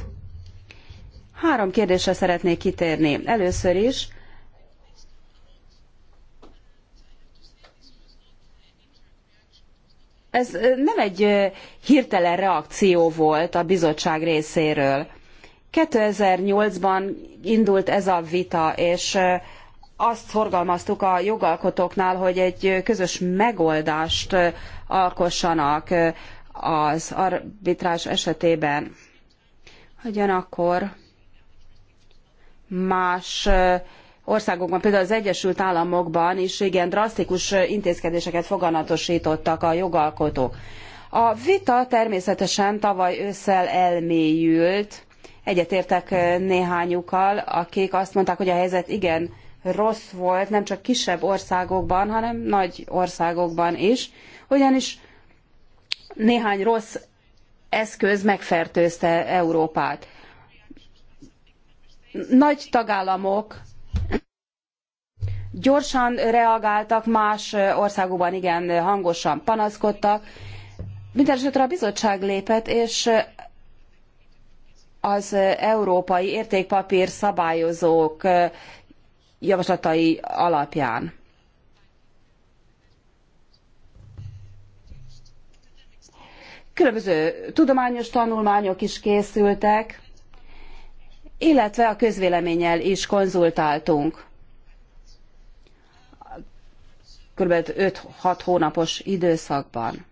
Három kérdésre szeretnék kitérni. Először is, Ez nem egy hirtelen reakció volt a bizottság részéről. 2008-ban indult ez a vita, és azt forgalmaztuk a jogalkotóknál, hogy egy közös megoldást alkossanak az arbitrás esetében. Ugyanakkor más országokban, például az Egyesült Államokban is igen drasztikus intézkedéseket foganatosítottak a jogalkotók. A vita természetesen tavaly ősszel elmélyült. Egyetértek néhányukkal, akik azt mondták, hogy a helyzet igen rossz volt, nem csak kisebb országokban, hanem nagy országokban is, ugyanis néhány rossz eszköz megfertőzte Európát. Nagy tagállamok gyorsan reagáltak, más országokban igen hangosan panaszkodtak. Mindenesetre a bizottság lépett, és az európai értékpapír szabályozók javaslatai alapján. Különböző tudományos tanulmányok is készültek, illetve a közvéleménnyel is konzultáltunk kb. 5-6 hónapos időszakban.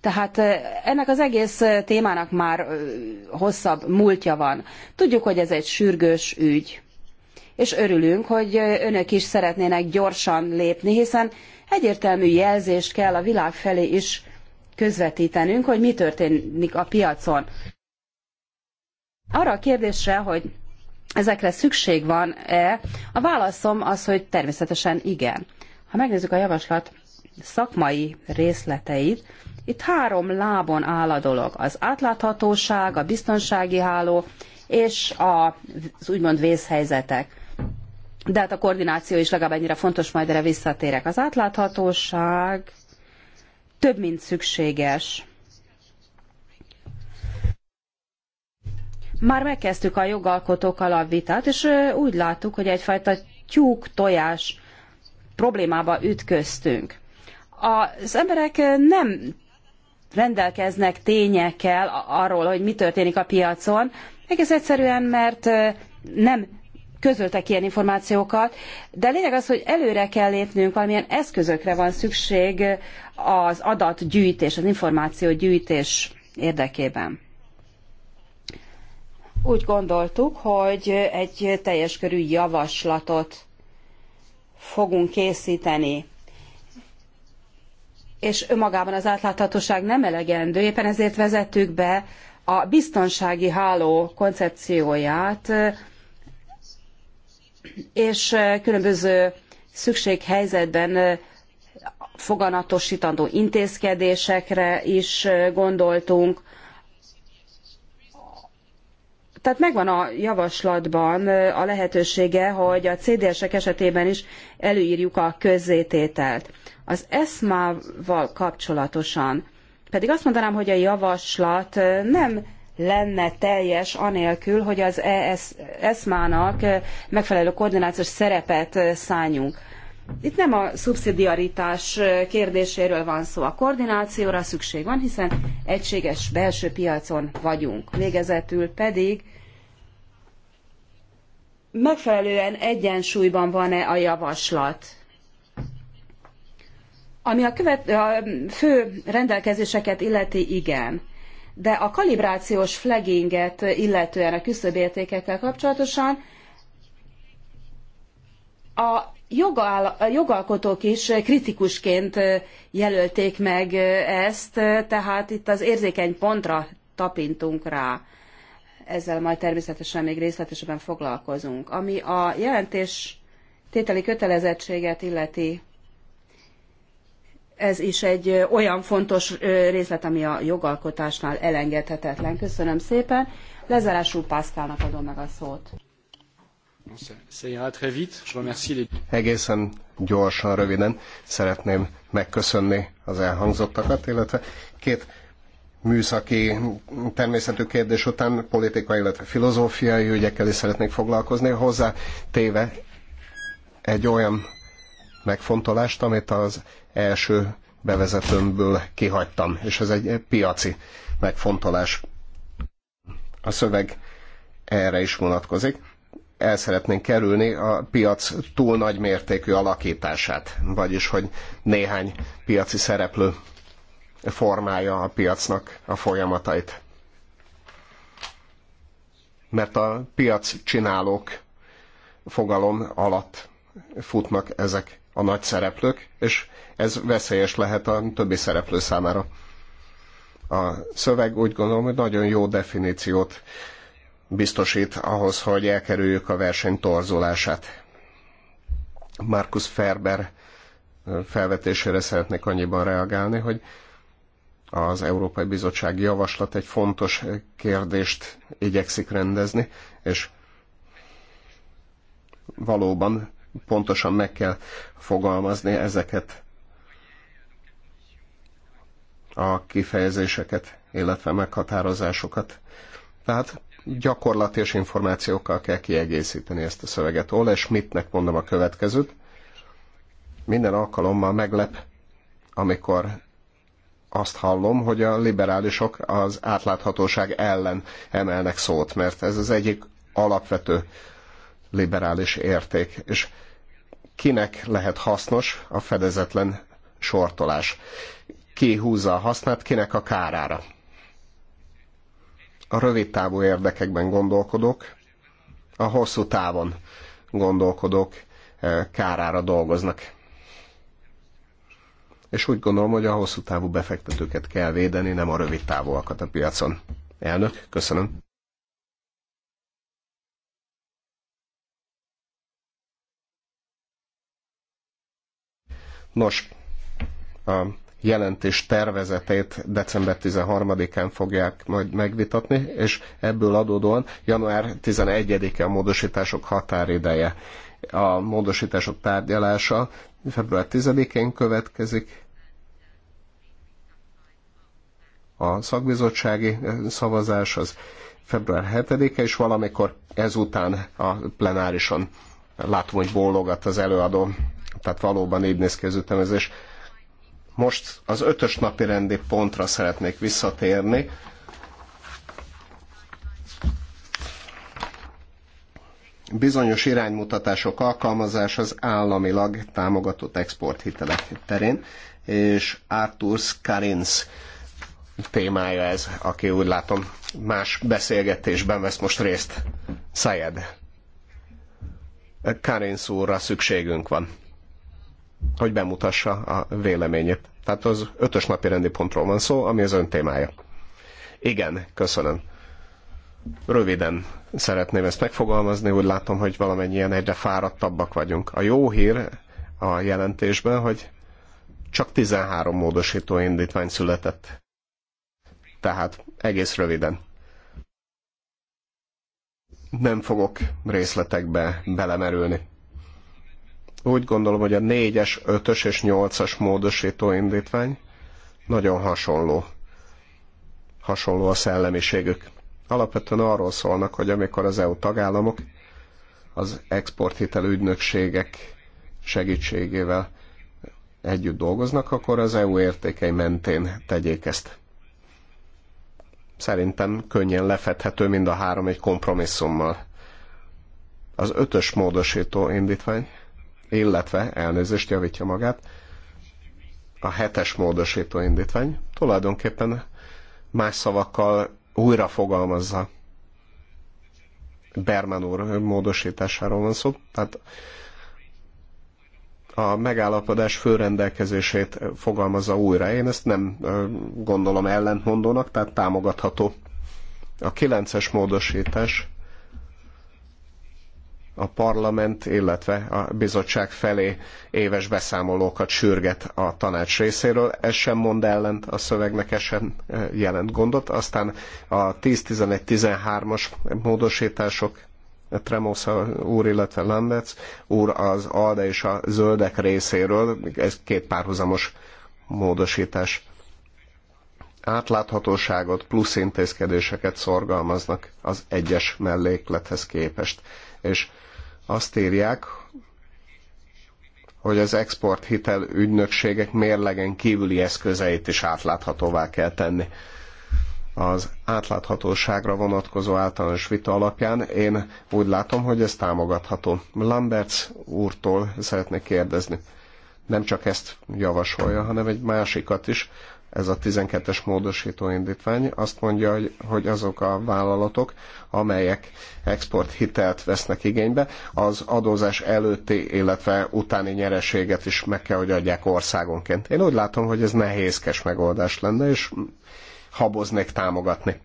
Tehát ennek az egész témának már hosszabb múltja van. Tudjuk, hogy ez egy sürgős ügy. És örülünk, hogy önök is szeretnének gyorsan lépni, hiszen egyértelmű jelzést kell a világ felé is közvetítenünk, hogy mi történik a piacon. Arra a kérdésre, hogy ezekre szükség van-e, a válaszom az, hogy természetesen igen. Ha megnézzük a javaslat szakmai részleteit, itt három lábon áll a dolog. Az átláthatóság, a biztonsági háló és az úgymond vészhelyzetek. De hát a koordináció is legalább ennyire fontos, majd erre visszatérek. Az átláthatóság több, mint szükséges. Már megkezdtük a jogalkotók alapvitát, és úgy láttuk, hogy egyfajta tyúk-tojás problémába ütköztünk. Az emberek nem rendelkeznek tényekkel arról, hogy mi történik a piacon, egész egyszerűen, mert nem közöltek ilyen információkat, de lényeg az, hogy előre kell lépnünk, valamilyen eszközökre van szükség az adatgyűjtés, az információgyűjtés érdekében. Úgy gondoltuk, hogy egy teljes körű javaslatot fogunk készíteni. És önmagában az átláthatóság nem elegendő, éppen ezért vezettük be a biztonsági háló koncepcióját, és különböző szükséghelyzetben foganatosítandó intézkedésekre is gondoltunk, tehát megvan a javaslatban a lehetősége, hogy a CDS-ek esetében is előírjuk a közzétételt. Az ESMA-val kapcsolatosan pedig azt mondanám, hogy a javaslat nem lenne teljes anélkül, hogy az e ESMA-nak megfelelő koordinációs szerepet szálljunk. Itt nem a szubszidiaritás kérdéséről van szó, a koordinációra szükség van, hiszen egységes belső piacon vagyunk. Végezetül pedig megfelelően egyensúlyban van-e a javaslat? Ami a, követ, a fő rendelkezéseket illeti, igen. De a kalibrációs flagginget illetően a küszöbértékekkel kapcsolatosan a jogalkotók is kritikusként jelölték meg ezt, tehát itt az érzékeny pontra tapintunk rá. Ezzel majd természetesen még részletesebben foglalkozunk. Ami a jelentés tételi kötelezettséget illeti, ez is egy olyan fontos részlet, ami a jogalkotásnál elengedhetetlen. Köszönöm szépen. Lezárásul Pászkálnak adom meg a szót. Egészen gyorsan, röviden szeretném megköszönni az elhangzottakat, illetve két műszaki természetű kérdés után politikai, illetve filozófiai ügyekkel is szeretnék foglalkozni, hozzá téve egy olyan megfontolást, amit az első bevezetőmből kihagytam, és ez egy piaci megfontolás. A szöveg erre is vonatkozik el szeretnénk kerülni a piac túl nagy mértékű alakítását, vagyis hogy néhány piaci szereplő formálja a piacnak a folyamatait. Mert a piac csinálók fogalom alatt futnak ezek a nagy szereplők, és ez veszélyes lehet a többi szereplő számára. A szöveg úgy gondolom, hogy nagyon jó definíciót biztosít ahhoz, hogy elkerüljük a verseny torzulását. Markus Ferber felvetésére szeretnék annyiban reagálni, hogy az Európai Bizottság javaslat egy fontos kérdést igyekszik rendezni, és valóban pontosan meg kell fogalmazni ezeket a kifejezéseket, illetve meghatározásokat. Tehát gyakorlati és információkkal kell kiegészíteni ezt a szöveget. Ole Schmidtnek mondom a következőt. Minden alkalommal meglep, amikor azt hallom, hogy a liberálisok az átláthatóság ellen emelnek szót, mert ez az egyik alapvető liberális érték. És kinek lehet hasznos a fedezetlen sortolás? Ki húzza a hasznát, kinek a kárára? a rövid távú érdekekben gondolkodok, a hosszú távon gondolkodok, e, kárára dolgoznak. És úgy gondolom, hogy a hosszú távú befektetőket kell védeni, nem a rövid távúakat a piacon. Elnök, köszönöm. Nos, a jelentés tervezetét december 13-án fogják majd megvitatni, és ebből adódóan január 11-e a módosítások határideje. A módosítások tárgyalása február 10-én következik, a szakbizottsági szavazás az február 7-e, és valamikor ezután a plenárison látom, hogy bólogat az előadó. Tehát valóban így néz ki az ütemezés. Most az ötös napi rendi pontra szeretnék visszatérni. Bizonyos iránymutatások alkalmazás az államilag támogatott exporthitelek terén, és Arthur Karins témája ez, aki úgy látom más beszélgetésben vesz most részt. Szajed. Karinsz úrra szükségünk van hogy bemutassa a véleményét. Tehát az ötös napi rendi pontról van szó, ami az ön témája. Igen, köszönöm. Röviden szeretném ezt megfogalmazni, úgy látom, hogy valamennyien egyre fáradtabbak vagyunk. A jó hír a jelentésben, hogy csak 13 módosító indítvány született. Tehát egész röviden. Nem fogok részletekbe belemerülni úgy gondolom, hogy a 4-es, 5-ös és 8-as módosító indítvány nagyon hasonló. Hasonló a szellemiségük. Alapvetően arról szólnak, hogy amikor az EU tagállamok az exporthitel ügynökségek segítségével együtt dolgoznak, akkor az EU értékei mentén tegyék ezt. Szerintem könnyen lefedhető mind a három egy kompromisszummal. Az ötös módosító indítvány illetve elnézést javítja magát, a hetes módosító indítvány tulajdonképpen más szavakkal újra fogalmazza Berman úr módosításáról van szó, tehát a megállapodás főrendelkezését fogalmazza újra. Én ezt nem gondolom ellentmondónak, tehát támogatható. A kilences módosítás a parlament, illetve a bizottság felé éves beszámolókat sürget a tanács részéről. Ez sem mond ellent a szövegnek, ez sem eh, jelent gondot. Aztán a 10-11-13-as módosítások tremosa úr, illetve Lambert úr az ALDE és a zöldek részéről, ez két párhuzamos módosítás átláthatóságot plusz intézkedéseket szorgalmaznak az egyes melléklethez képest. És azt írják, hogy az exporthitel ügynökségek mérlegen kívüli eszközeit is átláthatóvá kell tenni. Az átláthatóságra vonatkozó általános vita alapján én úgy látom, hogy ez támogatható. Lamberts úrtól szeretnék kérdezni. Nem csak ezt javasolja, hanem egy másikat is, ez a 12-es módosító indítvány azt mondja, hogy azok a vállalatok, amelyek exporthitelt vesznek igénybe, az adózás előtti, illetve utáni nyereséget is meg kell, hogy adják országonként. Én úgy látom, hogy ez nehézkes megoldás lenne, és haboznék támogatni.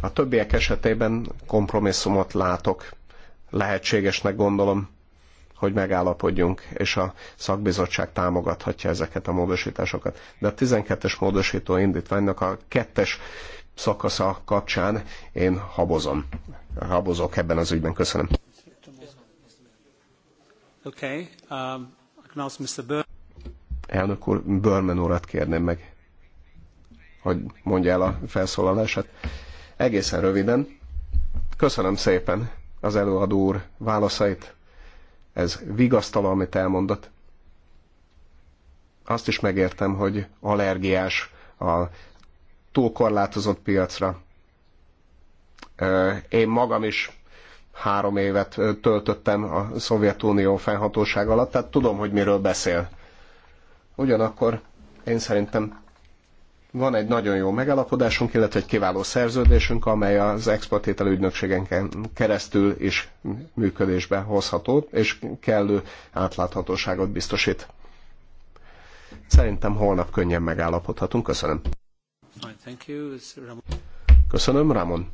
A többiek esetében kompromisszumot látok, lehetségesnek gondolom hogy megállapodjunk, és a szakbizottság támogathatja ezeket a módosításokat. De a 12-es módosító indítványnak a kettes szakasza kapcsán én habozom. Habozok ebben az ügyben. Köszönöm. Okay. Um, Mr. Elnök úr, Börmen urat kérném meg, hogy mondja el a felszólalását. Egészen röviden. Köszönöm szépen az előadó úr válaszait. Ez vigasztaló, amit elmondott. Azt is megértem, hogy allergiás a túl korlátozott piacra. Én magam is három évet töltöttem a Szovjetunió fennhatóság alatt, tehát tudom, hogy miről beszél. Ugyanakkor én szerintem van egy nagyon jó megállapodásunk, illetve egy kiváló szerződésünk, amely az exportétel ügynökségen keresztül is működésbe hozható, és kellő átláthatóságot biztosít. Szerintem holnap könnyen megállapodhatunk. Köszönöm. Köszönöm, Ramon.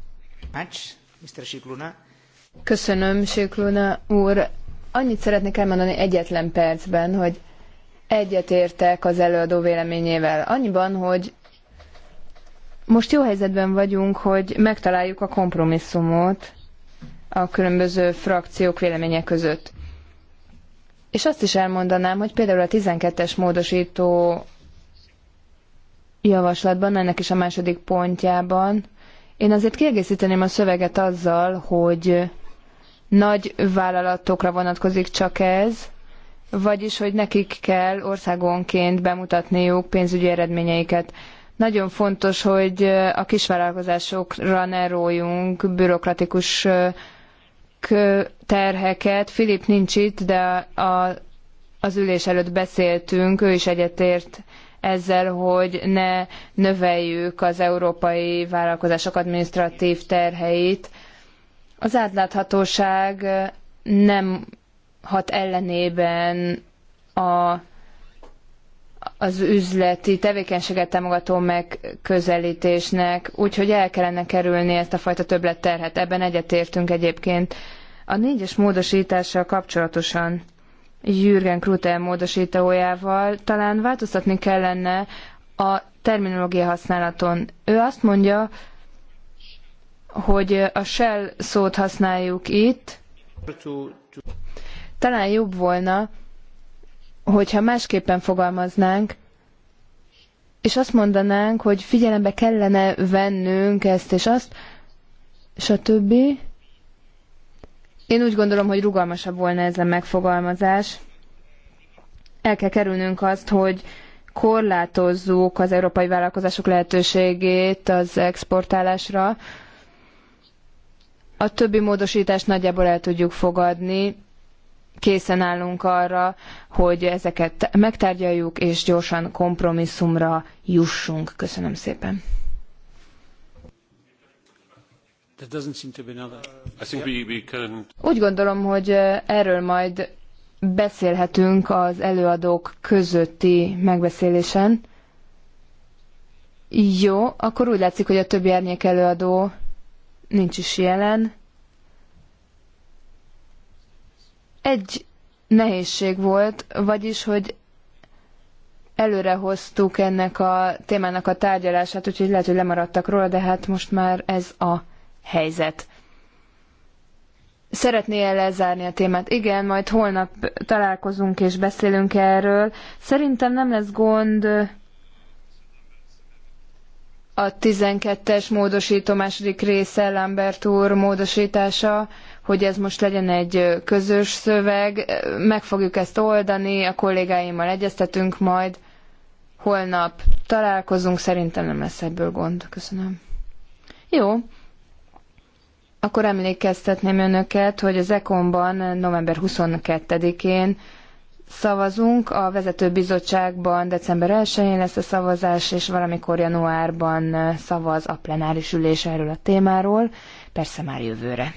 Köszönöm, Sikluna úr. Annyit szeretnék elmondani egyetlen percben, hogy egyetértek az előadó véleményével. Annyiban, hogy most jó helyzetben vagyunk, hogy megtaláljuk a kompromisszumot a különböző frakciók véleménye között. És azt is elmondanám, hogy például a 12-es módosító javaslatban, ennek is a második pontjában, én azért kiegészíteném a szöveget azzal, hogy nagy vállalatokra vonatkozik csak ez, vagyis, hogy nekik kell országonként bemutatniuk pénzügyi eredményeiket. Nagyon fontos, hogy a kisvállalkozásokra ne rójunk bürokratikus terheket. Filip nincs itt, de a, az ülés előtt beszéltünk, ő is egyetért ezzel, hogy ne növeljük az európai vállalkozások adminisztratív terheit. Az átláthatóság nem hat ellenében a az üzleti tevékenységet támogató megközelítésnek, úgyhogy el kellene kerülni ezt a fajta többletterhet. Ebben egyetértünk egyébként. A négyes módosítással kapcsolatosan Jürgen Krute módosítójával talán változtatni kellene a terminológia használaton. Ő azt mondja, hogy a shell szót használjuk itt. Talán jobb volna, hogyha másképpen fogalmaznánk, és azt mondanánk, hogy figyelembe kellene vennünk ezt és azt, stb. Én úgy gondolom, hogy rugalmasabb volna ez a megfogalmazás. El kell kerülnünk azt, hogy korlátozzuk az európai vállalkozások lehetőségét az exportálásra. A többi módosítást nagyjából el tudjuk fogadni, készen állunk arra, hogy ezeket megtárgyaljuk, és gyorsan kompromisszumra jussunk. Köszönöm szépen. Úgy gondolom, hogy eh, erről majd beszélhetünk az előadók közötti megbeszélésen. Jó, akkor úgy látszik, hogy a többi árnyék előadó nincs is jelen. Egy nehézség volt, vagyis, hogy előre hoztuk ennek a témának a tárgyalását, úgyhogy lehet, hogy lemaradtak róla, de hát most már ez a helyzet. Szeretné-e lezárni a témát? Igen, majd holnap találkozunk és beszélünk erről. Szerintem nem lesz gond a 12-es módosító második része Lambert úr módosítása, hogy ez most legyen egy közös szöveg. Meg fogjuk ezt oldani, a kollégáimmal egyeztetünk majd. Holnap találkozunk, szerintem nem lesz ebből gond. Köszönöm. Jó. Akkor emlékeztetném önöket, hogy az Ekonban november 22-én szavazunk, a vezetőbizottságban december 1-én lesz a szavazás, és valamikor januárban szavaz a plenáris ülés erről a témáról, persze már jövőre.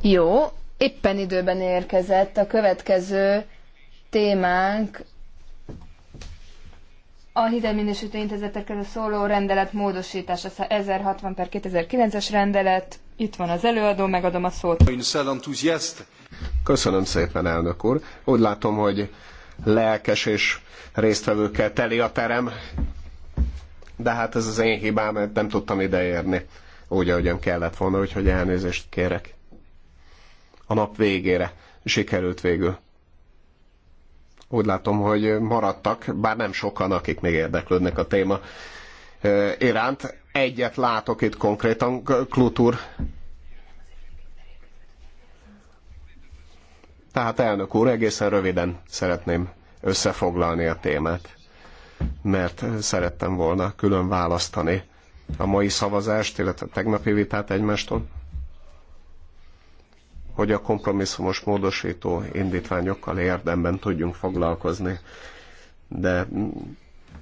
Jó, éppen időben érkezett a következő témánk a hitelminősítő intézetekről szóló rendelet módosítása, 1060 per 2009-es rendelet. Itt van az előadó, megadom a szót. Köszönöm szépen, elnök úr. Úgy látom, hogy lelkes és résztvevőkkel teli a terem, de hát ez az én hibám, mert nem tudtam ideérni úgy, ahogyan kellett volna, úgyhogy elnézést kérek. A nap végére sikerült végül. Úgy látom, hogy maradtak, bár nem sokan, akik még érdeklődnek a téma iránt. Egyet látok itt konkrétan, Klutur. Tehát elnök úr, egészen röviden szeretném összefoglalni a témát, mert szerettem volna külön választani a mai szavazást, illetve a tegnapi vitát egymástól, hogy a kompromisszumos módosító indítványokkal érdemben tudjunk foglalkozni, de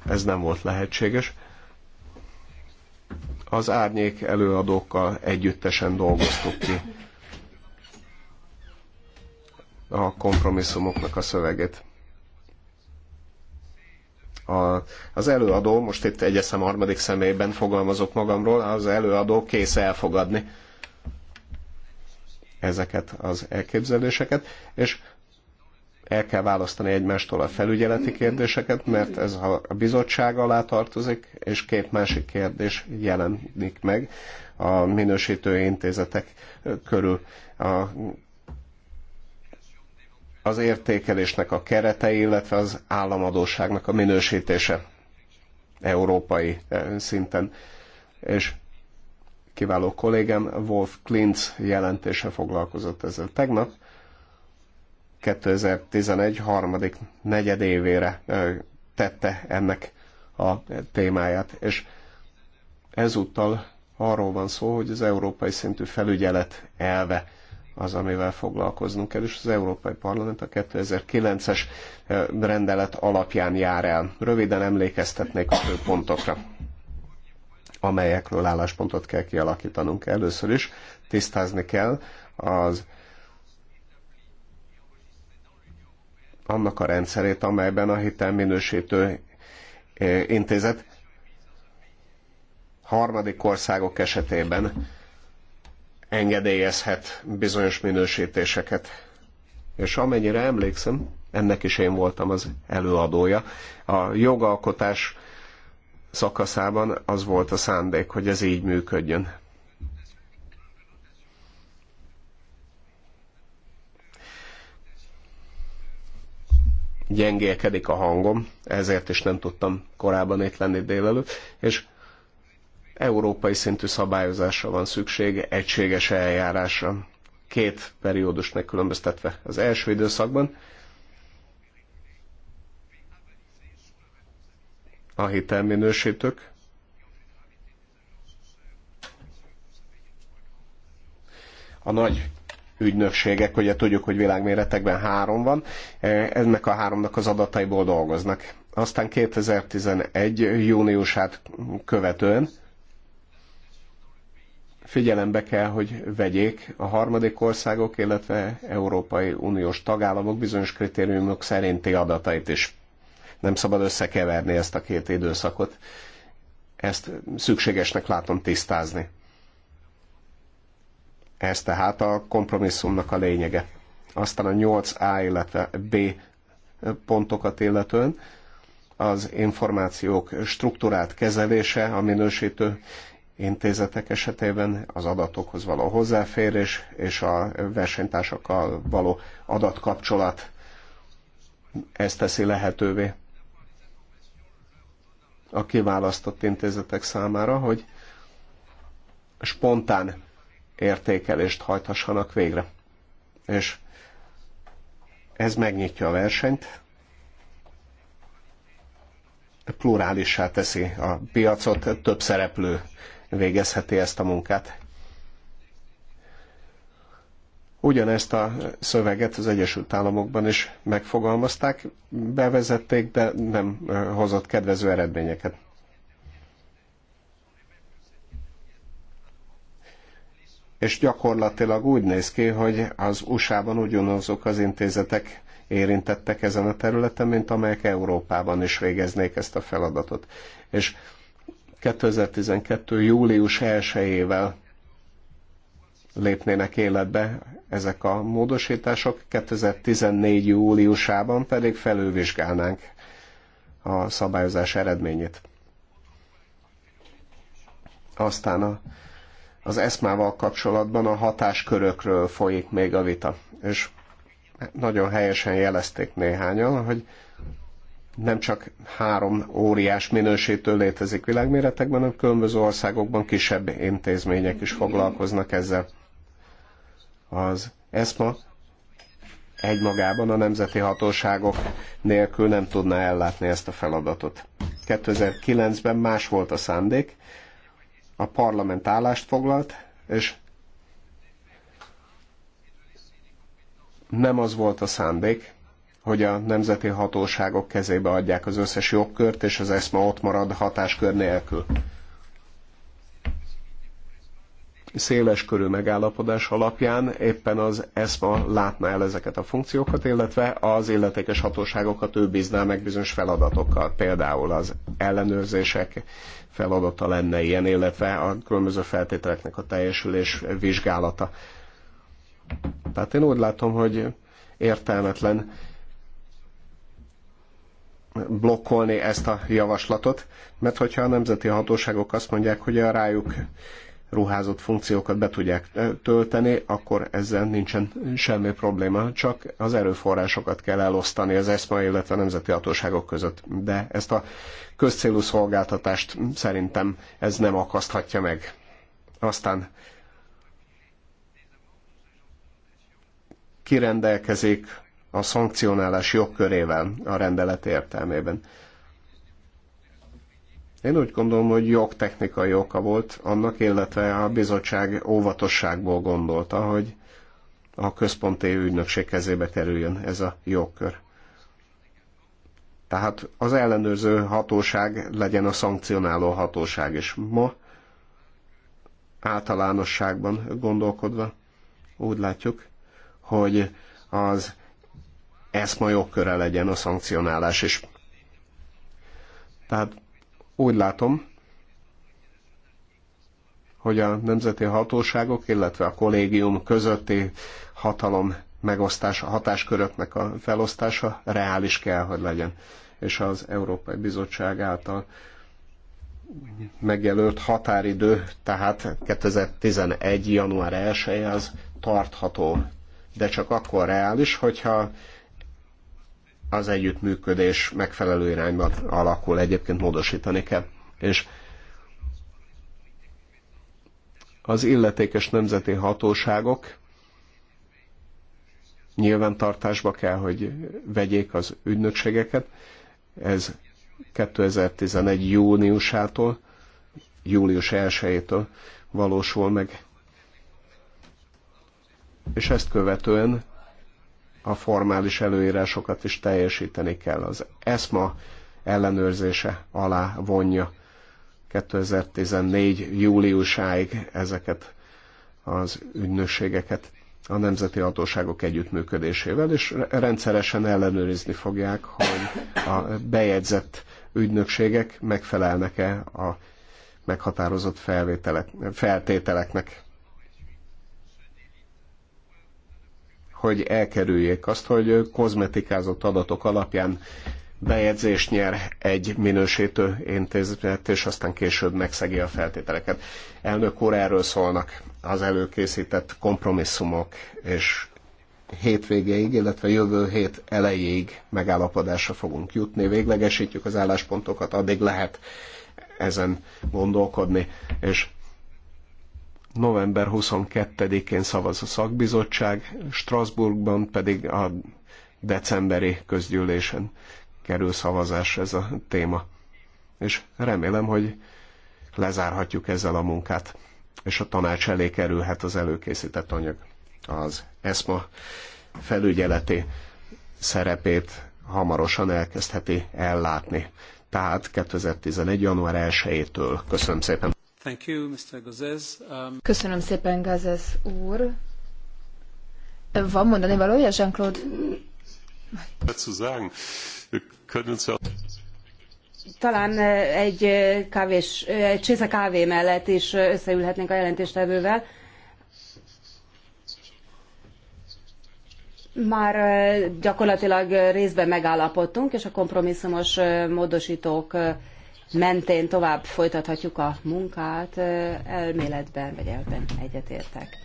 ez nem volt lehetséges. Az árnyék előadókkal együttesen dolgoztuk ki a kompromisszumoknak a szöveget. A, az előadó, most itt egyeszem harmadik személyben fogalmazok magamról, az előadó kész elfogadni ezeket az elképzeléseket, és el kell választani egymástól a felügyeleti kérdéseket, mert ez a bizottság alá tartozik, és két másik kérdés jelenik meg a minősítő intézetek körül. A az értékelésnek a kerete, illetve az államadóságnak a minősítése európai eh, szinten. És kiváló kollégám Wolf Klintz jelentése foglalkozott ezzel tegnap. 2011 harmadik negyedévére eh, tette ennek a témáját, és ezúttal arról van szó, hogy az európai szintű felügyelet elve az, amivel foglalkoznunk kell, és az Európai Parlament a 2009-es eh, rendelet alapján jár el. Röviden emlékeztetnék a fő pontokra, amelyekről álláspontot kell kialakítanunk. Először is tisztázni kell az annak a rendszerét, amelyben a hitelminősítő eh, intézet harmadik országok esetében engedélyezhet bizonyos minősítéseket. És amennyire emlékszem, ennek is én voltam az előadója. A jogalkotás szakaszában az volt a szándék, hogy ez így működjön. Gyengélkedik a hangom, ezért is nem tudtam korábban itt lenni délelőtt, és európai szintű szabályozásra van szükség, egységes eljárásra. Két periódust megkülönböztetve. Az első időszakban a hitelminősítők a nagy ügynökségek, ugye tudjuk, hogy világméretekben három van, e, ennek a háromnak az adataiból dolgoznak. Aztán 2011. júniusát követően figyelembe kell, hogy vegyék a harmadik országok, illetve Európai Uniós tagállamok bizonyos kritériumok szerinti adatait is. Nem szabad összekeverni ezt a két időszakot. Ezt szükségesnek látom tisztázni. Ez tehát a kompromisszumnak a lényege. Aztán a 8A, illetve B pontokat illetően az információk struktúrát kezelése, a minősítő intézetek esetében az adatokhoz való hozzáférés és a versenytársakkal való adatkapcsolat ezt teszi lehetővé a kiválasztott intézetek számára, hogy spontán értékelést hajthassanak végre. És ez megnyitja a versenyt, plurálissá teszi a piacot, több szereplő végezheti ezt a munkát. Ugyanezt a szöveget az Egyesült Államokban is megfogalmazták, bevezették, de nem hozott kedvező eredményeket. És gyakorlatilag úgy néz ki, hogy az USA-ban ugyanazok az intézetek érintettek ezen a területen, mint amelyek Európában is végeznék ezt a feladatot. És 2012. július 1-ével lépnének életbe ezek a módosítások, 2014. júliusában pedig felülvizsgálnánk a szabályozás eredményét. Aztán a, az eszmával kapcsolatban a hatáskörökről folyik még a vita, és nagyon helyesen jelezték néhányan, hogy nem csak három óriás minősítő létezik világméretekben, hanem különböző országokban kisebb intézmények is foglalkoznak ezzel. Az ESMA egymagában a nemzeti hatóságok nélkül nem tudná ellátni ezt a feladatot. 2009-ben más volt a szándék, a parlament állást foglalt, és nem az volt a szándék, hogy a nemzeti hatóságok kezébe adják az összes jogkört, és az ESMA ott marad hatáskör nélkül. Széles körű megállapodás alapján éppen az ESMA látná el ezeket a funkciókat, illetve az illetékes hatóságokat ő bízná meg bizonyos feladatokkal. Például az ellenőrzések feladata lenne ilyen, illetve a különböző feltételeknek a teljesülés vizsgálata. Tehát én úgy látom, hogy értelmetlen blokkolni ezt a javaslatot, mert hogyha a nemzeti hatóságok azt mondják, hogy a rájuk ruházott funkciókat be tudják tölteni, akkor ezzel nincsen semmi probléma, csak az erőforrásokat kell elosztani az ESMA, illetve a nemzeti hatóságok között. De ezt a közcélú szolgáltatást szerintem ez nem akaszthatja meg. Aztán kirendelkezik a szankcionálás jogkörével a rendelet értelmében. Én úgy gondolom, hogy jogtechnikai oka volt annak, illetve a bizottság óvatosságból gondolta, hogy a központi ügynökség kezébe kerüljön ez a jogkör. Tehát az ellenőrző hatóság legyen a szankcionáló hatóság is. Ma általánosságban gondolkodva úgy látjuk, hogy az ESMA jogköre legyen a szankcionálás is. Tehát úgy látom, hogy a nemzeti hatóságok, illetve a kollégium közötti hatalom megosztása, hatásköröknek a felosztása reális kell, hogy legyen. És az Európai Bizottság által megjelölt határidő, tehát 2011. január 1 az tartható, de csak akkor reális, hogyha az együttműködés megfelelő irányba alakul, egyébként módosítani kell. És az illetékes nemzeti hatóságok nyilvántartásba kell, hogy vegyék az ügynökségeket. Ez 2011. júniusától, július 1-től valósul meg. És ezt követően a formális előírásokat is teljesíteni kell. Az ESMA ellenőrzése alá vonja 2014. júliusáig ezeket az ügynökségeket a nemzeti hatóságok együttműködésével, és rendszeresen ellenőrizni fogják, hogy a bejegyzett ügynökségek megfelelnek-e a meghatározott feltételeknek. hogy elkerüljék azt, hogy kozmetikázott adatok alapján bejegyzést nyer egy minősítő intézet, és aztán később megszegi a feltételeket. Elnök úr, erről szólnak az előkészített kompromisszumok, és hétvégéig, illetve jövő hét elejéig megállapodásra fogunk jutni. Véglegesítjük az álláspontokat, addig lehet ezen gondolkodni, és november 22-én szavaz a szakbizottság, Strasbourgban pedig a decemberi közgyűlésen kerül szavazás ez a téma. És remélem, hogy lezárhatjuk ezzel a munkát, és a tanács elé kerülhet az előkészített anyag az ESMA felügyeleti szerepét hamarosan elkezdheti ellátni. Tehát 2011. január 1-től. Köszönöm szépen! Thank you, Mr. Gozes. Um... Köszönöm szépen, Gazes úr. Van mondani valója, Jean-Claude? talán eh, egy eh, kávés, eh, egy csésze kávé mellett is összeülhetnénk a jelentéstevővel. Már gyakorlatilag részben megállapodtunk, és a kompromisszumos módosítók mentén tovább folytathatjuk a munkát, elméletben vagy elben egyetértek.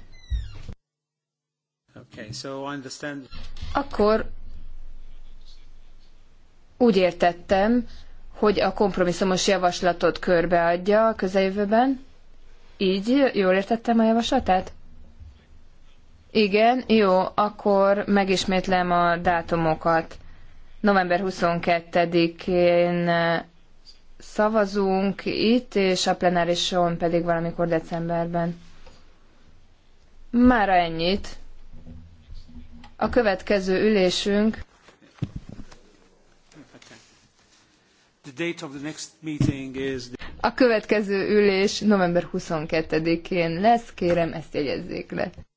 Okay, so understand... Akkor úgy értettem, hogy a kompromisszumos javaslatot körbeadja a közeljövőben. Így jól értettem a javaslatát? Igen, jó, akkor megismétlem a dátumokat. November 22-én szavazunk itt, és a plenárison pedig valamikor decemberben. Mára ennyit. A következő ülésünk A következő ülés november 22-én lesz, kérem ezt jegyezzék le.